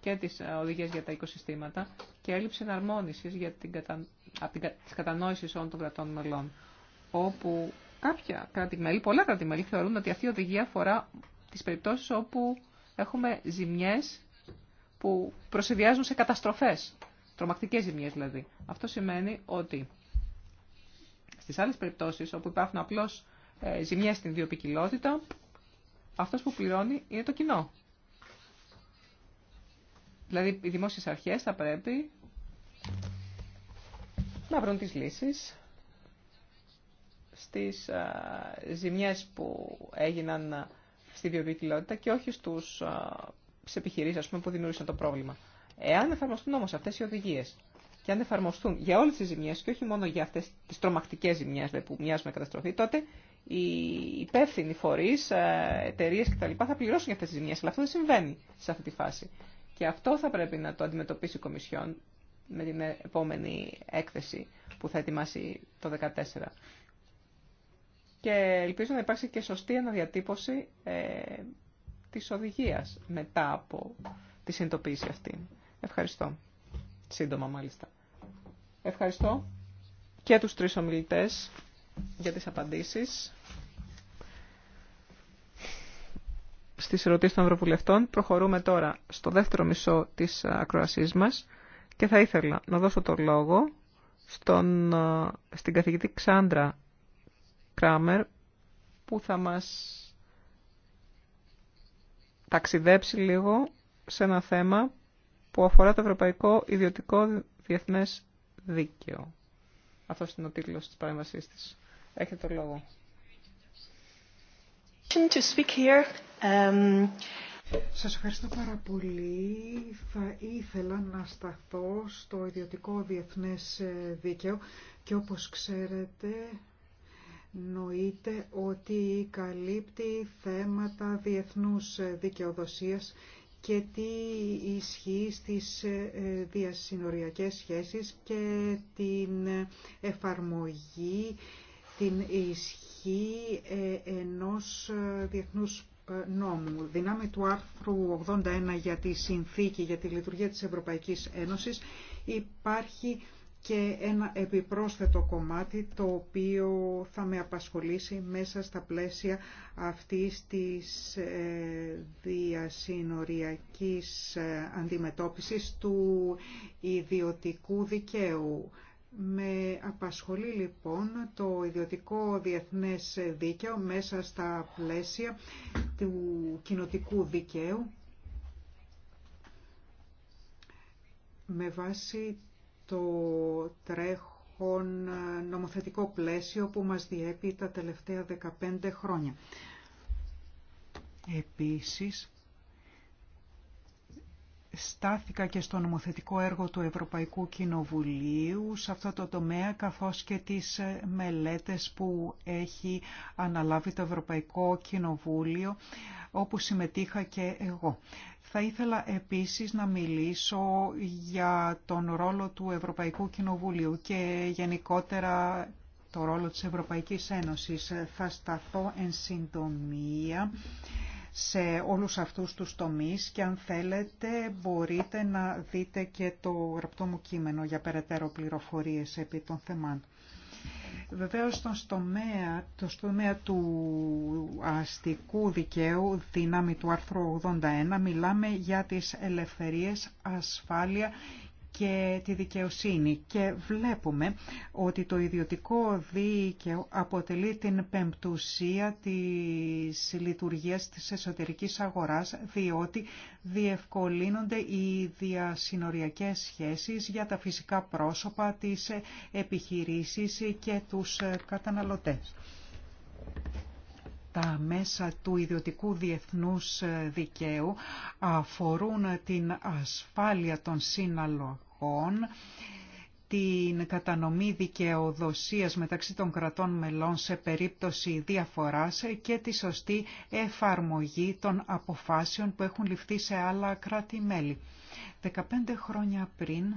και της οδηγίας για τα οικοσυστήματα και έλλειψη εναρμόνισης για την κατα... από της κατανόησης όλων των κρατών μελών, όπου κράτη-μέλη, πολλά κράτη-μέλη θεωρούν ότι αυτή η οδηγία αφορά τις περιπτώσεις όπου έχουμε ζημιές που προσεδιάζουν σε καταστροφές, τρομακτικές ζημιές δηλαδή. Αυτό σημαίνει ότι στις άλλες περιπτώσεις όπου υπάρχουν απλώς ε, ζημιές στην βιοπικιλότητα, αυτός που πληρώνει είναι το κοινό. Δηλαδή οι δημόσιες αρχές θα πρέπει να βρουν τις λύσεις στις ε, ζημιές που έγιναν ε, στη βιοπικιλότητα και όχι στους, σε επιχειρήσεις ας που δημιούργησαν το πρόβλημα. Εάν εφαρμοστούν όμως αυτές οι οδηγίες και αν εφαρμοστούν για όλες τις ζημιές και όχι μόνο για αυτές τις τρομακτικές ζημιές που μοιάζουν με καταστροφή, τότε οι υπεύθυνοι φορείς, ε, εταιρείε κτλ. θα πληρώσουν για αυτές τις ζημιές. Αλλά αυτό δεν συμβαίνει σε αυτή τη φάση. Και αυτό θα πρέπει να το αντιμετωπίσει η Κομισιόν με την επόμενη έκθεση που θα ετοιμάσει το 2014. Και ελπίζω να υπάρξει και σωστή αναδιατύπωση ε, της οδηγίας μετά από τη συνειδητοποίηση αυτή. Ευχαριστώ. Σύντομα μάλιστα. Ευχαριστώ και τους τρεις ομιλητές για τις απαντήσεις. Στις ερωτήσεις των Ευρωβουλευτών προχωρούμε τώρα στο δεύτερο μισό της ακροασής μας και θα ήθελα να δώσω το λόγο στον, στην καθηγητή Ξάντρα Κράμερ που θα μας ταξιδέψει λίγο σε ένα θέμα που αφορά το Ευρωπαϊκό Ιδιωτικό Διεθνές δίκαιο. Αυτό είναι ο τίτλο της παρέμβασή τη. Έχετε το λόγο. Σα um, Σας ευχαριστώ πάρα πολύ. Θα ήθελα να σταθώ στο ιδιωτικό διεθνές ε, δίκαιο και όπως ξέρετε νοείται ότι καλύπτει θέματα διεθνούς ε, δικαιοδοσίας και τι ισχύει στις ε, διασυνοριακές σχέσεις και την εφαρμογή, την ισχύ ε, ενός ε, διεθνούς νόμου. Δυνάμει του άρθρου 81 για τη συνθήκη για τη λειτουργία της Ευρωπαϊκής Ένωσης υπάρχει και ένα επιπρόσθετο κομμάτι το οποίο θα με απασχολήσει μέσα στα πλαίσια αυτής της ε, διασυνοριακής ε, αντιμετώπισης του ιδιωτικού δικαίου. Με απασχολεί λοιπόν το ιδιωτικό διεθνές δίκαιο μέσα στα πλαίσια του κοινοτικού δικαίου με βάση το τρέχον νομοθετικό πλαίσιο που μας διέπει τα τελευταία 15 χρόνια. Επίσης, στάθηκα και στο νομοθετικό έργο του Ευρωπαϊκού Κοινοβουλίου σε αυτό το τομέα καθώς και τις μελέτες που έχει αναλάβει το Ευρωπαϊκό Κοινοβούλιο όπου συμμετείχα και εγώ. Θα ήθελα επίσης να μιλήσω για τον ρόλο του Ευρωπαϊκού Κοινοβουλίου και γενικότερα το ρόλο της Ευρωπαϊκής Ένωσης. Θα σταθώ εν συντομία σε όλους αυτούς τους τομείς και αν θέλετε μπορείτε να δείτε και το γραπτό μου κείμενο για περαιτέρω πληροφορίες επί των θεμάτων. Βεβαίως στον στομέα, το στομέα του αστικού δικαίου, δυνάμει του άρθρου 81, μιλάμε για τις ελευθερίες, ασφάλεια και τη δικαιοσύνη και βλέπουμε ότι το ιδιωτικό δίκαιο αποτελεί την πεμπτουσία της λειτουργίας της εσωτερικής αγοράς διότι διευκολύνονται οι διασυνοριακές σχέσεις για τα φυσικά πρόσωπα, τις επιχειρήσεις και τους καταναλωτές. Τα μέσα του ιδιωτικού διεθνούς δικαίου αφορούν την ασφάλεια των σύναλλων αρχών την κατανομή δικαιοδοσίας μεταξύ των κρατών μελών σε περίπτωση διαφοράς και τη σωστή εφαρμογή των αποφάσεων που έχουν ληφθεί σε άλλα κράτη-μέλη. 15 χρόνια πριν,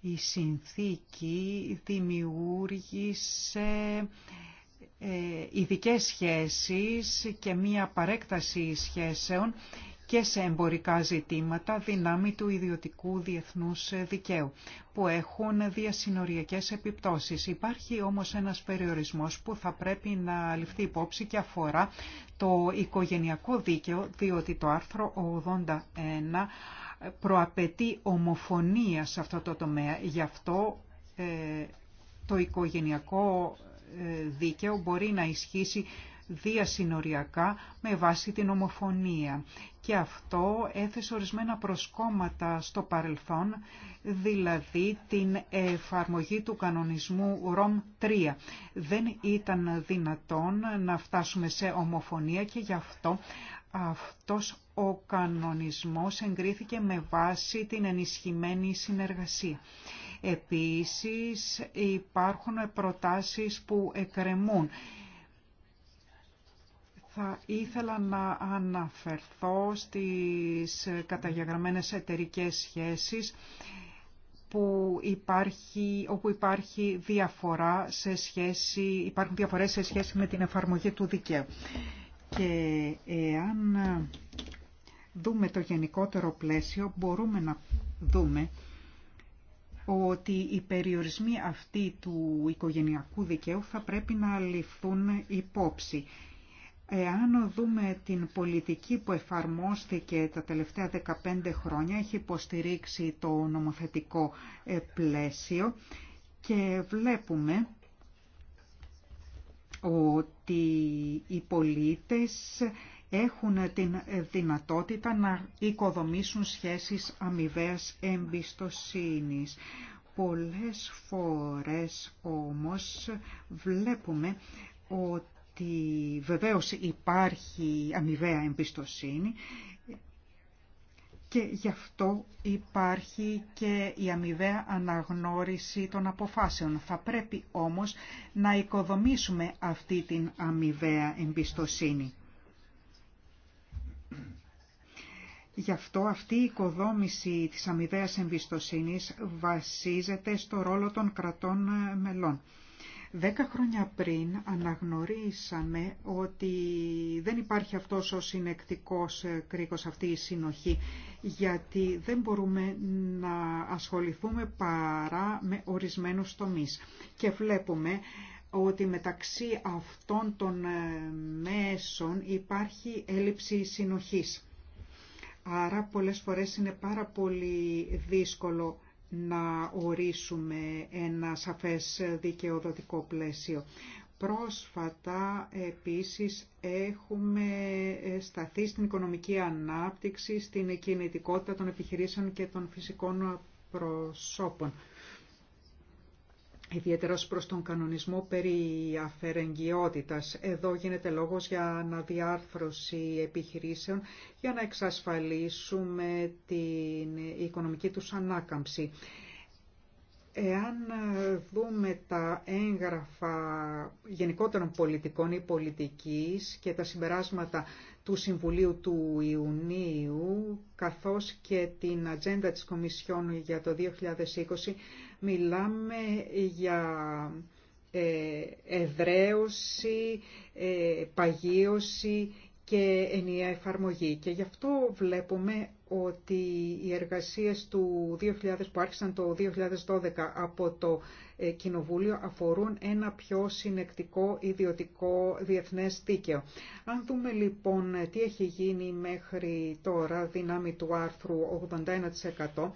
η συνθήκη δημιούργησε ε, ειδικές σχέσεις και μία παρέκταση σχέσεων και σε εμπορικά ζητήματα δυνάμει του ιδιωτικού διεθνούς δικαίου, που έχουν διασυνοριακές επιπτώσεις. Υπάρχει όμως ένας περιορισμός που θα πρέπει να ληφθεί υπόψη και αφορά το οικογενειακό δίκαιο, διότι το άρθρο 81 προαπαιτεί ομοφωνία σε αυτό το τομέα. Γι' αυτό ε, το οικογενειακό ε, δίκαιο μπορεί να ισχύσει διασυνοριακά με βάση την ομοφωνία. Και αυτό έθεσε ορισμένα προσκόμματα στο παρελθόν, δηλαδή την εφαρμογή του κανονισμού ΡΟΜ 3. Δεν ήταν δυνατόν να φτάσουμε σε ομοφωνία και γι' αυτό αυτός ο κανονισμός εγκρίθηκε με βάση την ενισχυμένη συνεργασία. Επίσης υπάρχουν προτάσεις που εκκρεμούν θα ήθελα να αναφερθώ στις καταγεγραμμένες εταιρικές σχέσεις που υπάρχει, όπου υπάρχει διαφορά σε σχέση, υπάρχουν διαφορές σε σχέση με την εφαρμογή του δικαίου. Και εάν δούμε το γενικότερο πλαίσιο, μπορούμε να δούμε ότι οι περιορισμοί αυτοί του οικογενειακού δικαίου θα πρέπει να ληφθούν υπόψη Εάν δούμε την πολιτική που εφαρμόστηκε τα τελευταία 15 χρόνια, έχει υποστηρίξει το νομοθετικό ε, πλαίσιο και βλέπουμε ότι οι πολίτες έχουν την δυνατότητα να οικοδομήσουν σχέσεις αμοιβαίας εμπιστοσύνης. Πολλές φορές όμως βλέπουμε ότι ότι βεβαίως υπάρχει αμοιβαία εμπιστοσύνη και γι' αυτό υπάρχει και η αμοιβαία αναγνώριση των αποφάσεων. Θα πρέπει όμως να οικοδομήσουμε αυτή την αμοιβαία εμπιστοσύνη. Γι' αυτό αυτή η οικοδόμηση της αμοιβαίας εμπιστοσύνης βασίζεται στο ρόλο των κρατών μελών. Δέκα χρόνια πριν αναγνωρίσαμε ότι δεν υπάρχει αυτός ο συνεκτικός ε, κρίκος, αυτή η συνοχή, γιατί δεν μπορούμε να ασχοληθούμε παρά με ορισμένους τομείς. Και βλέπουμε ότι μεταξύ αυτών των ε, μέσων υπάρχει έλλειψη συνοχής. Άρα πολλές φορές είναι πάρα πολύ δύσκολο να ορίσουμε ένα σαφές δικαιοδοτικό πλαίσιο. Πρόσφατα επίσης έχουμε σταθεί στην οικονομική ανάπτυξη, στην κινητικότητα των επιχειρήσεων και των φυσικών προσώπων ιδιαίτερα προς τον κανονισμό περί αφαιρεγγιότητας. Εδώ γίνεται λόγος για αναδιάρθρωση επιχειρήσεων για να εξασφαλίσουμε την οικονομική τους ανάκαμψη. Εάν δούμε τα έγγραφα γενικότερων πολιτικών ή πολιτικής και τα συμπεράσματα του Συμβουλίου του Ιουνίου, καθώς και την ατζέντα της Κομισιόν για το 2020, Μιλάμε για ε, εδραίωση, ε, παγίωση και ενιαία εφαρμογή. Και γι' αυτό βλέπουμε ότι οι εργασίες του 2000 που άρχισαν το 2012 από το ε, Κοινοβούλιο αφορούν ένα πιο συνεκτικό ιδιωτικό διεθνές δίκαιο. Αν δούμε λοιπόν τι έχει γίνει μέχρι τώρα δυνάμει του άρθρου 81%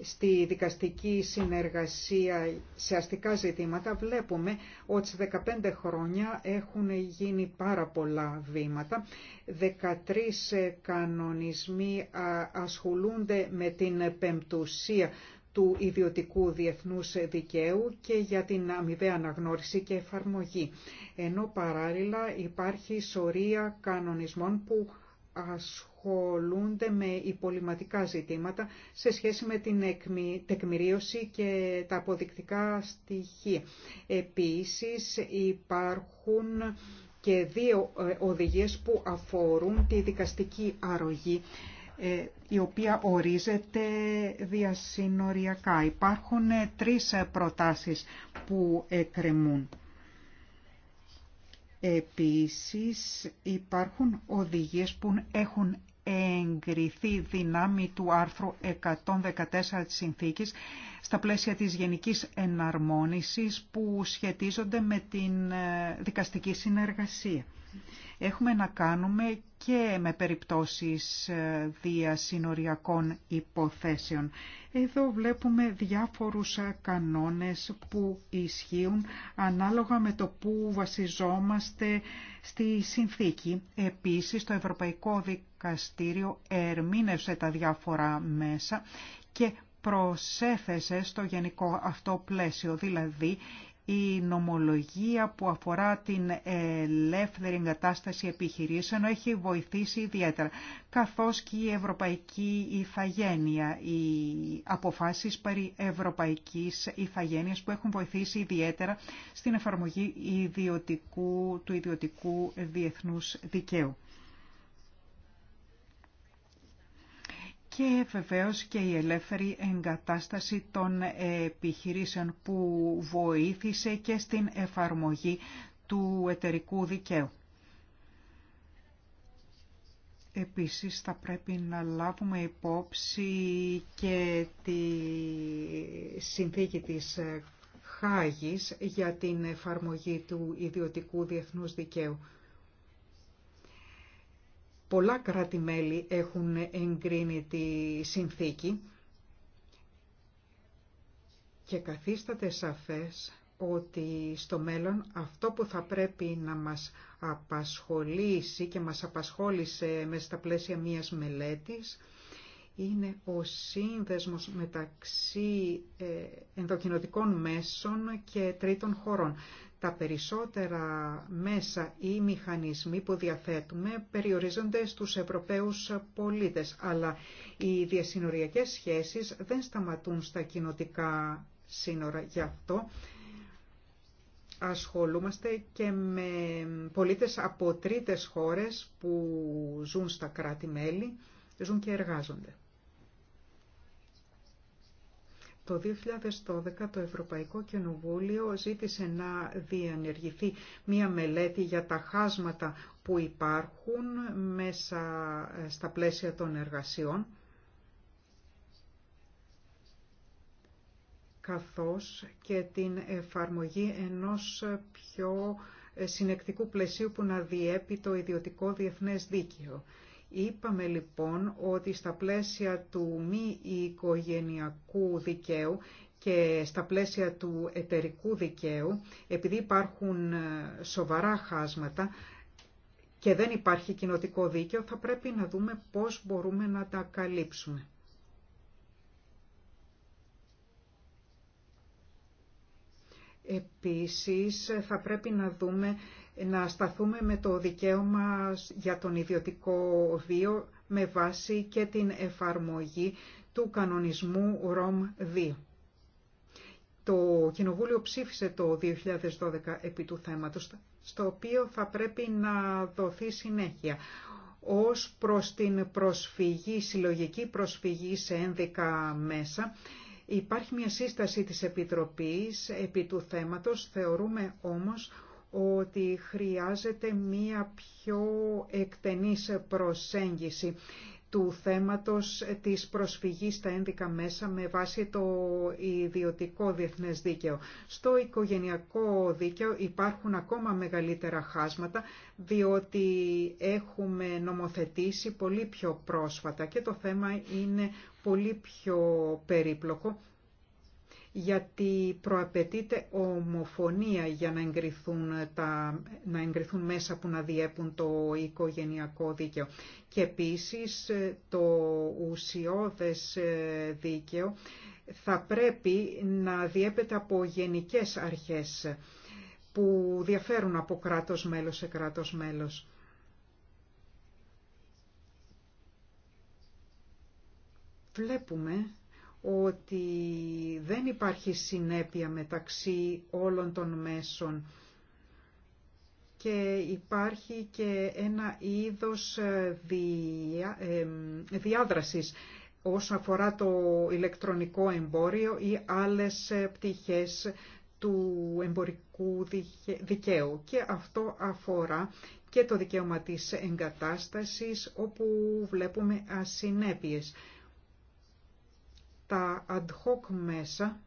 στη δικαστική συνεργασία σε αστικά ζητήματα βλέπουμε ότι σε 15 χρόνια έχουν γίνει πάρα πολλά βήματα. 13 ε, κανονισμοί ασχολούνται με την πεμπτουσία του ιδιωτικού διεθνούς δικαίου και για την αμοιβαία αναγνώριση και εφαρμογή. Ενώ παράλληλα υπάρχει σωρία κανονισμών που ασχολούνται ασχολούνται με υπολοιματικά ζητήματα σε σχέση με την τεκμηρίωση και τα αποδεικτικά στοιχεία. Επίσης υπάρχουν και δύο ε, οδηγίες που αφορούν τη δικαστική αρρωγή ε, η οποία ορίζεται διασυνοριακά. Υπάρχουν ε, τρεις προτάσεις που εκκρεμούν. Επίσης υπάρχουν οδηγίες που έχουν εγκριθεί δυνάμει του άρθρου 114 της Συνθήκης στα πλαίσια της γενικής εναρμόνισης που σχετίζονται με την ε, δικαστική συνεργασία. Έχουμε να κάνουμε και με περιπτώσεις ε, διασυνοριακών υποθέσεων. Εδώ βλέπουμε διάφορους ε, κανόνες που ισχύουν ανάλογα με το που βασιζόμαστε στη συνθήκη. Επίσης, το Ευρωπαϊκό Δικαστήριο ερμήνευσε τα διάφορα μέσα και προσέθεσε στο γενικό αυτό πλαίσιο, δηλαδή η νομολογία που αφορά την ελεύθερη εγκατάσταση επιχειρήσεων έχει βοηθήσει ιδιαίτερα, καθώς και η ευρωπαϊκή ηθαγένεια, οι αποφάσεις περί ευρωπαϊκής ηθαγένειας που έχουν βοηθήσει ιδιαίτερα στην εφαρμογή ιδιωτικού, του ιδιωτικού διεθνούς δικαίου. και βεβαίως και η ελεύθερη εγκατάσταση των επιχειρήσεων που βοήθησε και στην εφαρμογή του εταιρικού δικαίου. Επίσης θα πρέπει να λάβουμε υπόψη και τη συνθήκη της Χάγης για την εφαρμογή του ιδιωτικού διεθνούς δικαίου. Πολλά κράτη-μέλη έχουν εγκρίνει τη συνθήκη και καθίσταται σαφές ότι στο μέλλον αυτό που θα πρέπει να μας απασχολήσει και μας απασχόλησε μέσα στα πλαίσια μιας μελέτης είναι ο σύνδεσμος μεταξύ ε, ενδοκινοτικών μέσων και τρίτων χωρών. Τα περισσότερα μέσα ή μηχανισμοί που διαθέτουμε περιορίζονται στους Ευρωπαίους πολίτες, αλλά οι διασυνοριακές σχέσεις δεν σταματούν στα κοινοτικά σύνορα. Γι' αυτό ασχολούμαστε και με πολίτες από τρίτες χώρες που ζουν στα κράτη-μέλη, ζουν και εργάζονται. Το 2012 το Ευρωπαϊκό Κοινοβούλιο ζήτησε να διενεργηθεί μία μελέτη για τα χάσματα που υπάρχουν μέσα ε, στα πλαίσια των εργασιών, καθώς και την εφαρμογή ενός πιο ε, συνεκτικού πλαισίου που να διέπει το ιδιωτικό διεθνές δίκαιο. Είπαμε λοιπόν ότι στα πλαίσια του μη οικογενειακού δικαίου και στα πλαίσια του εταιρικού δικαίου, επειδή υπάρχουν ε, σοβαρά χάσματα και δεν υπάρχει κοινοτικό δίκαιο, θα πρέπει να δούμε πώς μπορούμε να τα καλύψουμε. Επίσης, θα πρέπει να δούμε να σταθούμε με το δικαίωμα για τον ιδιωτικό βίο με βάση και την εφαρμογή του κανονισμού Ρόμ 2. Το Κοινοβούλιο ψήφισε το 2012 επί του θέματος, στο οποίο θα πρέπει να δοθεί συνέχεια ως προς την προσφυγή, συλλογική προσφυγή σε ένδικα μέσα. Υπάρχει μια σύσταση της Επιτροπής επί του θέματος, θεωρούμε όμως ότι χρειάζεται μία πιο εκτενής προσέγγιση του θέματος της προσφυγής στα ένδικα μέσα με βάση το ιδιωτικό διεθνές δίκαιο. Στο οικογενειακό δίκαιο υπάρχουν ακόμα μεγαλύτερα χάσματα διότι έχουμε νομοθετήσει πολύ πιο πρόσφατα και το θέμα είναι πολύ πιο περίπλοκο γιατί προαπαιτείται ομοφωνία για να εγκριθούν, τα, να εγκριθούν μέσα που να διέπουν το οικογενειακό δίκαιο. Και επίσης το ουσιώδες ε, δίκαιο θα πρέπει να διέπεται από γενικές αρχές που διαφέρουν από κράτος μέλος σε κράτος μέλος. Βλέπουμε ότι δεν υπάρχει συνέπεια μεταξύ όλων των μέσων και υπάρχει και ένα είδος ε, διά, ε, διάδρασης όσον αφορά το ηλεκτρονικό εμπόριο ή άλλες ε, πτυχές του εμπορικού δικαίου. Και αυτό αφορά και το δικαίωμα της εγκατάστασης όπου βλέπουμε ασυνέπειες τα ad hoc μέσα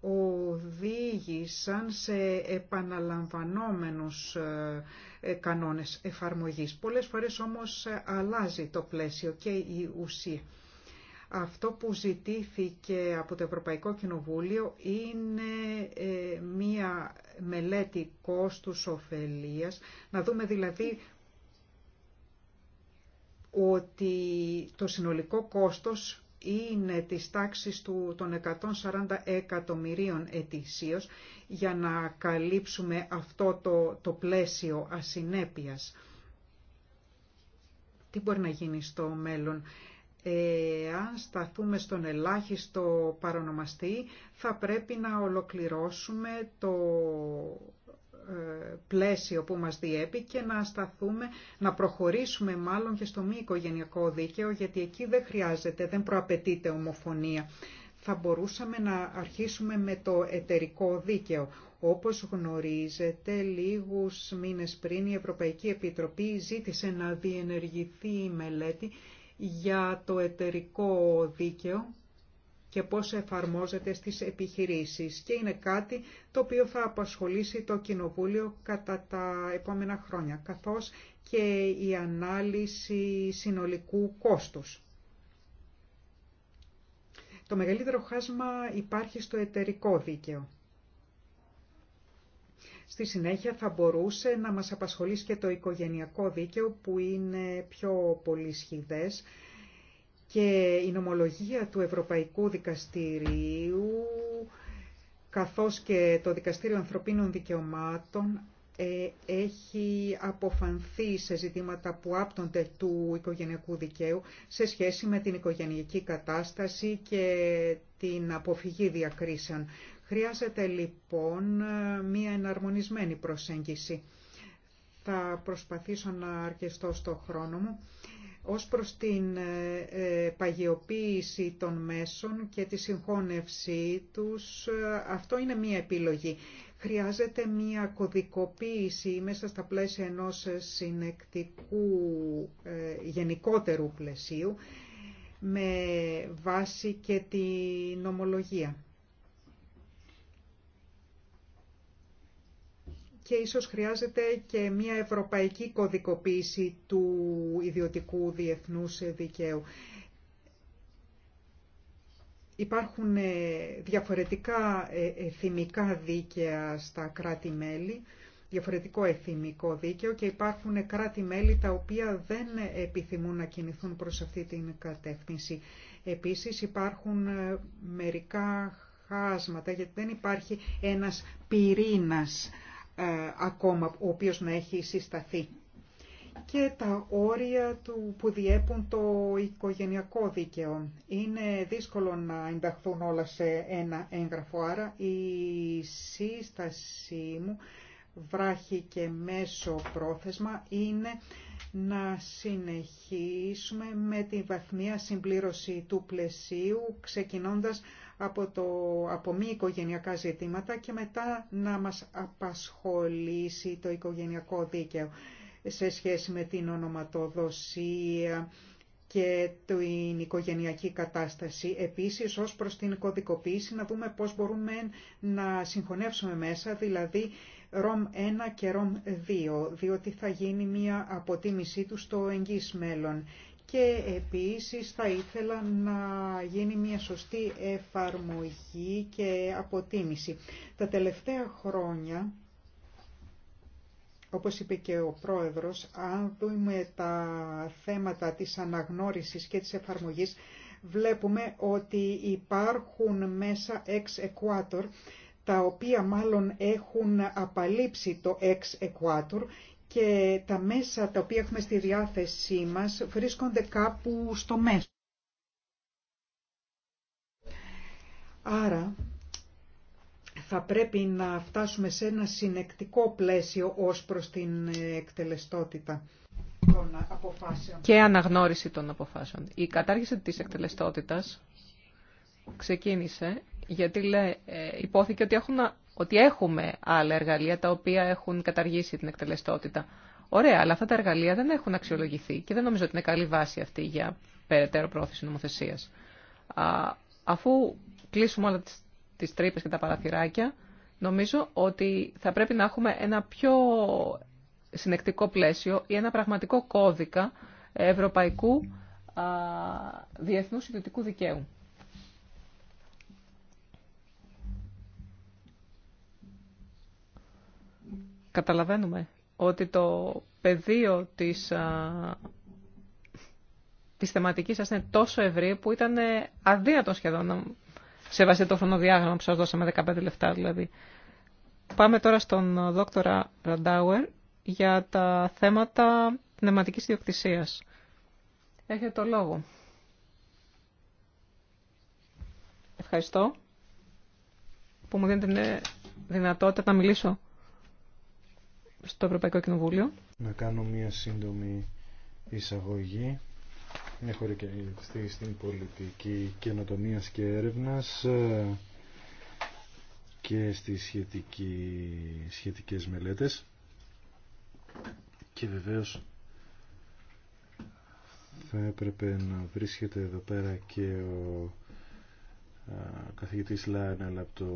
οδήγησαν σε επαναλαμβανόμενους ε, κανόνες εφαρμογής. Πολλές φορές όμως ε, αλλάζει το πλαίσιο και η ουσία. Αυτό που ζητήθηκε από το Ευρωπαϊκό Κοινοβούλιο είναι ε, μία μελέτη κόστους ωφελίας, να δούμε δηλαδή ότι το συνολικό κόστος είναι της τάξης του, των 140 εκατομμυρίων ετησίως για να καλύψουμε αυτό το, το πλαίσιο ασυνέπειας. Τι μπορεί να γίνει στο μέλλον. Ε, αν σταθούμε στον ελάχιστο παρονομαστή, θα πρέπει να ολοκληρώσουμε το ε, πλαίσιο που μας διέπει και να σταθούμε, να προχωρήσουμε μάλλον και στο μη οικογενειακό δίκαιο, γιατί εκεί δεν χρειάζεται, δεν προαπαιτείται ομοφωνία. Θα μπορούσαμε να αρχίσουμε με το εταιρικό δίκαιο. Όπως γνωρίζετε, λίγους μήνες πριν η Ευρωπαϊκή Επιτροπή ζήτησε να διενεργηθεί η μελέτη για το εταιρικό δίκαιο και πώς εφαρμόζεται στις επιχειρήσεις και είναι κάτι το οποίο θα απασχολήσει το Κοινοβούλιο κατά τα επόμενα χρόνια, καθώς και η ανάλυση συνολικού κόστους. Το μεγαλύτερο χάσμα υπάρχει στο εταιρικό δίκαιο. Στη συνέχεια θα μπορούσε να μας απασχολήσει και το οικογενειακό δίκαιο που είναι πιο πολύ σχηδές και η νομολογία του Ευρωπαϊκού Δικαστηρίου καθώς και το Δικαστήριο Ανθρωπίνων Δικαιωμάτων ε, έχει αποφανθεί σε ζητήματα που άπτονται του οικογενειακού δικαίου σε σχέση με την οικογενειακή κατάσταση και την αποφυγή διακρίσεων. Χρειάζεται λοιπόν μία εναρμονισμένη προσέγγιση. Θα προσπαθήσω να αρκεστώ στο χρόνο μου ως προς την ε, παγιοποίηση των μέσων και τη συγχώνευσή τους, ε, αυτό είναι μία επιλογή. Χρειάζεται μία κωδικοποίηση μέσα στα πλαίσια ενός συνεκτικού ε, γενικότερου πλαισίου με βάση και τη νομολογία. και ίσως χρειάζεται και μια ευρωπαϊκή κωδικοποίηση του ιδιωτικού διεθνούς δικαίου. Υπάρχουν ε, διαφορετικά ε, εθιμικά δίκαια στα κράτη-μέλη, διαφορετικό εθιμικό δίκαιο και υπάρχουν κράτη-μέλη τα οποία δεν επιθυμούν να κινηθούν προς αυτή την κατεύθυνση. Επίσης υπάρχουν ε, μερικά χάσματα γιατί δεν υπάρχει ένας πυρήνας ε, ακόμα, ο οποίος να έχει συσταθεί. Και τα όρια του που διέπουν το οικογενειακό δίκαιο. Είναι δύσκολο να ενταχθούν όλα σε ένα έγγραφο, άρα η σύστασή μου βράχει και μέσο πρόθεσμα είναι να συνεχίσουμε με τη βαθμία συμπλήρωση του πλαισίου, ξεκινώντας από, το, από μη οικογενειακά ζητήματα και μετά να μας απασχολήσει το οικογενειακό δίκαιο σε σχέση με την ονοματοδοσία και την οικογενειακή κατάσταση. Επίσης, ως προς την κωδικοποίηση, να δούμε πώς μπορούμε να συγχωνεύσουμε μέσα, δηλαδή ROM 1 και ROM 2, διότι θα γίνει μία αποτίμησή του στο εγγύς μέλλον και επίσης θα ήθελα να γίνει μια σωστή εφαρμογή και αποτίμηση. Τα τελευταία χρόνια, όπως είπε και ο πρόεδρος, αν δούμε τα θέματα της αναγνώρισης και της εφαρμογής, βλέπουμε ότι υπάρχουν μέσα ex equator τα οποία μάλλον έχουν απαλείψει το ex equator και τα μέσα τα οποία έχουμε στη διάθεσή μας βρίσκονται κάπου στο μέσο. Άρα θα πρέπει να φτάσουμε σε ένα συνεκτικό πλαίσιο ως προς την εκτελεστότητα των αποφάσεων. Και αναγνώριση των αποφάσεων. Η κατάργηση της εκτελεστότητας ξεκίνησε γιατί λέ, ε, υπόθηκε ότι έχουν ότι έχουμε άλλα εργαλεία τα οποία έχουν καταργήσει την εκτελεστότητα. Ωραία, αλλά αυτά τα εργαλεία δεν έχουν αξιολογηθεί και δεν νομίζω ότι είναι καλή βάση αυτή για περαιτέρω πρόθεση νομοθεσία. Αφού κλείσουμε όλα τι τρύπε και τα παραθυράκια, νομίζω ότι θα πρέπει να έχουμε ένα πιο συνεκτικό πλαίσιο ή ένα πραγματικό κώδικα ευρωπαϊκού α, διεθνούς ιδιωτικού δικαίου. Καταλαβαίνουμε ότι το πεδίο της, της θεματικής σας είναι τόσο ευρύ που ήταν ε, αδύνατο σχεδόν σε σεβαστεί το χρονοδιάγραμμα που σας δώσαμε 15 λεπτά δηλαδή. Πάμε τώρα στον ε, δόκτορα Ραντάουερ για τα θέματα πνευματικής ιδιοκτησίας. Έχετε το λόγο. Ευχαριστώ που μου δίνετε την ε, δυνατότητα να μιλήσω στο Ευρωπαϊκό Κοινοβούλιο. Να κάνω μία σύντομη εισαγωγή. Έχω και στην πολιτική καινοτομία και έρευνας ε, και στις σχετικέ σχετικές μελέτες και βεβαίως θα έπρεπε να βρίσκεται εδώ πέρα και ο καθηγητής Λάινελ από το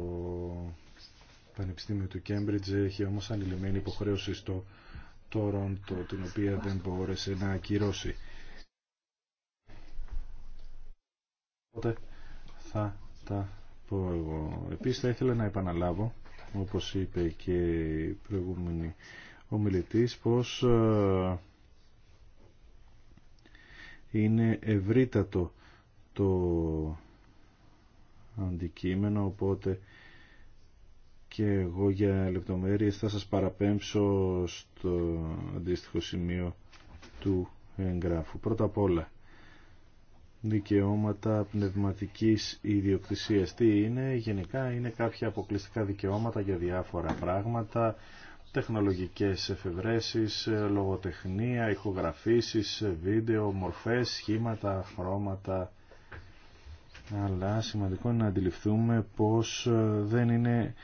Πανεπιστήμιο του Κέμπριτζ έχει όμως ανηλυμένη υποχρέωση στο Τόροντο την οποία δεν μπόρεσε να ακυρώσει. Οπότε θα τα πω εγώ. Επίσης θα ήθελα να επαναλάβω όπως είπε και η προηγούμενη ομιλητής πως ε, είναι ευρύτατο το αντικείμενο οπότε και εγώ για λεπτομέρειες θα σας παραπέμψω στο αντίστοιχο σημείο του εγγράφου. Πρώτα απ' όλα, δικαιώματα πνευματικής ιδιοκτησίας. Τι είναι, γενικά είναι κάποια αποκλειστικά δικαιώματα για διάφορα πράγματα, τεχνολογικές εφευρέσεις, λογοτεχνία, ηχογραφήσεις, βίντεο, μορφές, σχήματα, χρώματα. Αλλά σημαντικό είναι να αντιληφθούμε πως δεν είναι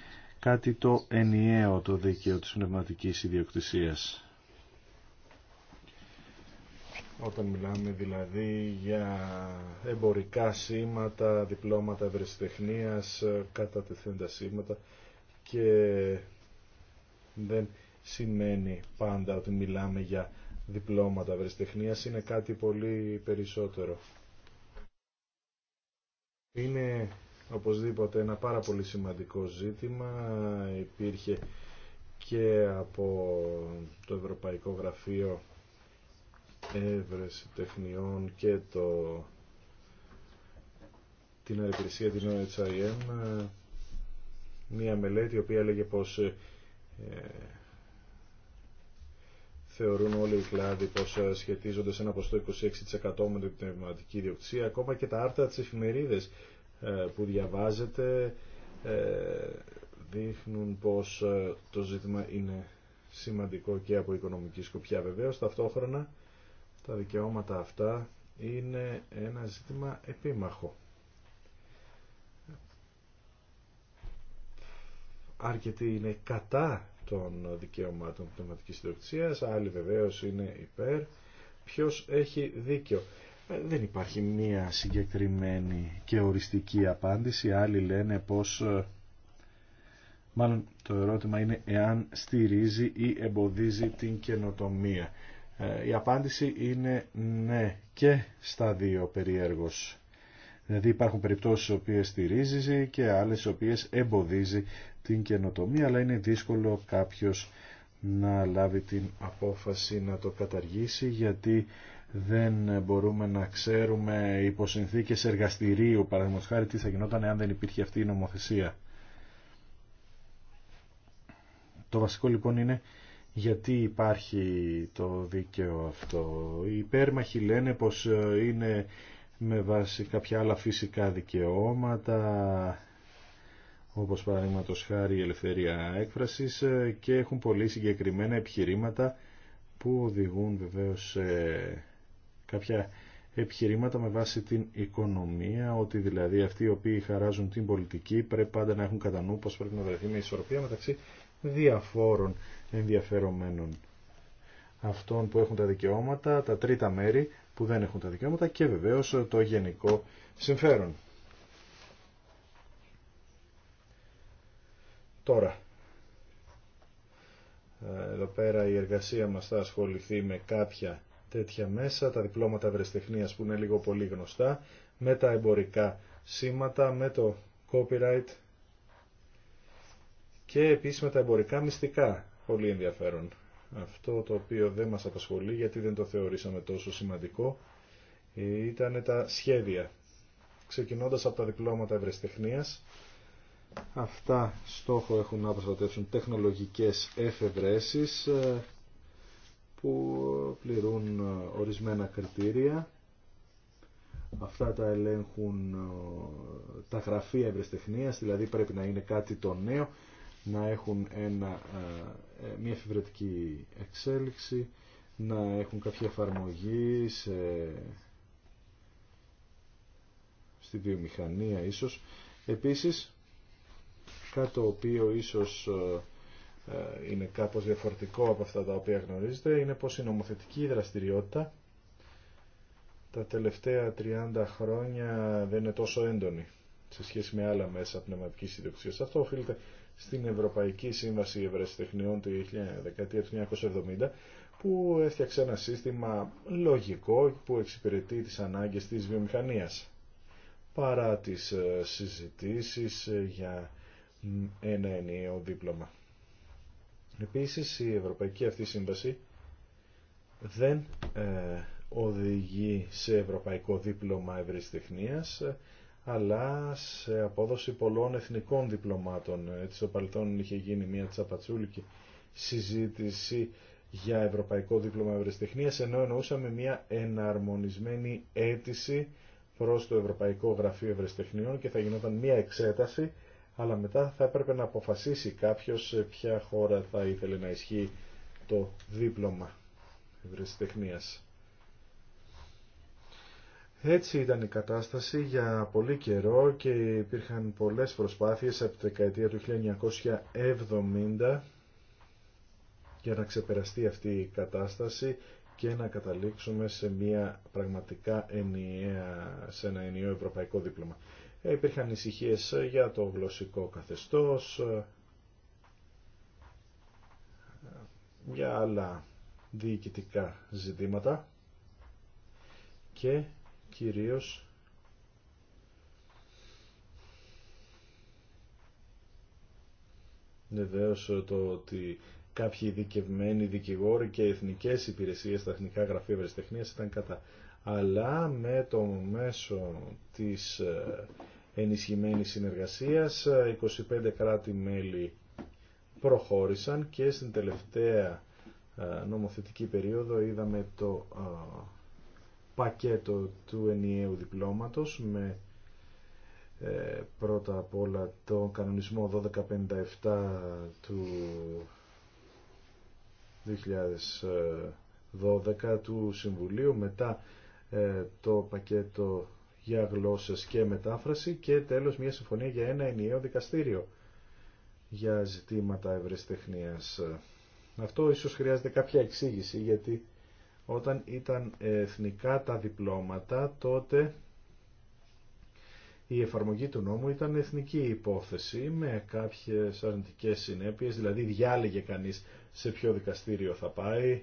κάτι το ενιαίο το δίκαιο της πνευματικής ιδιοκτησίας. Όταν μιλάμε δηλαδή για εμπορικά σήματα, διπλώματα ευρεσιτεχνίας, κατατεθέντα σήματα και δεν σημαίνει πάντα ότι μιλάμε για διπλώματα ευρεσιτεχνίας, είναι κάτι πολύ περισσότερο. Είναι οπωσδήποτε ένα πάρα πολύ σημαντικό ζήτημα. Υπήρχε και από το Ευρωπαϊκό Γραφείο Εύρεση Τεχνιών και το, την Αρυπηρεσία την OHIM μια μελέτη η οποία έλεγε πως ε, θεωρούν όλοι οι κλάδοι πως ε, σχετίζονται σε ένα ποστό 26% με την πνευματική ιδιοκτησία ακόμα και τα άρτα της εφημερίδες ε, που διαβάζετε δείχνουν πως ε, το ζήτημα είναι σημαντικό και από οικονομική σκοπιά βεβαίως. Ταυτόχρονα τα δικαιώματα αυτά είναι ένα ζήτημα επίμαχο. Αρκετοί είναι κατά των δικαιωμάτων πνευματικής ιδιοκτησίας, άλλοι βεβαίως είναι υπέρ. Ποιος έχει δίκιο δεν υπάρχει μία συγκεκριμένη και οριστική απάντηση. Άλλοι λένε πως... Ε, μάλλον το ερώτημα είναι εάν στηρίζει ή εμποδίζει την καινοτομία. Ε, η απάντηση είναι ναι και στα δύο περιέργως. Δηλαδή υπάρχουν περιπτώσεις οι οποίες στηρίζει και άλλες οι οποίες εμποδίζει την καινοτομία, αλλά είναι δύσκολο κάποιος να λάβει την απόφαση να το καταργήσει γιατί δεν μπορούμε να ξέρουμε υπό συνθήκε εργαστηρίου, παραδείγματος χάρη, τι θα γινόταν εάν δεν υπήρχε αυτή η νομοθεσία. Το βασικό λοιπόν είναι γιατί υπάρχει το δίκαιο αυτό. Οι υπέρμαχοι λένε πως ε, είναι με βάση κάποια άλλα φυσικά δικαιώματα, όπως παραδείγματο χάρη η ελευθερία έκφρασης ε, και έχουν πολύ συγκεκριμένα επιχειρήματα που οδηγούν βεβαίως σε κάποια επιχειρήματα με βάση την οικονομία, ότι δηλαδή αυτοί οι οποίοι χαράζουν την πολιτική πρέπει πάντα να έχουν κατά νου πως πρέπει να βρεθεί μια ισορροπία μεταξύ διαφόρων ενδιαφερομένων αυτών που έχουν τα δικαιώματα, τα τρίτα μέρη που δεν έχουν τα δικαιώματα και βεβαίως το γενικό συμφέρον. Τώρα, ε, εδώ πέρα η εργασία μας θα ασχοληθεί με κάποια τέτοια μέσα, τα διπλώματα ευρεσιτεχνίας που είναι λίγο πολύ γνωστά, με τα εμπορικά σήματα, με το copyright και επίσης με τα εμπορικά μυστικά. Πολύ ενδιαφέρον. Αυτό το οποίο δεν μας απασχολεί γιατί δεν το θεωρήσαμε τόσο σημαντικό ήταν τα σχέδια. Ξεκινώντας από τα διπλώματα ευρεσιτεχνίας, αυτά στόχο έχουν να προστατεύσουν τεχνολογικές εφευρέσεις ε, που πληρούν ε, ορισμένα κριτήρια. Αυτά τα ελέγχουν ε, τα γραφεία ευρεστεχνίας δηλαδή πρέπει να είναι κάτι το νέο, να έχουν ένα, ε, μια εφηβρετική εξέλιξη, να έχουν κάποια εφαρμογή στη βιομηχανία ίσως. Επίσης, κάτι το οποίο ίσως ε, είναι κάπως διαφορετικό από αυτά τα οποία γνωρίζετε είναι πως η νομοθετική δραστηριότητα τα τελευταία 30 χρόνια δεν είναι τόσο έντονη σε σχέση με άλλα μέσα πνευματικής ιδιοκτησίας. Αυτό οφείλεται στην Ευρωπαϊκή Σύμβαση Ευρεσιτεχνιών του 1970 που έφτιαξε ένα σύστημα λογικό που εξυπηρετεί τις ανάγκες της βιομηχανίας. Παρά τις ε, συζητήσεις ε, για ένα ενιαίο δίπλωμα. Επίσης η Ευρωπαϊκή αυτή σύμβαση δεν ε, οδηγεί σε ευρωπαϊκό δίπλωμα ευρεσιτεχνίας αλλά σε απόδοση πολλών εθνικών διπλωμάτων. Έτσι στο παρελθόν είχε γίνει μια τσαπατσούλικη συζήτηση για ευρωπαϊκό δίπλωμα ευρεσιτεχνίας ενώ εννοούσαμε μια εναρμονισμένη αίτηση προς το Ευρωπαϊκό Γραφείο Ευρεσιτεχνιών και θα γινόταν μια εξέταση αλλά μετά θα έπρεπε να αποφασίσει κάποιος σε ποια χώρα θα ήθελε να ισχύει το δίπλωμα ευρεσιτεχνίας. Έτσι ήταν η κατάσταση για πολύ καιρό και υπήρχαν πολλές προσπάθειες από τη δεκαετία του 1970 για να ξεπεραστεί αυτή η κατάσταση και να καταλήξουμε σε μια πραγματικά ενιαία, σε ένα ενιαίο ευρωπαϊκό δίπλωμα. Υπήρχαν ησυχίε για το γλωσσικό καθεστώς, για άλλα διοικητικά ζητήματα και κυρίως Βεβαίω το ότι κάποιοι ειδικευμένοι δικηγόροι και εθνικές υπηρεσίες στα εθνικά γραφεία ευρεσιτεχνίας ήταν κατά αλλά με το μέσο της ε, ενισχυμένης συνεργασίας 25 ε, κράτη-μέλη προχώρησαν και στην τελευταία ε, νομοθετική περίοδο είδαμε το πακέτο του ενιαίου διπλώματος με πρώτα απ' όλα τον κανονισμό 1257 του 2012 του Συμβουλίου μετά ε, το πακέτο για γλώσσες και μετάφραση και τέλος μια συμφωνία για ένα ενιαίο δικαστήριο για ζητήματα ευρεσιτεχνίας. Αυτό ίσως χρειάζεται κάποια εξήγηση γιατί όταν ήταν εθνικά τα διπλώματα τότε η εφαρμογή του νόμου ήταν εθνική υπόθεση με κάποιες αρνητικές συνέπειες, δηλαδή διάλεγε κανείς σε ποιο δικαστήριο θα πάει,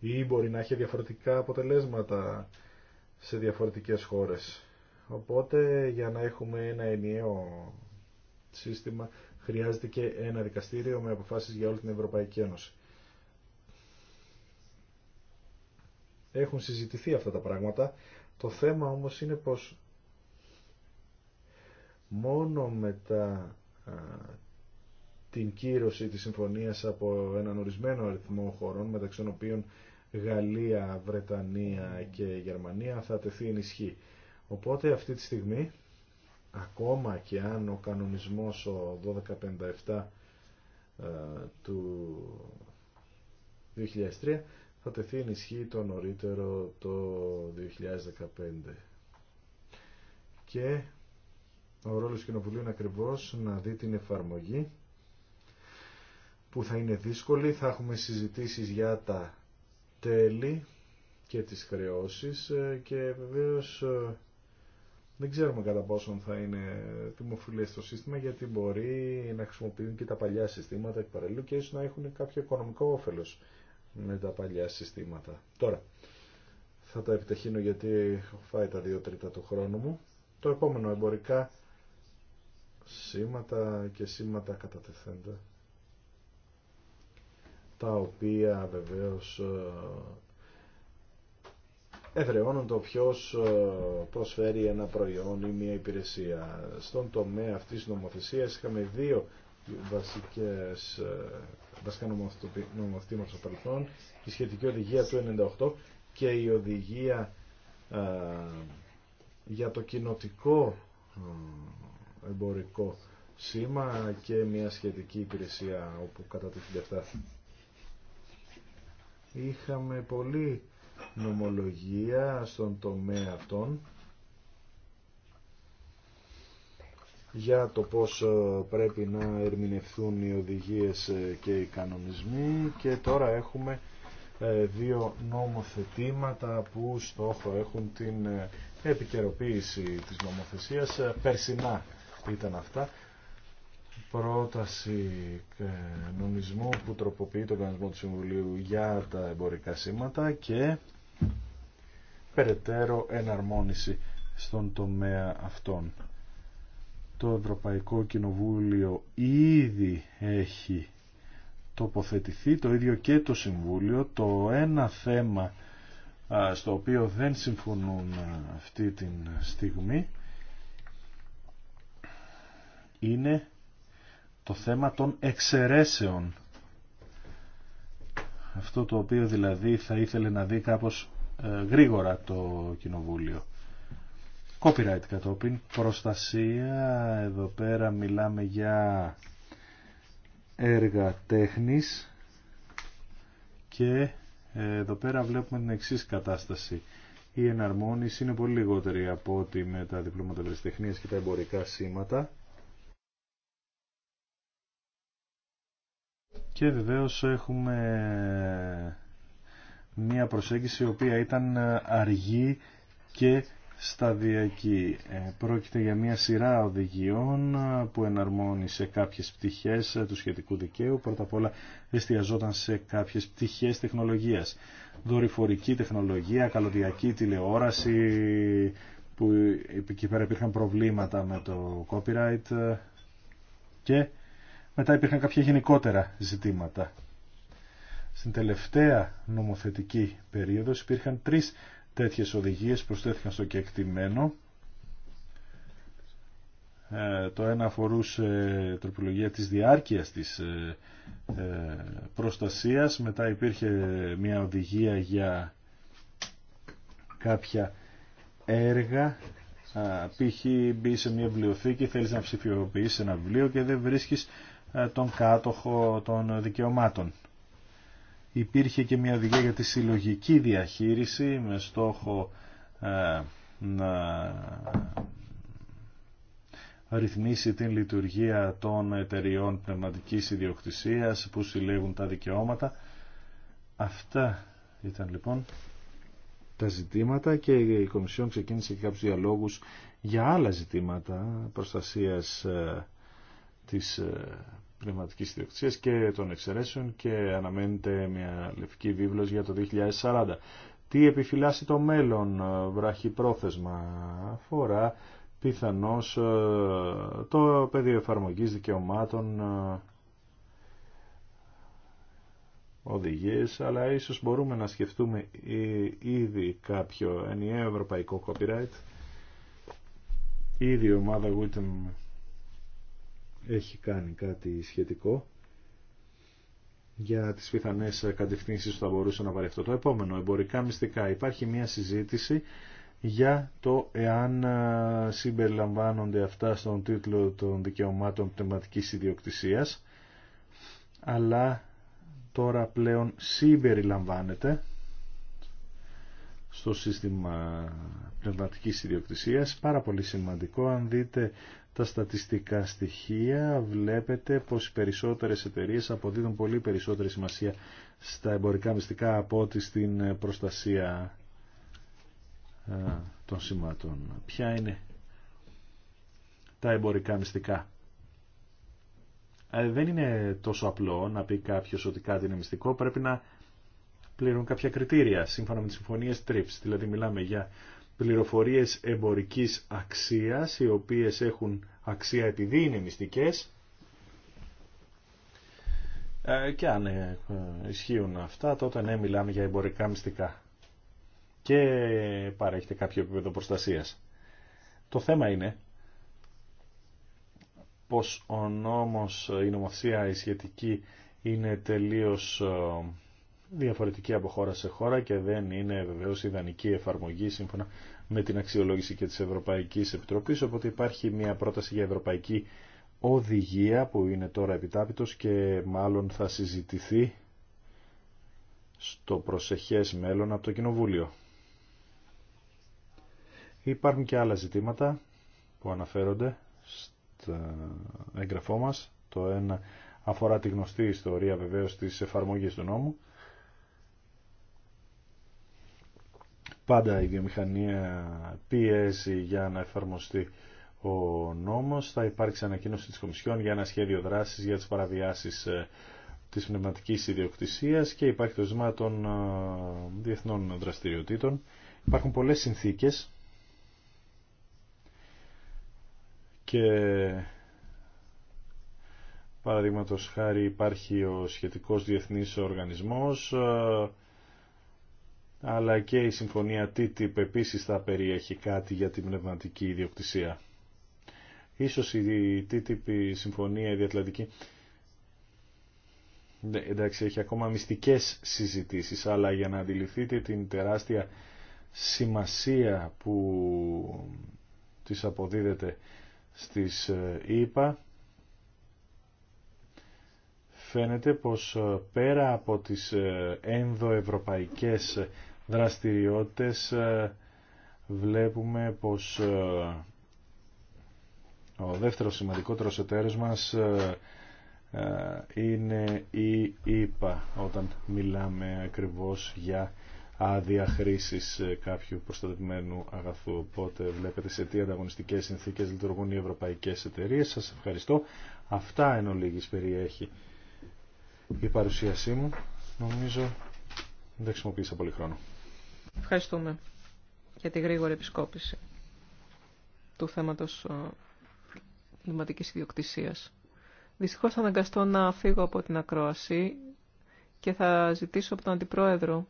ή μπορεί να έχει διαφορετικά αποτελέσματα σε διαφορετικές χώρες. Οπότε για να έχουμε ένα ενιαίο σύστημα χρειάζεται και ένα δικαστήριο με αποφάσεις για όλη την Ευρωπαϊκή Ένωση. Έχουν συζητηθεί αυτά τα πράγματα. Το θέμα όμως είναι πως μόνο με τα την κύρωση της συμφωνίας από έναν ορισμένο αριθμό χωρών μεταξύ των οποίων Γαλλία, Βρετανία και Γερμανία θα τεθεί ενισχύ. Οπότε αυτή τη στιγμή ακόμα και αν ο κανονισμός ο 1257 ε, του 2003 θα τεθεί ενισχύ το νωρίτερο το 2015. Και ο ρόλος του Κοινοβουλίου είναι ακριβώς να δει την εφαρμογή που θα είναι δύσκολη. Θα έχουμε συζητήσεις για τα τέλη και τις χρεώσεις ε, και βεβαίως ε, δεν ξέρουμε κατά πόσον θα είναι δημοφιλές το σύστημα γιατί μπορεί να χρησιμοποιούν και τα παλιά συστήματα και παραλλού και ίσως να έχουν κάποιο οικονομικό όφελος με τα παλιά συστήματα. Τώρα, θα τα επιταχύνω γιατί έχω φάει τα δύο τρίτα του χρόνου μου. Το επόμενο εμπορικά σήματα και σήματα κατατεθέντα τα οποία βεβαίως ε, ευρεώνονται το ποιος ε, προσφέρει ένα προϊόν ή μια υπηρεσία. Στον τομέα αυτής της νομοθεσίας είχαμε δύο βασικές, ε, βασικά νομοθετήματα στο παρελθόν, η σχετική οδηγία του 98 και η οδηγία α, για το κοινοτικό εμπορικό σήμα και μια σχετική υπηρεσία όπου κατά τη είχαμε πολύ νομολογία στον τομέα αυτών για το πώς ε, πρέπει να ερμηνευθούν οι οδηγίες ε, και οι κανονισμοί και τώρα έχουμε ε, δύο νομοθετήματα που στόχο έχουν την επικαιροποίηση της νομοθεσίας. Περσινά ήταν αυτά πρόταση νομισμού που τροποποιεί τον κανονισμό του Συμβουλίου για τα εμπορικά σήματα και περαιτέρω εναρμόνιση στον τομέα αυτών. Το Ευρωπαϊκό Κοινοβούλιο ήδη έχει τοποθετηθεί, το ίδιο και το Συμβούλιο. Το ένα θέμα στο οποίο δεν συμφωνούν αυτή την στιγμή είναι το θέμα των εξαιρέσεων. Αυτό το οποίο δηλαδή θα ήθελε να δει κάπως ε, γρήγορα το Κοινοβούλιο. Copyright κατόπιν, προστασία, εδώ πέρα μιλάμε για έργα τέχνης και ε, εδώ πέρα βλέπουμε την εξής κατάσταση. Η εναρμόνιση είναι πολύ λιγότερη από ότι με τα διπλώματα ευρεσιτεχνίας και τα εμπορικά σήματα Και βεβαίως έχουμε μία προσέγγιση η οποία ήταν αργή και σταδιακή. Ε, πρόκειται για μία σειρά οδηγιών που εναρμόνει σε κάποιες πτυχές του σχετικού δικαίου. Πρώτα απ' όλα εστιαζόταν σε κάποιες πτυχές τεχνολογίας. Δορυφορική τεχνολογία, καλωδιακή τηλεόραση, που εκεί πέρα υπήρχαν προβλήματα με το copyright ε, και μετά υπήρχαν κάποια γενικότερα ζητήματα. Στην τελευταία νομοθετική περίοδο υπήρχαν τρεις τέτοιες οδηγίες που προσθέθηκαν στο κεκτημένο. Ε, το ένα αφορούσε ε, τροπολογία της διάρκειας της ε, ε προστασίας. Μετά υπήρχε ε, μια οδηγία για κάποια έργα π.χ. μπει σε μια βιβλιοθήκη, θέλεις να ψηφιοποιήσεις ένα βιβλίο και δεν βρίσκεις ε, τον κάτοχο των δικαιωμάτων. Υπήρχε και μια οδηγία για τη συλλογική διαχείριση με στόχο ε, να ρυθμίσει την λειτουργία των εταιριών πνευματικής ιδιοκτησίας που συλλέγουν τα δικαιώματα. Αυτά ήταν λοιπόν τα ζητήματα και η Κομισιόν ξεκίνησε και κάποιους διαλόγους για άλλα ζητήματα προστασίας ε, της ε, πνευματικής ιδιοκτησίας και των εξαιρέσεων και αναμένεται μια λευκή βίβλος για το 2040. Τι επιφυλάσσει το μέλλον ε, πρόθεσμα αφορά πιθανώς ε, το πεδίο εφαρμογής δικαιωμάτων οδηγίες, αλλά ίσως μπορούμε να σκεφτούμε ήδη κάποιο ενιαίο ευρωπαϊκό copyright. Ήδη ομάδα έχει κάνει κάτι σχετικό για τις πιθανές κατευθύνσεις που θα μπορούσε να πάρει αυτό. Το επόμενο, εμπορικά μυστικά. Υπάρχει μια συζήτηση για το εάν συμπεριλαμβάνονται αυτά στον τίτλο των δικαιωμάτων πνευματικής ιδιοκτησίας, αλλά τώρα πλέον συμπεριλαμβάνεται στο σύστημα πνευματικής ιδιοκτησίας. Πάρα πολύ σημαντικό. Αν δείτε τα στατιστικά στοιχεία βλέπετε πως οι περισσότερες εταιρείες αποδίδουν πολύ περισσότερη σημασία στα εμπορικά μυστικά από ό,τι στην προστασία ε, των σημάτων. Ποια είναι τα εμπορικά μυστικά. Ε, δεν είναι τόσο απλό να πει κάποιος ότι κάτι είναι μυστικό. Πρέπει να πληρούν κάποια κριτήρια σύμφωνα με τις συμφωνίες TRIPS. Δηλαδή μιλάμε για πληροφορίες εμπορικής αξίας, οι οποίες έχουν αξία επειδή είναι μυστικές. Ε, και αν ε, ε, ισχύουν αυτά, τότε ναι, μιλάμε για εμπορικά μυστικά. Και παρέχεται κάποιο επίπεδο προστασίας. Το θέμα είναι πως ο νόμος, η νομοθεσία σχετική είναι τελείως διαφορετική από χώρα σε χώρα και δεν είναι βεβαίως ιδανική εφαρμογή σύμφωνα με την αξιολόγηση και της Ευρωπαϊκής Επιτροπής, οπότε υπάρχει μια πρόταση για Ευρωπαϊκή Οδηγία που είναι τώρα επιτάπητος και μάλλον θα συζητηθεί στο προσεχές μέλλον από το Κοινοβούλιο. Υπάρχουν και άλλα ζητήματα που αναφέρονται στο έγγραφό μας. Το ένα αφορά τη γνωστή ιστορία βεβαίως της εφαρμογής του νόμου πάντα η βιομηχανία πιέζει για να εφαρμοστεί ο νόμος. Θα υπάρξει ανακοίνωση της Κομισιόν για ένα σχέδιο δράσης για τις παραβιάσεις ε, της πνευματικής ιδιοκτησίας και υπάρχει το ζήτημα των ε, διεθνών δραστηριοτήτων. Υπάρχουν πολλές συνθήκες και παραδείγματος χάρη υπάρχει ο σχετικός διεθνής οργανισμός ε, αλλά και η συμφωνία TTIP επίσης θα περιέχει κάτι για την πνευματική ιδιοκτησία. Ίσως η TTIP συμφωνία η διατλαντική ναι, εντάξει έχει ακόμα μυστικές συζητήσεις αλλά για να αντιληφθείτε την τεράστια σημασία που της αποδίδεται στις ΕΠΑ φαίνεται πως ε, πέρα από τις ε, ενδοευρωπαϊκές δραστηριότητες ε, βλέπουμε πως ο δεύτερος σημαντικότερος εταίρος μας είναι η ΕΠΑ όταν μιλάμε ακριβώς για άδεια χρήση κάποιου προστατευμένου αγαθού. Οπότε βλέπετε σε τι ανταγωνιστικές συνθήκες λειτουργούν οι ευρωπαϊκές εταιρείες. Σας ευχαριστώ. Αυτά εν περιέχει η παρουσίασή μου. Νομίζω δεν χρησιμοποίησα πολύ χρόνο. Ευχαριστούμε για τη γρήγορη επισκόπηση του θέματος ε, πνευματικής ιδιοκτησίας. Δυστυχώς θα αναγκαστώ να φύγω από την ακρόαση και θα ζητήσω από τον Αντιπρόεδρο,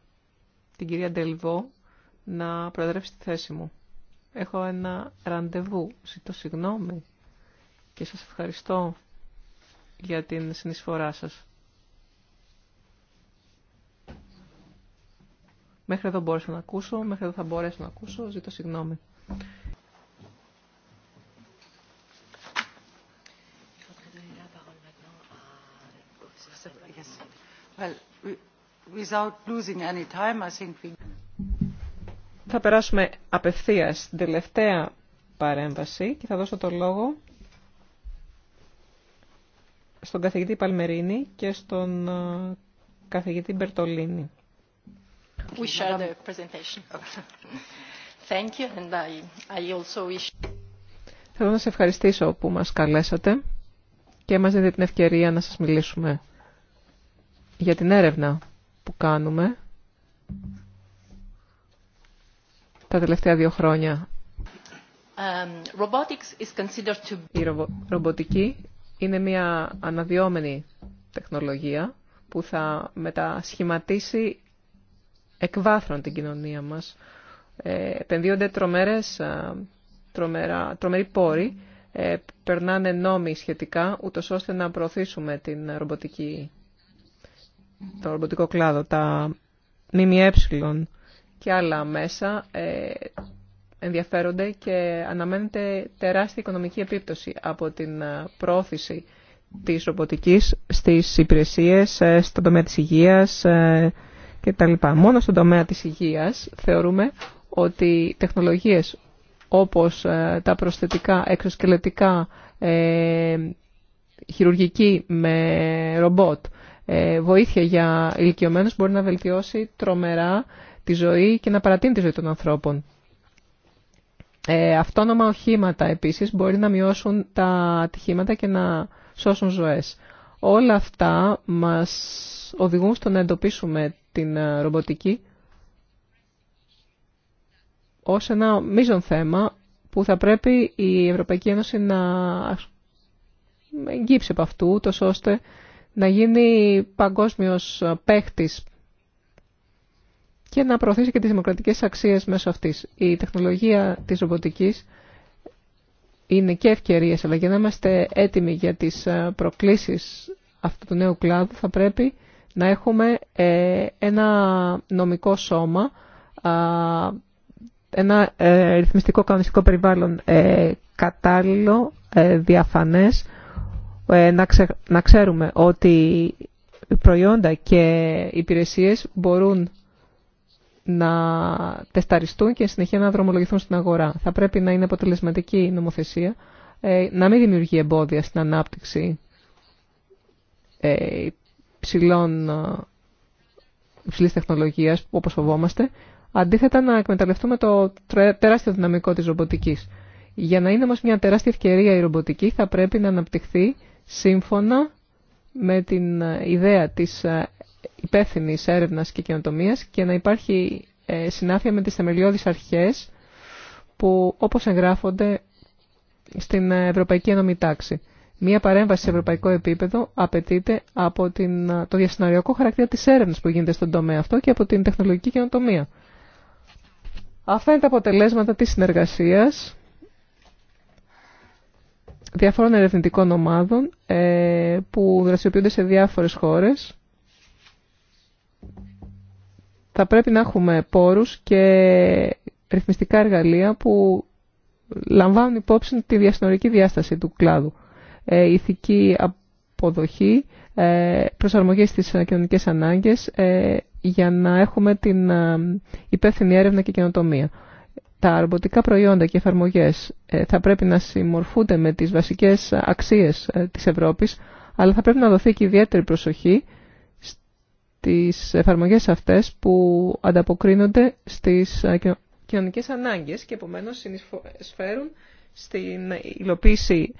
την κυρία Ντελβό, να προεδρεύσει τη θέση μου. Έχω ένα ραντεβού. Ζητώ συγγνώμη και σας ευχαριστώ για την συνεισφορά σας. Μέχρι εδώ μπόρεσα να ακούσω, μέχρι εδώ θα μπορέσω να ακούσω, ζητώ συγγνώμη. Θα περάσουμε απευθείας στην τελευταία παρέμβαση και θα δώσω το λόγο στον καθηγητή Παλμερίνη και στον ε, καθηγητή Μπερτολίνη we share presentation. Thank you and Θέλω να σε ευχαριστήσω που μας καλέσατε και μας δίνετε την ευκαιρία να σας μιλήσουμε για την έρευνα που κάνουμε τα τελευταία δύο χρόνια. Um, Η ρομποτική είναι μια αναδυόμενη τεχνολογία που θα μετασχηματίσει εκβάθρον την κοινωνία μας. Ε, επενδύονται τρομερές, τρομερα, τρομεροί πόροι, ε, περνάνε νόμοι σχετικά, ούτω ώστε να προωθήσουμε την ρομποτική, το ρομποτικό κλάδο, τα ΜΜΕ και άλλα μέσα ε, ενδιαφέρονται και αναμένεται τεράστια οικονομική επίπτωση από την ε, πρόθεση της ρομποτικής στις υπηρεσίες, ε, στον τομέα της υγείας, ε, λοιπά. Μόνο στον τομέα της υγείας θεωρούμε ότι τεχνολογίες όπως ε, τα προσθετικά, εξωσκελετικά, ε, χειρουργική με ρομπότ, ε, βοήθεια για ηλικιωμένους μπορεί να βελτιώσει τρομερά τη ζωή και να παρατείνει τη ζωή των ανθρώπων. Ε, αυτόνομα οχήματα επίσης μπορεί να μειώσουν τα ατυχήματα και να σώσουν ζωές. Όλα αυτά μας οδηγούν στο να εντοπίσουμε την ε, ρομποτική ως ένα μείζον θέμα που θα πρέπει η Ευρωπαϊκή Ένωση να εγγύψει από αυτού, τόσο ώστε να γίνει παγκόσμιος παίχτης και να προωθήσει και τις δημοκρατικές αξίες μέσω αυτής. Η τεχνολογία της ρομποτικής είναι και ευκαιρίες, αλλά για να είμαστε έτοιμοι για τις ε, προκλήσεις αυτού του νέου κλάδου θα πρέπει να έχουμε ε, ένα νομικό σώμα, ένα ε, ρυθμιστικό κανονιστικό περιβάλλον ε, κατάλληλο, διαφανές, να ξέρουμε ότι οι προϊόντα και οι υπηρεσίες μπορούν να τεσταριστούν και συνεχεία να δρομολογηθούν στην αγορά. Θα πρέπει να είναι αποτελεσματική η νομοθεσία, να μην δημιουργεί εμπόδια στην ανάπτυξη υψηλών, ε, υψηλής τεχνολογίας, όπως φοβόμαστε, αντίθετα να εκμεταλλευτούμε το τεράστιο δυναμικό της ρομποτικής. Για να είναι όμως μια τεράστια ευκαιρία η ρομποτική θα πρέπει να αναπτυχθεί σύμφωνα με την ε, ιδέα της ε, υπεύθυνη έρευνας και καινοτομίας και να υπάρχει συνάφεια με τις θεμελιώδεις αρχές που όπως εγγράφονται στην Ευρωπαϊκή Ενωμή Τάξη. Μία παρέμβαση σε ευρωπαϊκό επίπεδο απαιτείται από την, το διασυναριακό χαρακτήρα της έρευνας που γίνεται στον τομέα αυτό και από την τεχνολογική καινοτομία. Αυτά είναι τα αποτελέσματα της συνεργασίας διαφόρων ερευνητικών ομάδων ε, που δραστηριοποιούνται σε διάφορες χώρες. Θα πρέπει να έχουμε πόρους και ρυθμιστικά εργαλεία που λαμβάνουν υπόψη τη διασυνορική διάσταση του κλάδου. Ε, ηθική αποδοχή, ε, προσαρμογή στις κοινωνικές ανάγκες ε, για να έχουμε την υπεύθυνη έρευνα και καινοτομία. Τα ρομποτικά προϊόντα και εφαρμογές θα πρέπει να συμμορφούνται με τις βασικές αξίες της Ευρώπης, αλλά θα πρέπει να δοθεί και ιδιαίτερη προσοχή στις εφαρμογές αυτές που ανταποκρίνονται στις κοινωνικές ανάγκες και επομένως συνεισφέρουν στην υλοποίηση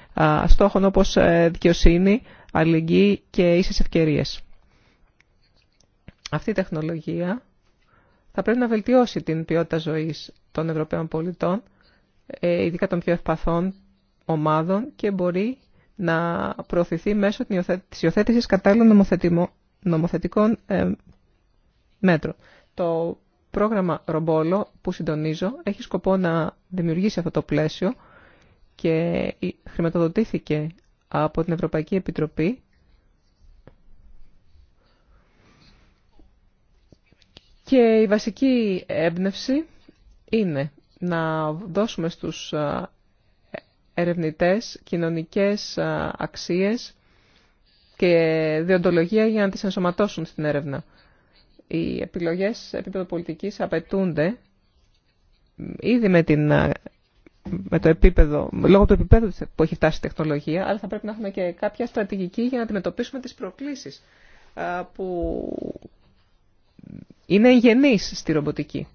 στόχων όπως ε, δικαιοσύνη, αλληλεγγύη και ίσες ευκαιρίες. Αυτή η τεχνολογία θα πρέπει να βελτιώσει την ποιότητα ζωής των Ευρωπαίων πολιτών, ε, ειδικά των πιο ευπαθών ομάδων και μπορεί να προωθηθεί μέσω της υιοθέτηση κατάλληλων νομοθετικών ε, μέτρων. Το πρόγραμμα Ρομπόλο που συντονίζω έχει σκοπό να δημιουργήσει αυτό το πλαίσιο και χρηματοδοτήθηκε από την Ευρωπαϊκή Επιτροπή και η βασική έμπνευση είναι να δώσουμε στους ερευνητές κοινωνικές αξίες και διοντολογία για να τις ενσωματώσουν στην έρευνα. Οι επιλογές επίπεδο πολιτικής απαιτούνται ήδη με την με το επίπεδο, λόγω του επίπεδου που έχει φτάσει η τεχνολογία, αλλά θα πρέπει να έχουμε και κάποια στρατηγική για να αντιμετωπίσουμε τις προκλήσεις που είναι γενείς στη ρομποτική.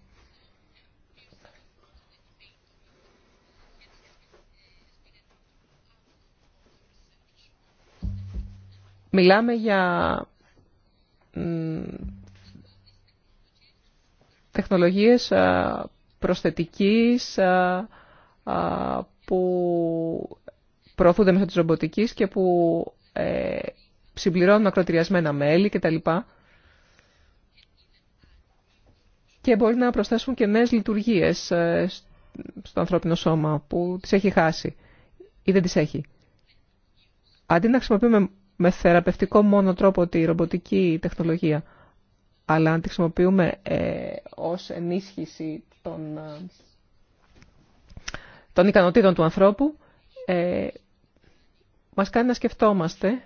Μιλάμε για τεχνολογίες προσθετικής που προωθούνται μέσω της ρομποτικής και που ε, συμπληρώνουν ακροτηριασμένα μέλη κτλ. Και μπορεί να προσθέσουν και νέες λειτουργίες ε, στο ανθρώπινο σώμα που τις έχει χάσει ή δεν τις έχει. Αντί να χρησιμοποιούμε με θεραπευτικό μόνο τρόπο τη ρομποτική τεχνολογία, αλλά αν τη χρησιμοποιούμε ε, ως ενίσχυση των ε, των ικανοτήτων του ανθρώπου ε, μας κάνει να σκεφτόμαστε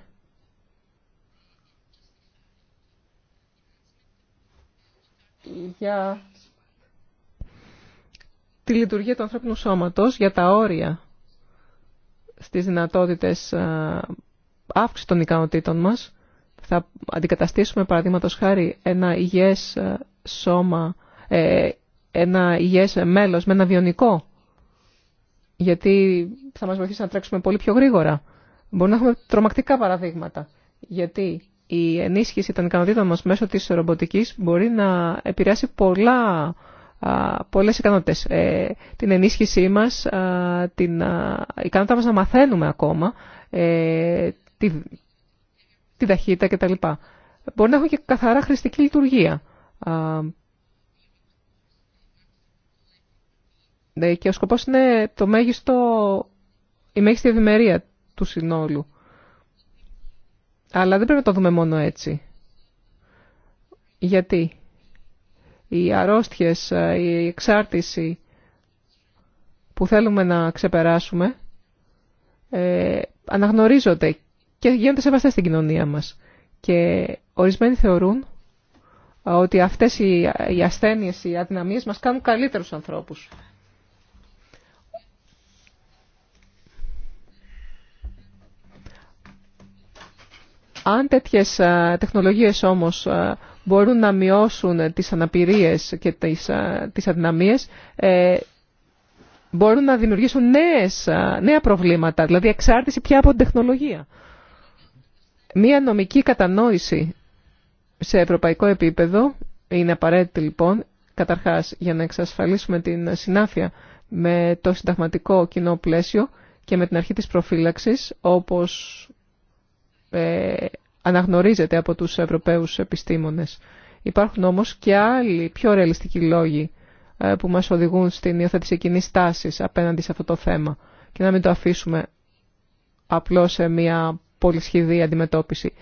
για τη λειτουργία του ανθρώπινου σώματος, για τα όρια στις δυνατότητες ε, αύξηση των ικανοτήτων μας. Θα αντικαταστήσουμε, παραδείγματο χάρη, ένα υγιές ε, σώμα, ε, ένα υγιές μέλος με ένα βιονικό γιατί θα μας βοηθήσει να τρέξουμε πολύ πιο γρήγορα. Μπορεί να έχουμε τρομακτικά παραδείγματα, γιατί η ενίσχυση των ικανοτήτων μας μέσω της ρομποτικής μπορεί να επηρεάσει πολλά, πολλές ικανότητες. Ε, την ενίσχυσή μας, την ικανότητα μας να μαθαίνουμε ακόμα, ε, τη, τη ταχύτητα κτλ. Μπορεί να έχουμε και καθαρά χρηστική λειτουργία Ε, και ο σκοπός είναι το μέγιστο, η μέγιστη ευημερία του συνόλου. Αλλά δεν πρέπει να το δούμε μόνο έτσι. Γιατί οι αρρώστιες, ε, η εξάρτηση που θέλουμε να ξεπεράσουμε ε, αναγνωρίζονται και γίνονται σεβαστές στην κοινωνία μας. Και ορισμένοι θεωρούν ε, ότι αυτές οι ασθένειες, οι αδυναμίες μας κάνουν καλύτερους ανθρώπους. Αν τέτοιες ε, τεχνολογίες όμως ε, μπορούν να μειώσουν τις αναπηρίες και τις, ε, τις αδυναμίες, μπορούν να δημιουργήσουν νέες, νέα προβλήματα, δηλαδή εξάρτηση πια από την τεχνολογία. Μία νομική κατανόηση σε ευρωπαϊκό επίπεδο είναι απαραίτητη λοιπόν, καταρχάς για να εξασφαλίσουμε την συνάφεια με το συνταγματικό κοινό πλαίσιο και με την αρχή της προφύλαξης, όπως ε, αναγνωρίζεται από τους Ευρωπαίους επιστήμονες. Υπάρχουν όμως και άλλοι πιο ρεαλιστικοί λόγοι ε, που μας οδηγούν στην υιοθέτηση κοινή τάση απέναντι σε αυτό το θέμα και να μην το αφήσουμε απλώς σε μια πολυσχηδή αντιμετώπιση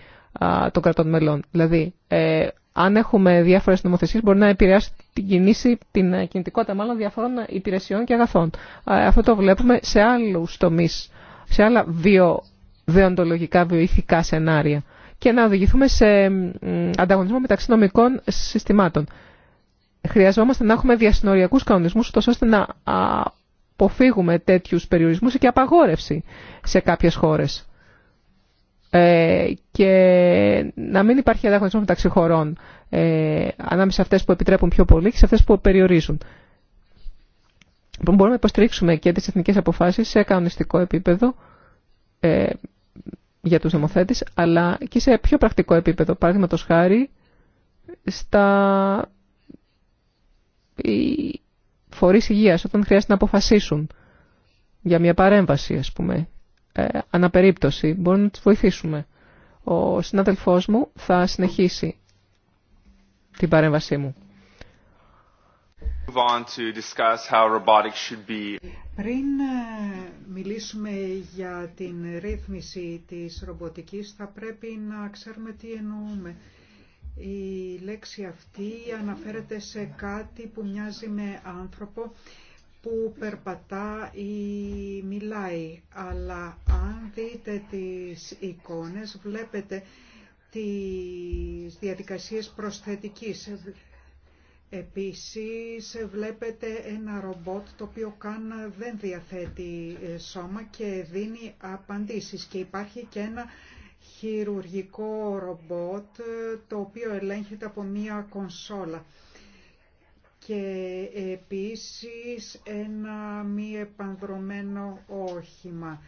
των κρατών μελών. Δηλαδή, ε, αν έχουμε διάφορες νομοθεσίες μπορεί να επηρεάσει την, κινήση, την κινητικότητα μάλλον διαφορών υπηρεσιών και αγαθών. αυτό το βλέπουμε σε άλλους τομείς, σε άλλα βιο δεοντολογικά βιοειθικά σενάρια και να οδηγηθούμε σε ανταγωνισμό μεταξύ νομικών συστημάτων. Χρειαζόμαστε να έχουμε διασυνοριακούς κανονισμού, ώστε να αποφύγουμε τέτοιους περιορισμούς και απαγόρευση σε κάποιες χώρες. Ε, και να μην υπάρχει ανταγωνισμό μεταξύ χωρών ε, ανάμεσα σε αυτές που επιτρέπουν πιο πολύ και σε αυτές που περιορίζουν. Μπορούμε να υποστηρίξουμε και τι εθνικέ αποφάσει σε κανονιστικό επίπεδο ε, για τους νομοθέτες, αλλά και σε πιο πρακτικό επίπεδο, το χάρη, στα οι φορείς υγείας, όταν χρειάζεται να αποφασίσουν για μια παρέμβαση, ας πούμε, ε, αναπερίπτωση, μπορούμε να τους βοηθήσουμε. Ο συνάδελφός μου θα συνεχίσει την παρέμβασή μου. Πριν ε, μιλήσουμε για την ρύθμιση της ρομποτικής θα πρέπει να ξέρουμε τι εννοούμε. Η λέξη αυτή αναφέρεται σε κάτι που μοιάζει με άνθρωπο που περπατά ή μιλάει. Αλλά αν δείτε τις εικόνες βλέπετε τις διαδικασίες προσθετικής Επίσης βλέπετε ένα ρομπότ το οποίο καν δεν διαθέτει ε, σώμα και δίνει απαντήσεις και υπάρχει και ένα χειρουργικό ρομπότ ε, το οποίο ελέγχεται από μία κονσόλα και επίσης ένα μη επανδρομένο όχημα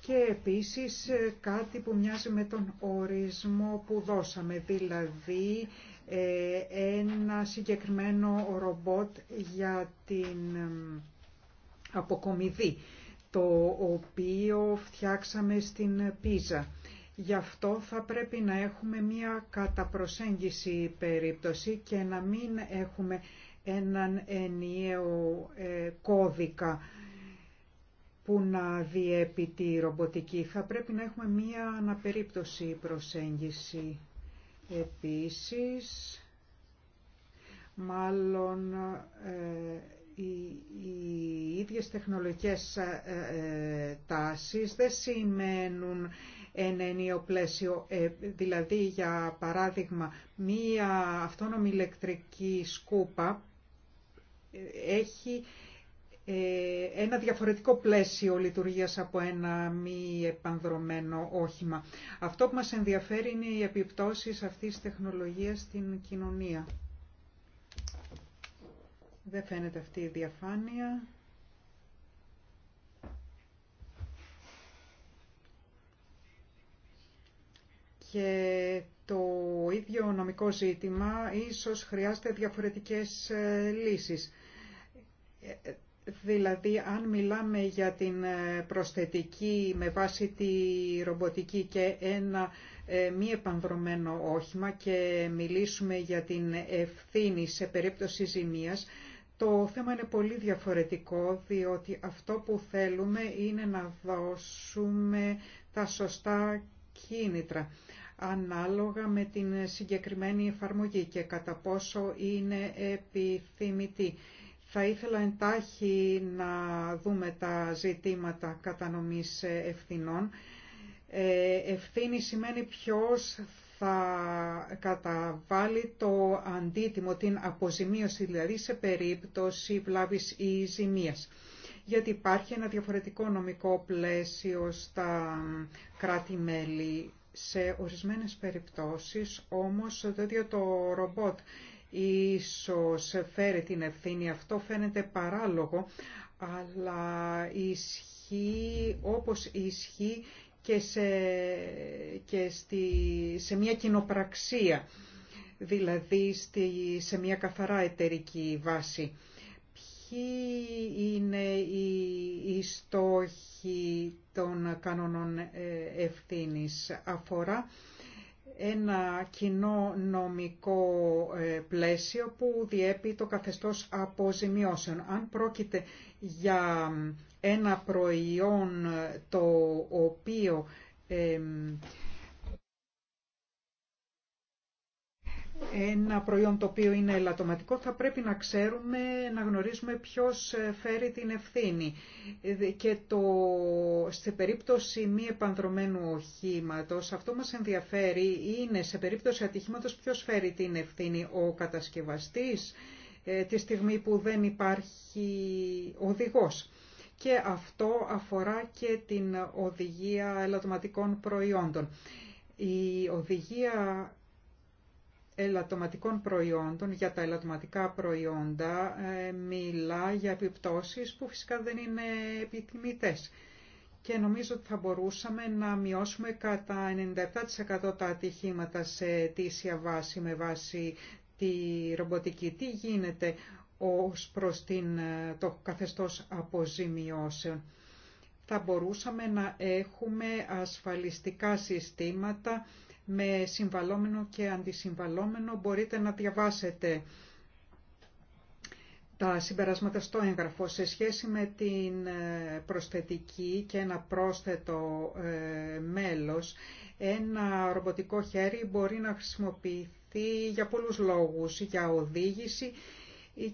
και επίσης ε, κάτι που μοιάζει με τον ορισμό που δώσαμε, δηλαδή ε, ένα συγκεκριμένο ρομπότ για την αποκομιδή, το οποίο φτιάξαμε στην Πίζα. Γι' αυτό θα πρέπει να έχουμε μία καταπροσέγγιση περίπτωση και να μην έχουμε έναν ενιαίο ε, κώδικα που να διέπει τη ρομποτική. Θα πρέπει να έχουμε μία αναπερίπτωση προσέγγιση Επίσης, μάλλον ε, οι ίδιες τεχνολογικές ε, ε, τάσεις δεν σημαίνουν εν ενίο πλαίσιο. Δηλαδή, για παράδειγμα, μία αυτόνομη ηλεκτρική σκούπα έχει ε, ένα διαφορετικό πλαίσιο λειτουργίας από ένα μη επανδρομένο όχημα. Αυτό που μας ενδιαφέρει είναι οι επιπτώσεις αυτής της τεχνολογίας στην κοινωνία. Δεν φαίνεται αυτή η διαφάνεια. Και το ίδιο νομικό ζήτημα ίσως χρειάζεται διαφορετικές ε, λύσεις ε, Δηλαδή, αν μιλάμε για την ε, προσθετική με βάση τη ρομποτική και ένα ε, μη επανδρομένο όχημα και μιλήσουμε για την ευθύνη σε περίπτωση ζημίας, το θέμα είναι πολύ διαφορετικό, διότι αυτό που θέλουμε είναι να δώσουμε τα σωστά κίνητρα ανάλογα με την συγκεκριμένη εφαρμογή και κατά πόσο είναι επιθυμητή θα ήθελα εντάχει να δούμε τα ζητήματα κατανομής ευθυνών. Ε, ευθύνη σημαίνει ποιος θα καταβάλει το αντίτιμο, την αποζημίωση δηλαδή σε περίπτωση βλάβης ή ζημίας. Γιατί υπάρχει ένα διαφορετικό νομικό πλαίσιο στα κράτη-μέλη. Σε ορισμένες περιπτώσεις όμως το ίδιο το ρομπότ ίσως φέρει την ευθύνη. Αυτό φαίνεται παράλογο, αλλά ισχύει όπως ισχύει και σε, και στη, σε μια κοινοπραξία, δηλαδή στη, σε μια καθαρά εταιρική βάση. Ποιοι είναι οι, οι στόχοι των κανόνων ε, ευθύνης αφορά ένα κοινό νομικό ε, πλαίσιο που διέπει το καθεστώς αποζημιώσεων. Αν πρόκειται για ένα προϊόν ε, το οποίο ε, ένα προϊόν το οποίο είναι ελαττωματικό θα πρέπει να ξέρουμε, να γνωρίζουμε ποιος ε, φέρει την ευθύνη. Ε, και το, σε περίπτωση μη επανδρομένου οχήματος, αυτό μας ενδιαφέρει είναι σε περίπτωση ατυχήματος ποιος φέρει την ευθύνη, ο κατασκευαστής, ε, τη στιγμή που δεν υπάρχει οδηγός. Και αυτό αφορά και την οδηγία ελαττωματικών προϊόντων. Η οδηγία ελαττωματικών προϊόντων, για τα ελαττωματικά προϊόντα, ε, μιλά για επιπτώσεις που φυσικά δεν είναι επιθυμητές. Και νομίζω ότι θα μπορούσαμε να μειώσουμε κατά 97% τα ατυχήματα σε αιτήσια βάση με βάση τη ρομποτική. Τι γίνεται ως προς την, ε, το καθεστώς αποζημιώσεων. Θα μπορούσαμε να έχουμε ασφαλιστικά συστήματα με συμβαλόμενο και αντισυμβαλόμενο μπορείτε να διαβάσετε τα συμπεράσματα στο έγγραφο σε σχέση με την ε, προσθετική και ένα πρόσθετο ε, μέλος. Ένα ρομποτικό χέρι μπορεί να χρησιμοποιηθεί για πολλούς λόγους, για οδήγηση,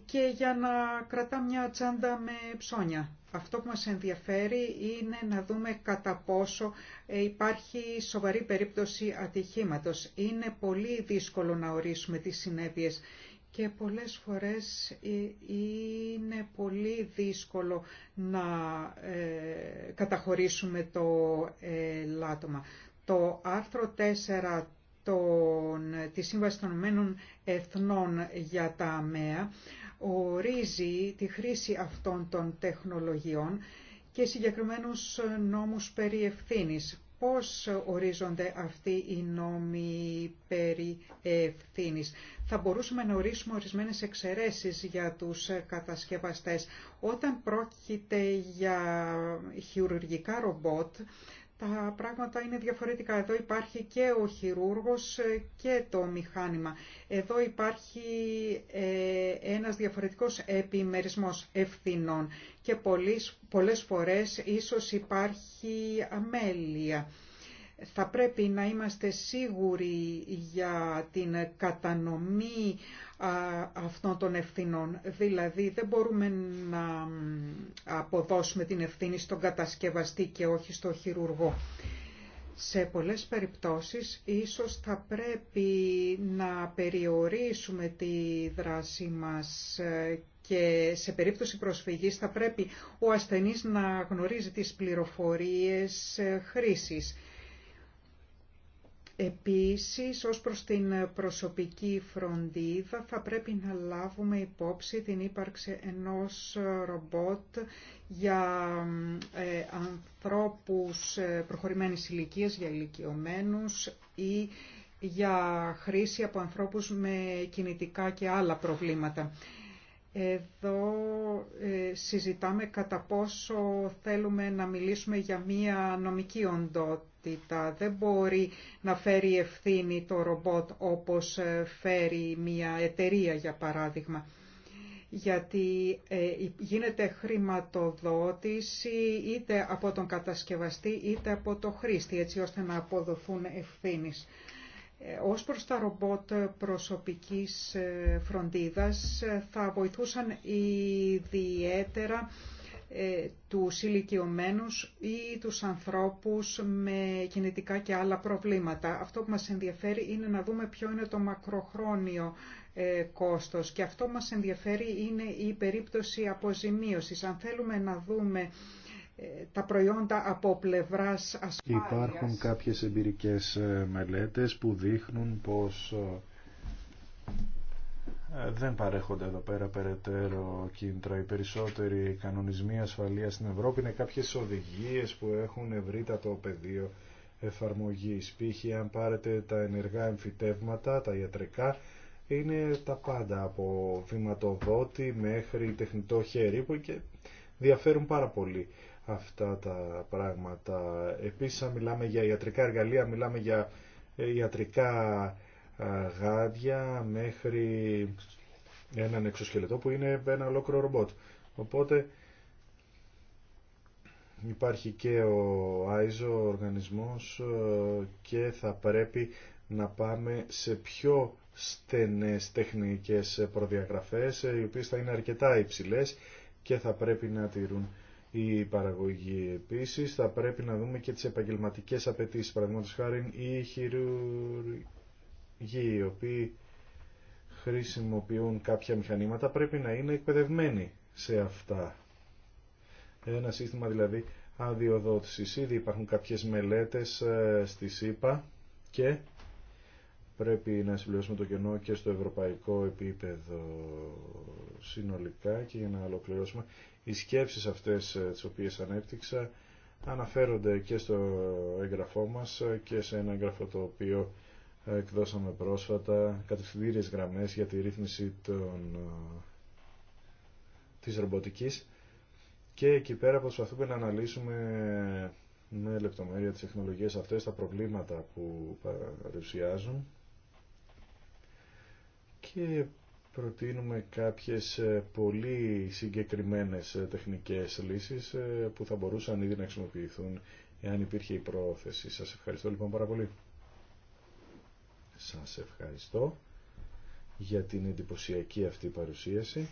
και για να κρατά μια τσάντα με ψώνια. Αυτό που μας ενδιαφέρει είναι να δούμε κατά πόσο ε, υπάρχει σοβαρή περίπτωση ατυχήματος. Είναι πολύ δύσκολο να ορίσουμε τις συνέπειες και πολλές φορές ε, είναι πολύ δύσκολο να ε, καταχωρήσουμε το λάτωμα. Το άρθρο 4 των, της Σύμβασης των Ηνωμένων Εθνών για τα ΑΜΕΑ ορίζει τη χρήση αυτών των τεχνολογιών και συγκεκριμένους νόμους περί ευθύνης. Πώς ορίζονται αυτοί οι νόμοι περί ευθύνης. Θα μπορούσαμε να ορίσουμε ορισμένες εξαιρέσεις για τους κατασκευαστές. Όταν πρόκειται για χειρουργικά ρομπότ, τα πράγματα είναι διαφορετικά. Εδώ υπάρχει και ο χειρούργος ε, και το μηχάνημα. Εδώ υπάρχει ε, ένας διαφορετικός επιμερισμός ευθυνών και πολλές, πολλές φορές ίσως υπάρχει αμέλεια θα πρέπει να είμαστε σίγουροι για την κατανομή αυτών των ευθυνών. Δηλαδή δεν μπορούμε να αποδώσουμε την ευθύνη στον κατασκευαστή και όχι στον χειρουργό. Σε πολλές περιπτώσεις ίσως θα πρέπει να περιορίσουμε τη δράση μας ε, και σε περίπτωση προσφυγής θα πρέπει ο ασθενής να γνωρίζει τις πληροφορίες ε, χρήσης. Επίσης, ως προς την προσωπική φροντίδα, θα πρέπει να λάβουμε υπόψη την ύπαρξη ενός ρομπότ για ε, ανθρώπους ε, προχωρημένης ηλικίας, για ηλικιωμένους ή για χρήση από ανθρώπους με κινητικά και άλλα προβλήματα. Εδώ ε, συζητάμε κατά πόσο θέλουμε να μιλήσουμε για μία νομική οντότητα δεν μπορεί να φέρει ευθύνη το ρομπότ όπως ε, φέρει μια εταιρεία για παράδειγμα. Γιατί ε, γίνεται χρηματοδότηση είτε από τον κατασκευαστή είτε από το χρήστη έτσι ώστε να αποδοθούν ευθύνης. Ε, ως προς τα ρομπότ προσωπικής ε, φροντίδας θα βοηθούσαν ιδιαίτερα ε, του ηλικιωμένου ή τους ανθρώπους με κινητικά και άλλα προβλήματα. Αυτό που μας ενδιαφέρει είναι να δούμε ποιο είναι το μακροχρόνιο ε, κόστος και αυτό που μας ενδιαφέρει είναι η περίπτωση αποζημίωσης. Αν θέλουμε να δούμε ε, τα προϊόντα από πλευράς ασφάλειας. Υπάρχουν κάποιες εμπειρικές μελέτες που δείχνουν πως δεν παρέχονται εδώ πέρα περαιτέρω κίνητρα. Οι περισσότεροι κανονισμοί ασφαλείας στην Ευρώπη είναι κάποιες οδηγίες που έχουν ευρύτατο πεδίο εφαρμογής. Π.χ. αν πάρετε τα ενεργά εμφυτεύματα, τα ιατρικά, είναι τα πάντα από βηματοδότη μέχρι τεχνητό χέρι που και διαφέρουν πάρα πολύ αυτά τα πράγματα. Επίσης, αν μιλάμε για ιατρικά εργαλεία, μιλάμε για ε, ιατρικά γάντια μέχρι έναν εξωσκελετό που είναι ένα ολόκληρο ρομπότ. Οπότε υπάρχει και ο ο οργανισμός ε, και θα πρέπει να πάμε σε πιο στενές τεχνικές προδιαγραφές ε, οι οποίες θα είναι αρκετά υψηλές και θα πρέπει να τηρούν η παραγωγή επίσης θα πρέπει να δούμε και τις επαγγελματικές απαιτήσεις παραδείγματος χάρη η γη οι οποίοι χρησιμοποιούν κάποια μηχανήματα πρέπει να είναι εκπαιδευμένοι σε αυτά. Ένα σύστημα δηλαδή αδειοδότησης. Ήδη υπάρχουν κάποιες μελέτες ε, στη ΣΥΠΑ και πρέπει να συμπληρώσουμε το κενό και στο ευρωπαϊκό επίπεδο συνολικά και για να ολοκληρώσουμε οι σκέψεις αυτές ε, τις οποίες ανέπτυξα αναφέρονται και στο έγγραφό μας ε, και σε ένα έγγραφο το οποίο εκδώσαμε πρόσφατα κατευθυντήριες γραμμές για τη ρύθμιση των, ε, της ρομποτικής και εκεί πέρα προσπαθούμε να αναλύσουμε με λεπτομέρεια τις τεχνολογίες αυτές, τα προβλήματα που παρουσιάζουν και προτείνουμε κάποιες ε, πολύ συγκεκριμένες ε, τεχνικές λύσεις που θα μπορούσαν ήδη να χρησιμοποιηθούν εάν υπήρχε η πρόθεση. Σας ευχαριστώ λοιπόν πάρα πολύ. Σας ευχαριστώ για την εντυπωσιακή αυτή παρουσίαση.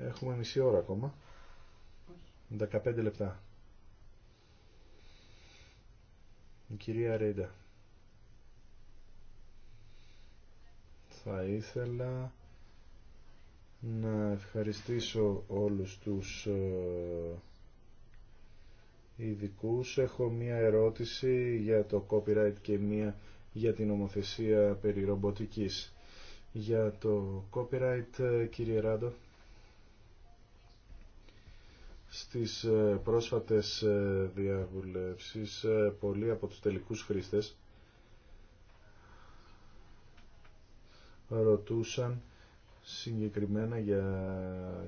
Έχουμε μισή ώρα ακόμα. 15 λεπτά. Η κυρία Ρέιντα. Θα ήθελα να ευχαριστήσω όλους τους ε, ειδικού. Έχω μία ερώτηση για το copyright και μία για την ομοθεσία περί ρομποτικής. Για το copyright, ε, κύριε Ράντο, στις ε, πρόσφατες ε, διαβουλεύσεις πολλοί από τους τελικούς χρήστες ρωτούσαν συγκεκριμένα για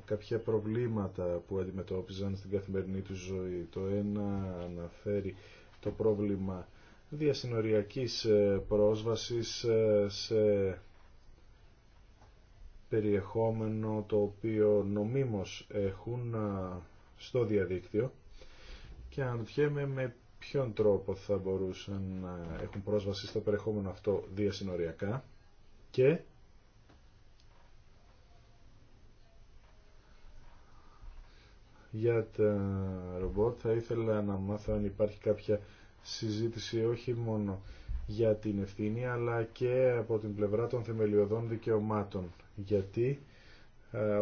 κάποια προβλήματα που αντιμετώπιζαν στην καθημερινή του ζωή. Το ένα αναφέρει το πρόβλημα διασυνοριακής ε, πρόσβασης ε, σε περιεχόμενο το οποίο νομίμως έχουν ε, στο διαδίκτυο και αναρωτιέμαι με ποιον τρόπο θα μπορούσαν να έχουν πρόσβαση στο περιεχόμενο αυτό διασυνοριακά και για τα ρομπότ. Θα ήθελα να μάθω αν υπάρχει κάποια συζήτηση όχι μόνο για την ευθύνη αλλά και από την πλευρά των θεμελιωδών δικαιωμάτων. Γιατί,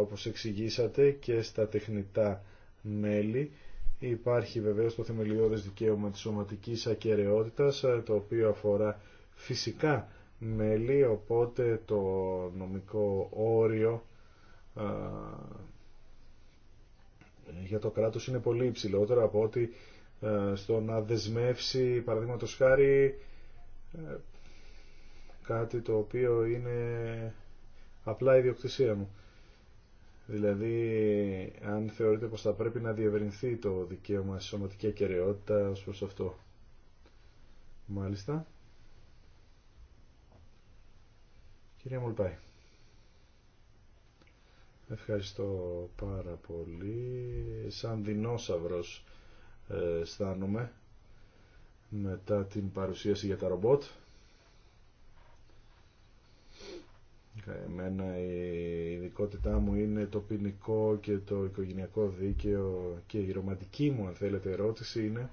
όπως εξηγήσατε και στα τεχνητά μέλη, υπάρχει βεβαίως το θεμελιώδες δικαίωμα της σωματικής ακαιρεότητας, το οποίο αφορά φυσικά μέλη, οπότε το νομικό όριο για το κράτος είναι πολύ υψηλότερο από ότι ε, στο να δεσμεύσει παραδείγματο χάρη ε, κάτι το οποίο είναι απλά ιδιοκτησία μου. Δηλαδή, αν θεωρείτε πως θα πρέπει να διευρυνθεί το δικαίωμα στη σωματική ακεραιότητα ως προς αυτό. Μάλιστα. Κυρία Μολπάη. Ευχαριστώ πάρα πολύ. Σαν δεινόσαυρος ε, αισθάνομαι μετά την παρουσίαση για τα ρομπότ. Ε, εμένα η ειδικότητά μου είναι το ποινικό και το οικογενειακό δίκαιο και η ρομαντική μου αν θέλετε ερώτηση είναι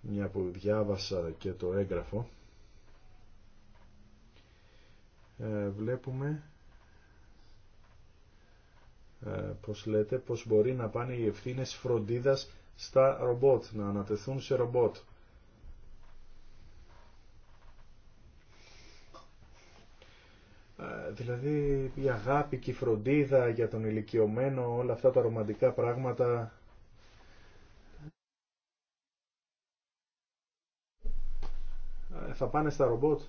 μια που διάβασα και το έγγραφο ε, βλέπουμε ε, πως λέτε πως μπορεί να πάνε οι ευθύνες φροντίδας στα ρομπότ, να ανατεθούν σε ρομπότ. Ε, δηλαδή η αγάπη και η φροντίδα για τον ηλικιωμένο, όλα αυτά τα ρομαντικά πράγματα θα πάνε στα ρομπότ.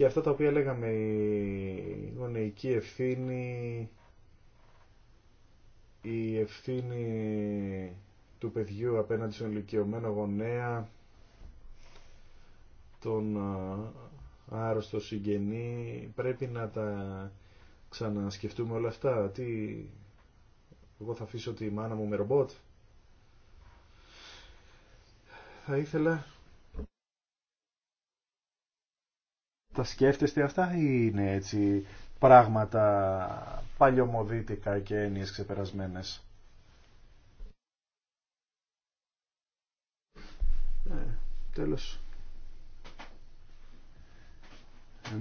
Και αυτά τα οποία λέγαμε, η γονεϊκή ευθύνη, η ευθύνη του παιδιού απέναντι στον ηλικιωμένο γονέα, τον άρρωστο συγγενή, πρέπει να τα ξανασκεφτούμε όλα αυτά. Τι, εγώ θα αφήσω τη μάνα μου με ρομπότ. Θα ήθελα Τα σκέφτεστε αυτά ή είναι έτσι πράγματα παλιωμοδίτικα και έννοιες ξεπερασμένες. Ε, τέλος.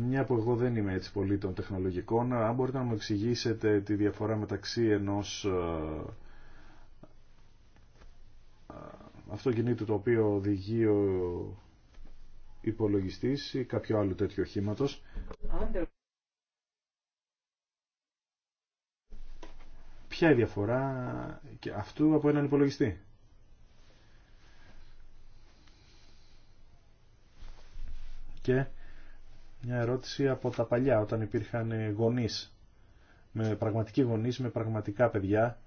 Μια που εγώ δεν είμαι έτσι πολύ των τεχνολογικών, αν μπορείτε να μου εξηγήσετε τη διαφορά μεταξύ ενός ε, ε, αυτοκινήτου το οποίο οδηγεί ο υπολογιστής ή κάποιο άλλο τέτοιο οχήματο. Ποια η διαφορά και αυτού από έναν υπολογιστή. Και μια ερώτηση από τα παλιά, όταν υπήρχαν γονείς, με πραγματικοί γονείς, με πραγματικά παιδιά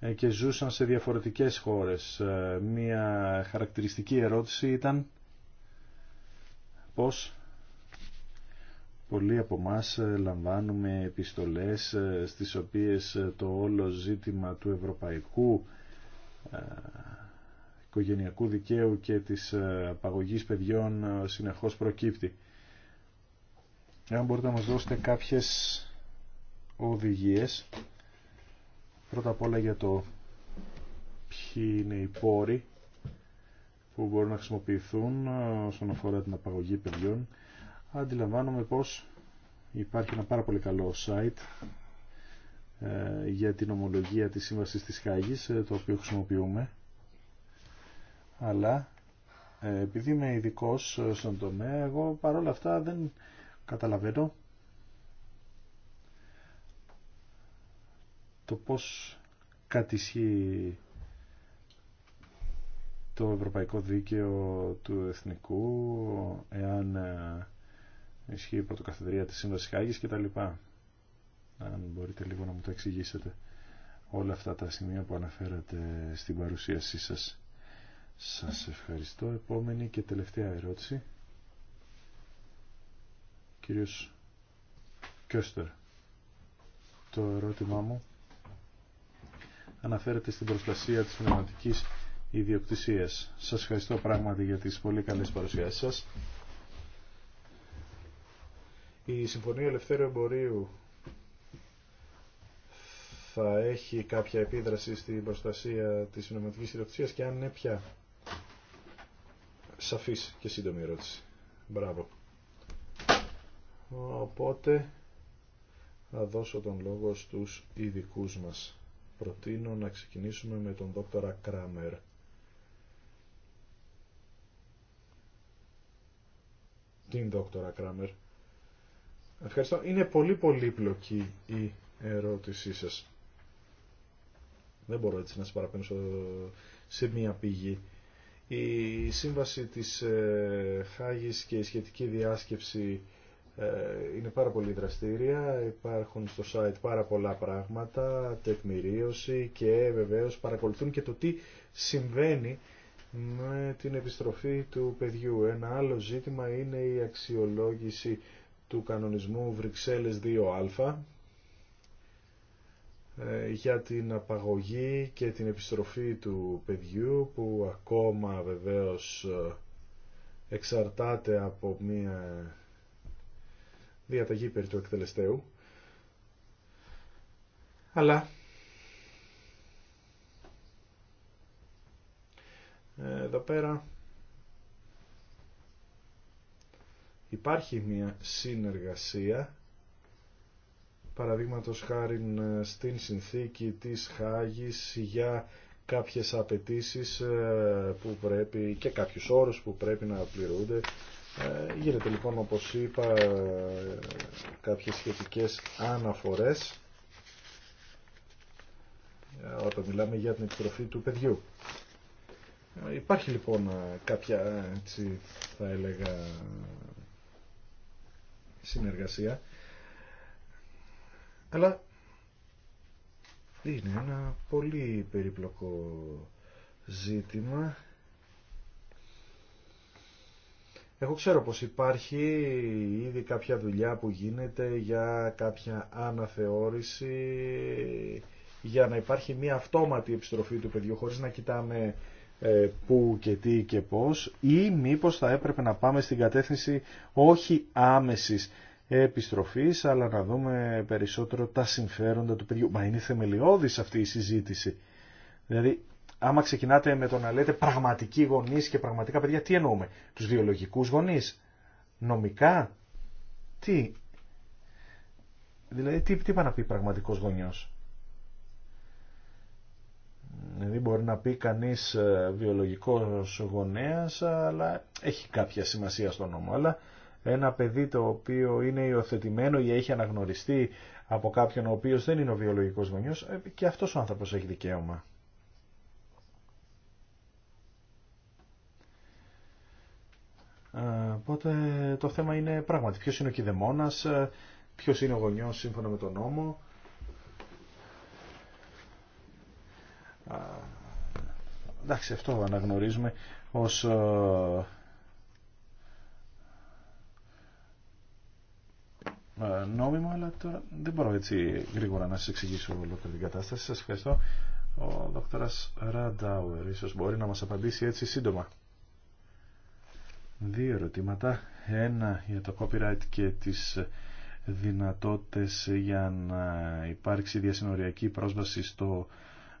ε, και ζούσαν σε διαφορετικές χώρες. Ε, μια χαρακτηριστική ερώτηση ήταν πως πολλοί από εμά ε, λαμβάνουμε επιστολές ε, στις οποίες ε, το όλο ζήτημα του ευρωπαϊκού οικογενειακού δικαίου και της απαγωγής παιδιών συνεχώς προκύπτει. Εάν μπορείτε να μας δώσετε κάποιες οδηγίες, πρώτα απ' όλα για το ποιοι είναι οι πόροι που μπορούν να χρησιμοποιηθούν ε, όσον αφορά την απαγωγή παιδιών. Αντιλαμβάνομαι πως υπάρχει ένα πάρα πολύ καλό site ε, για την ομολογία της Σύμβασης της Χάγης, ε, το οποίο χρησιμοποιούμε. Αλλά επειδή είμαι ειδικό στον τομέα, εγώ παρόλα αυτά δεν καταλαβαίνω το πώς κατησχύει το ευρωπαϊκό δίκαιο του εθνικού, εάν ε, ισχύει η πρωτοκαθεδρία της Σύμβασης Χάγης κτλ. Αν μπορείτε λίγο να μου το εξηγήσετε όλα αυτά τα σημεία που αναφέρατε στην παρουσίασή σας. Σας ευχαριστώ. Επόμενη και τελευταία ερώτηση. Κύριος Κιώστερ, το ερώτημά μου αναφέρεται στην προστασία της πνευματικής ιδιοκτησίες. Σας ευχαριστώ πράγματι για τις πολύ καλές παρουσιάσεις σας. Η Συμφωνία Ελευθέρου Εμπορίου θα έχει κάποια επίδραση στην προστασία της πνευματικής ιδιοκτησίας και αν είναι πια. Σαφής και σύντομη ερώτηση. Μπράβο. Οπότε θα δώσω τον λόγο στους ειδικού μας. Προτείνω να ξεκινήσουμε με τον δόκτορα Κράμερ. την Κράμερ. Ευχαριστώ. Είναι πολύ πολύπλοκη η ερώτησή σας. Δεν μπορώ έτσι να σας παραπέμψω σε μία πηγή. Η σύμβαση της ε, Χάγης και η σχετική διάσκεψη ε, είναι πάρα πολύ δραστήρια. Υπάρχουν στο site πάρα πολλά πράγματα, τεκμηρίωση και βεβαίως παρακολουθούν και το τι συμβαίνει με την επιστροφή του παιδιού. Ένα άλλο ζήτημα είναι η αξιολόγηση του κανονισμού Βρυξέλλες 2α ε, για την απαγωγή και την επιστροφή του παιδιού που ακόμα βεβαίως ε, εξαρτάται από μια διαταγή περί του εκτελεστέου αλλά Ε, εδώ πέρα υπάρχει μια συνεργασία παραδείγματος χάρη ε, στην συνθήκη της Χάγης για κάποιες απαιτήσεις ε, που πρέπει και κάποιους όρους που πρέπει να πληρούνται. Γίνεται λοιπόν όπως είπα κάποιες σχετικές αναφορές όταν μιλάμε για την εκτροφή του παιδιού. Υπάρχει λοιπόν ε, κάποια, ε, έτσι θα έλεγα, συνεργασία. Αλλά είναι ένα πολύ περίπλοκο ζήτημα. Εγώ ξέρω πως υπάρχει ήδη κάποια δουλειά που γίνεται για κάποια αναθεώρηση για να υπάρχει μια αυτόματη επιστροφή του παιδιού χωρίς να κοιτάμε ε, πού και τι και πώς ή μήπως θα έπρεπε να πάμε στην κατεύθυνση όχι άμεσης επιστροφής αλλά να δούμε περισσότερο τα συμφέροντα του παιδιού. Μα είναι θεμελιώδης αυτή η συζήτηση. Δηλαδή άμα ξεκινάτε με το να λέτε πραγματικοί γονείς και πραγματικά παιδιά τι εννοούμε. Τους βιολογικούς γονείς. Νομικά. Τι. Δηλαδή τι, τι είπα να πει πραγματικός γονιός. Δηλαδή μπορεί να πει κανείς ε, βιολογικός γονέας, αλλά έχει κάποια σημασία στο νόμο. Αλλά ένα παιδί το οποίο είναι υιοθετημένο ή έχει αναγνωριστεί από κάποιον ο οποίος δεν είναι ο βιολογικός γονιός, ε, και αυτός ο άνθρωπος έχει δικαίωμα. Ε, οπότε το θέμα είναι πράγματι ποιος είναι ο κηδεμόνας, ποιος είναι ο γονιός σύμφωνα με τον νόμο εντάξει αυτό αναγνωρίζουμε ως ε, ε, νόμιμο, αλλά τώρα δεν μπορώ έτσι γρήγορα να σας εξηγήσω ολόκληρη την κατάσταση. Σας ευχαριστώ. Ο δόκτωρας Ραντάουερ ίσως μπορεί να μας απαντήσει έτσι σύντομα. Δύο ερωτήματα. Ένα για το copyright και τις δυνατότητες για να υπάρξει διασυνοριακή πρόσβαση στο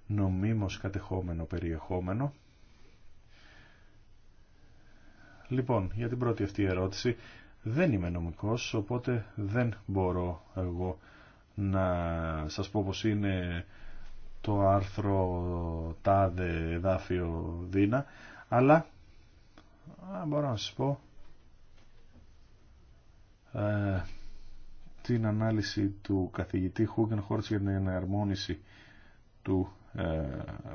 νομίμως κατεχόμενο περιεχόμενο. Λοιπόν, για την πρώτη αυτή ερώτηση δεν είμαι νομικός, οπότε δεν μπορώ εγώ να σας πω πως είναι το άρθρο τάδε εδάφιο δίνα, αλλά μπορώ να σας πω ε, την ανάλυση του καθηγητή Χούγκεν Χόρτς για την εναρμόνιση του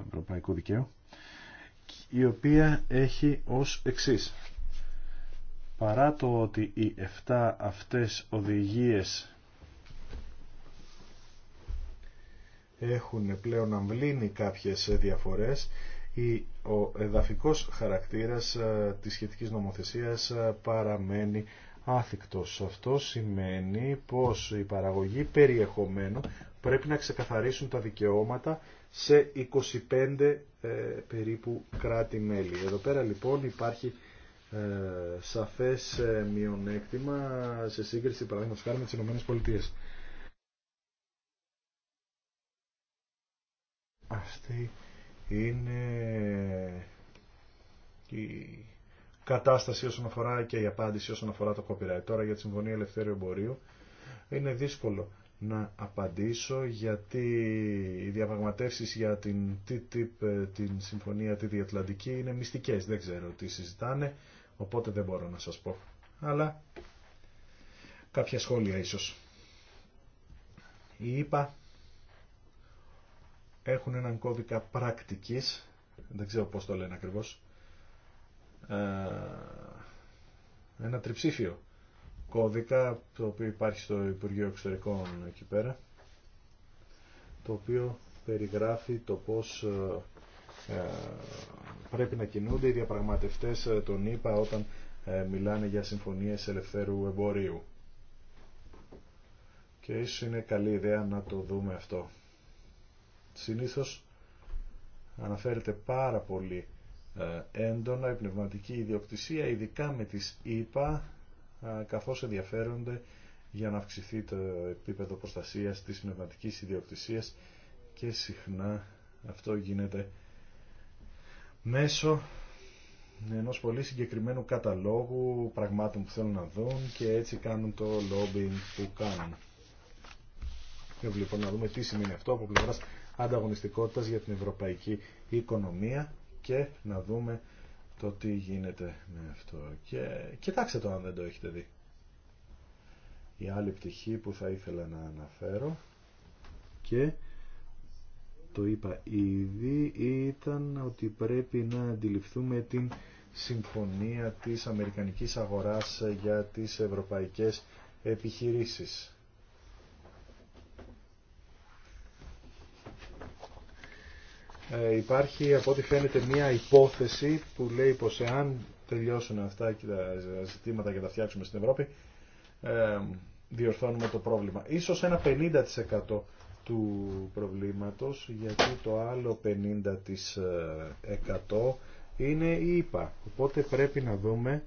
Ευρωπαϊκού Δικαίου η οποία έχει ως εξής παρά το ότι οι 7 αυτές οδηγίες έχουν πλέον αμβλύνει κάποιες διαφορές ο εδαφικός χαρακτήρας ε, της σχετικής νομοθεσίας ε, παραμένει άθικτος. Αυτό σημαίνει πως η παραγωγή περιεχομένου πρέπει να ξεκαθαρίσουν τα δικαιώματα σε 25 ε, περίπου κράτη-μέλη. Εδώ πέρα λοιπόν υπάρχει ε, σαφές ε, μειονέκτημα σε σύγκριση παραδείγματος χάρη με τις Πολιτείες. Αυτή είναι η κατάσταση όσον αφορά και η απάντηση όσον αφορά το copyright. Τώρα για τη Συμφωνία Ελευθέρω Εμπορίου είναι δύσκολο να απαντήσω γιατί οι διαπραγματεύσεις για την TTIP, ε, την συμφωνία τη Διατλαντική είναι μυστικές, δεν ξέρω τι συζητάνε, οπότε δεν μπορώ να σας πω. Αλλά κάποια σχόλια ίσως. Οι ΙΠΑ έχουν έναν κώδικα πρακτικής, δεν ξέρω πώς το λένε ακριβώς, ε, ένα τριψήφιο κώδικα το οποίο υπάρχει στο Υπουργείο Εξωτερικών εκεί πέρα το οποίο περιγράφει το πώς ε, ε, πρέπει να κινούνται οι διαπραγματευτές ε, των ΗΠΑ όταν μιλάνε για συμφωνίες ελευθέρου εμπορίου. Και ίσως είναι καλή ιδέα να το δούμε αυτό. Συνήθως αναφέρεται πάρα πολύ έντονα η πνευματική ιδιοκτησία, ειδικά με τις ΗΠΑ καθώς ενδιαφέρονται για να αυξηθεί το επίπεδο προστασίας της πνευματική ιδιοκτησίας και συχνά αυτό γίνεται μέσω ενός πολύ συγκεκριμένου καταλόγου πραγμάτων που θέλουν να δουν και έτσι κάνουν το lobbying που κάνουν. Και λοιπόν να δούμε τι σημαίνει αυτό από πλευράς ανταγωνιστικότητας για την ευρωπαϊκή οικονομία και να δούμε το τι γίνεται με αυτό. Και κοιτάξτε το αν δεν το έχετε δει. Η άλλη πτυχή που θα ήθελα να αναφέρω και το είπα ήδη ήταν ότι πρέπει να αντιληφθούμε την συμφωνία της Αμερικανικής αγοράς για τις ευρωπαϊκές επιχειρήσεις. Ε, υπάρχει από ό,τι φαίνεται μια υπόθεση που λέει πως εάν τελειώσουν αυτά και τα ζητήματα και τα φτιάξουμε στην Ευρώπη ε, διορθώνουμε το πρόβλημα. Ίσως ένα 50% του προβλήματος γιατί το άλλο 50% είναι η ΙΠΑ. Οπότε πρέπει να δούμε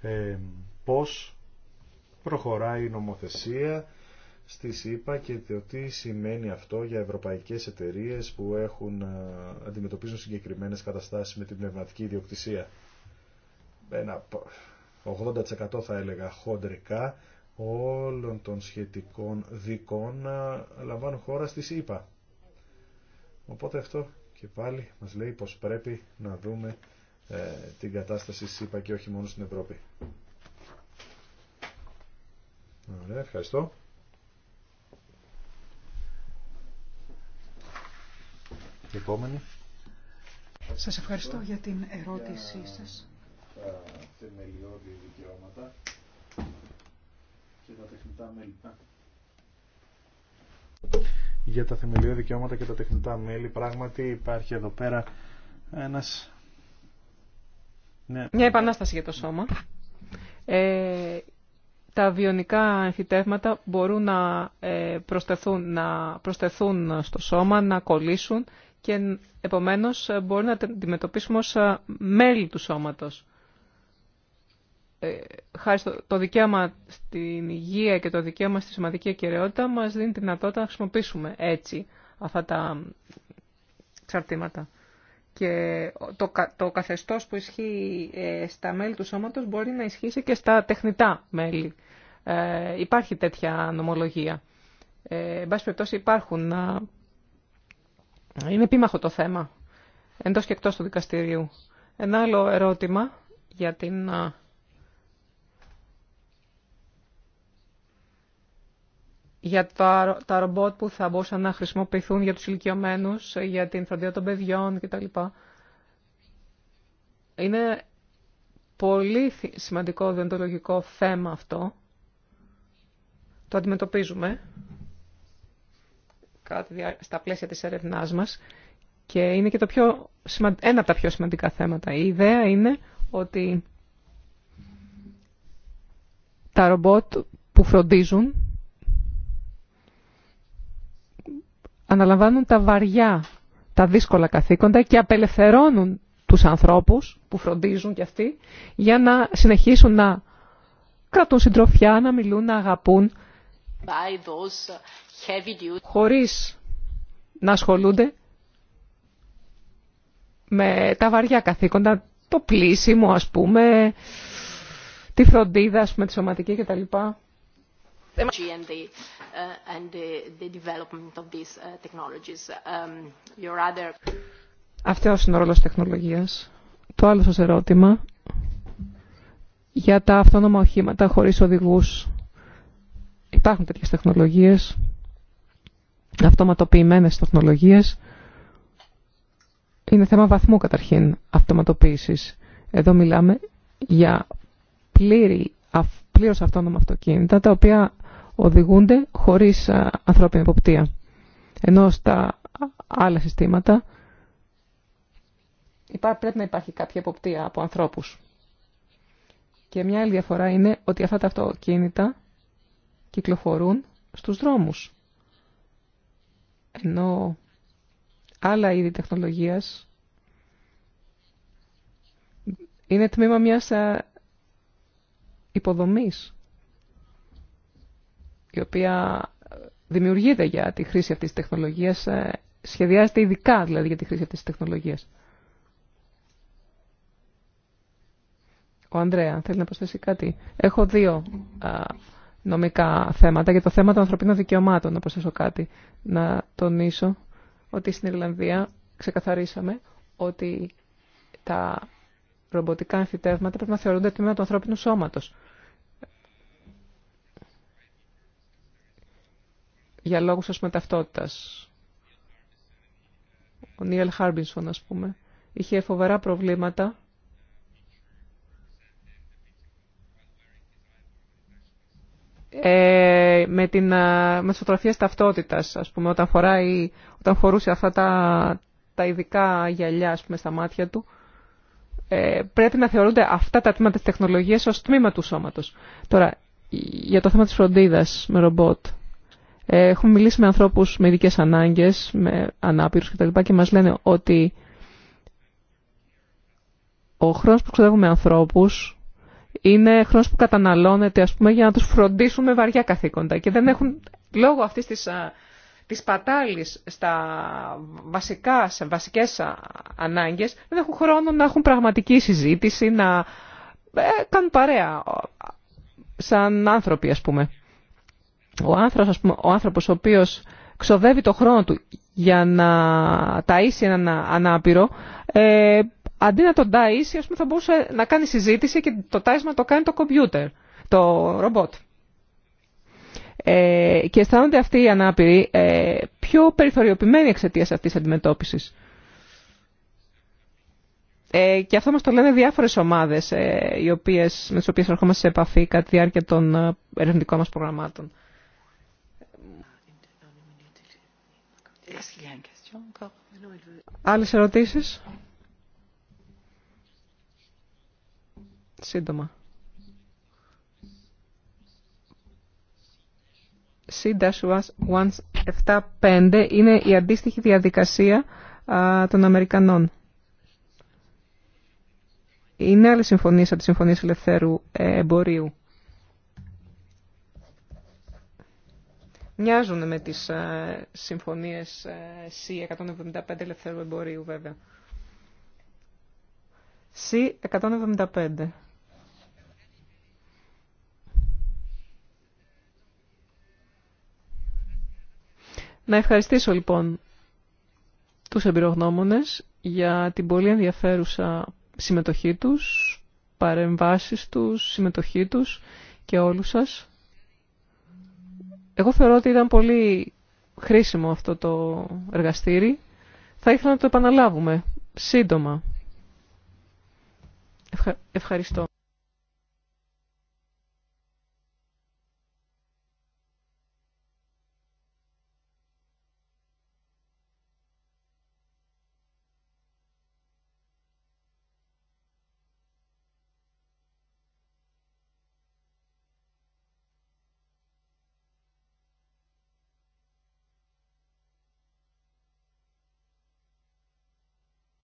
ε, πώς προχωράει η νομοθεσία, στη ΣΥΠΑ και το τι σημαίνει αυτό για ευρωπαϊκές εταιρείες που έχουν, ε, αντιμετωπίζουν συγκεκριμένες καταστάσεις με την πνευματική ιδιοκτησία. Ένα 80% θα έλεγα χοντρικά όλων των σχετικών δικών ε, λαμβάνουν χώρα στη ΣΥΠΑ. Οπότε αυτό και πάλι μας λέει πως πρέπει να δούμε ε, την κατάσταση στη ΣΥΠΑ και όχι μόνο στην Ευρώπη. Ωραία, ευχαριστώ. επόμενη. Σας ευχαριστώ για την ερώτησή σας. θεμελιώδη δικαιώματα και τα μέλη. Για τα θεμελιώδη δικαιώματα και τα τεχνητά μέλη πράγματι υπάρχει εδώ πέρα ένας... Ναι. Μια επανάσταση για το σώμα. Ε, τα βιονικά εμφυτεύματα μπορούν να, ε, να προστεθούν στο σώμα, να κολλήσουν και επομένως ε, μπορεί να την αντιμετωπίσουμε ως ε, μέλη του σώματος. Ε, χάρη στο το δικαίωμα στην υγεία και το δικαίωμα στη σημαντική ακαιρεότητα μας δίνει τη δυνατότητα να χρησιμοποιήσουμε έτσι αυτά τα εξαρτήματα. Και το, το καθεστώς που ισχύει στα μέλη του σώματος μπορεί να ισχύσει και στα τεχνητά μέλη. Ε, υπάρχει τέτοια νομολογία. Ε, εν πάση περιπτώσει υπάρχουν είναι επίμαχο το θέμα, εντός και εκτός του δικαστηρίου. Ένα άλλο ερώτημα για την... για τα, τα ρομπότ που θα μπορούσαν να χρησιμοποιηθούν για τους ηλικιωμένου, για την φροντίδα των παιδιών κτλ. Είναι πολύ σημαντικό διοντολογικό θέμα αυτό. Το αντιμετωπίζουμε στα πλαίσια της έρευνά μας και είναι και το πιο ένα από τα πιο σημαντικά θέματα. Η ιδέα είναι ότι τα ρομπότ που φροντίζουν αναλαμβάνουν τα βαριά, τα δύσκολα καθήκοντα και απελευθερώνουν τους ανθρώπους που φροντίζουν και αυτοί για να συνεχίσουν να κρατούν συντροφιά, να μιλούν, να αγαπούν. those χωρίς να ασχολούνται με τα βαριά καθήκοντα, το πλήσιμο ας πούμε, τη φροντίδα ας πούμε, τη σωματική κτλ. Αυτό είναι ο ρόλος τεχνολογίας. Το άλλο σας ερώτημα για τα αυτόνομα οχήματα χωρίς οδηγούς. Υπάρχουν τέτοιες τεχνολογίες αυτοματοποιημένες τεχνολογίες. Είναι θέμα βαθμού καταρχήν αυτοματοποίησης. Εδώ μιλάμε για πλήρη, πλήρως αυτόνομα αυτοκίνητα, τα οποία οδηγούνται χωρίς ανθρώπινη εποπτεία. Ενώ στα άλλα συστήματα πρέπει να υπάρχει κάποια εποπτεία από ανθρώπους. Και μια άλλη διαφορά είναι ότι αυτά τα αυτοκίνητα κυκλοφορούν στους δρόμους ενώ άλλα είδη τεχνολογίας είναι τμήμα μιας υποδομής η οποία δημιουργείται για τη χρήση αυτής της τεχνολογίας, ε, σχεδιάζεται ειδικά δηλαδή για τη χρήση αυτής της τεχνολογίας. Ο Ανδρέα θέλει να προσθέσει κάτι. Έχω δύο νομικά θέματα, για το θέμα των ανθρωπίνων δικαιωμάτων, να προσθέσω κάτι. Να τονίσω ότι στην Ιρλανδία ξεκαθαρίσαμε ότι τα ρομποτικά εμφυτεύματα πρέπει να θεωρούνται τμήμα του ανθρώπινου σώματος. Για λόγους, ας πούμε, ταυτότητας. Ο Νίελ Χάρμπινσον, ας πούμε, είχε φοβερά προβλήματα ε, με, την, ε, με τις φωτογραφίες ταυτότητας, ας πούμε, όταν, φοράει, όταν φορούσε αυτά τα, τα ειδικά γυαλιά, ας πούμε, στα μάτια του, ε, πρέπει να θεωρούνται αυτά τα τμήματα της τεχνολογίας ως τμήμα του σώματος. Τώρα, για το θέμα της φροντίδας με ρομπότ, ε, έχουμε μιλήσει με ανθρώπους με ειδικέ ανάγκες, με ανάπηρους κτλ. Και, και μας λένε ότι ο χρόνος που ξοδεύουμε ανθρώπους είναι χρόνος που καταναλώνεται ας πούμε, για να τους φροντίσουμε βαριά καθήκοντα και δεν έχουν λόγω αυτής της, της πατάλης στα βασικά, σε βασικές ανάγκες δεν έχουν χρόνο να έχουν πραγματική συζήτηση, να ε, κάνουν παρέα σαν άνθρωποι ας πούμε. Ο άνθρωπος, ο, άνθρωπος ο οποίος ξοδεύει το χρόνο του για να ταΐσει έναν ανάπηρο ε, αντί να τον τάσει, ας πούμε, θα μπορούσε να κάνει συζήτηση και το τάισμα το κάνει το κομπιούτερ, το ρομπότ. Ε, και αισθάνονται αυτοί οι ανάπηροι ε, πιο περιθωριοποιημένοι εξαιτία αυτή τη αντιμετώπιση. Ε, και αυτό μας το λένε διάφορες ομάδες ε, οι οποίες, με τις οποίες ερχόμαστε σε επαφή κατά τη διάρκεια των ε, ερευνητικών μας προγραμμάτων. Άλλες ερωτήσεις? σύντομα. C-175 είναι η αντίστοιχη διαδικασία των Αμερικανών. Είναι άλλη συμφωνία από τη Συμφωνία Ελευθέρου ε, Εμπορίου. Μοιάζουν με τις ε, συμφωνίες ε, C-175 Ελευθέρου Εμπορίου βέβαια. C-175. Να ευχαριστήσω λοιπόν τους εμπειρογνώμονες για την πολύ ενδιαφέρουσα συμμετοχή τους, παρεμβάσεις τους, συμμετοχή τους και όλους σας. Εγώ θεωρώ ότι ήταν πολύ χρήσιμο αυτό το εργαστήρι. Θα ήθελα να το επαναλάβουμε σύντομα. Ευχαριστώ.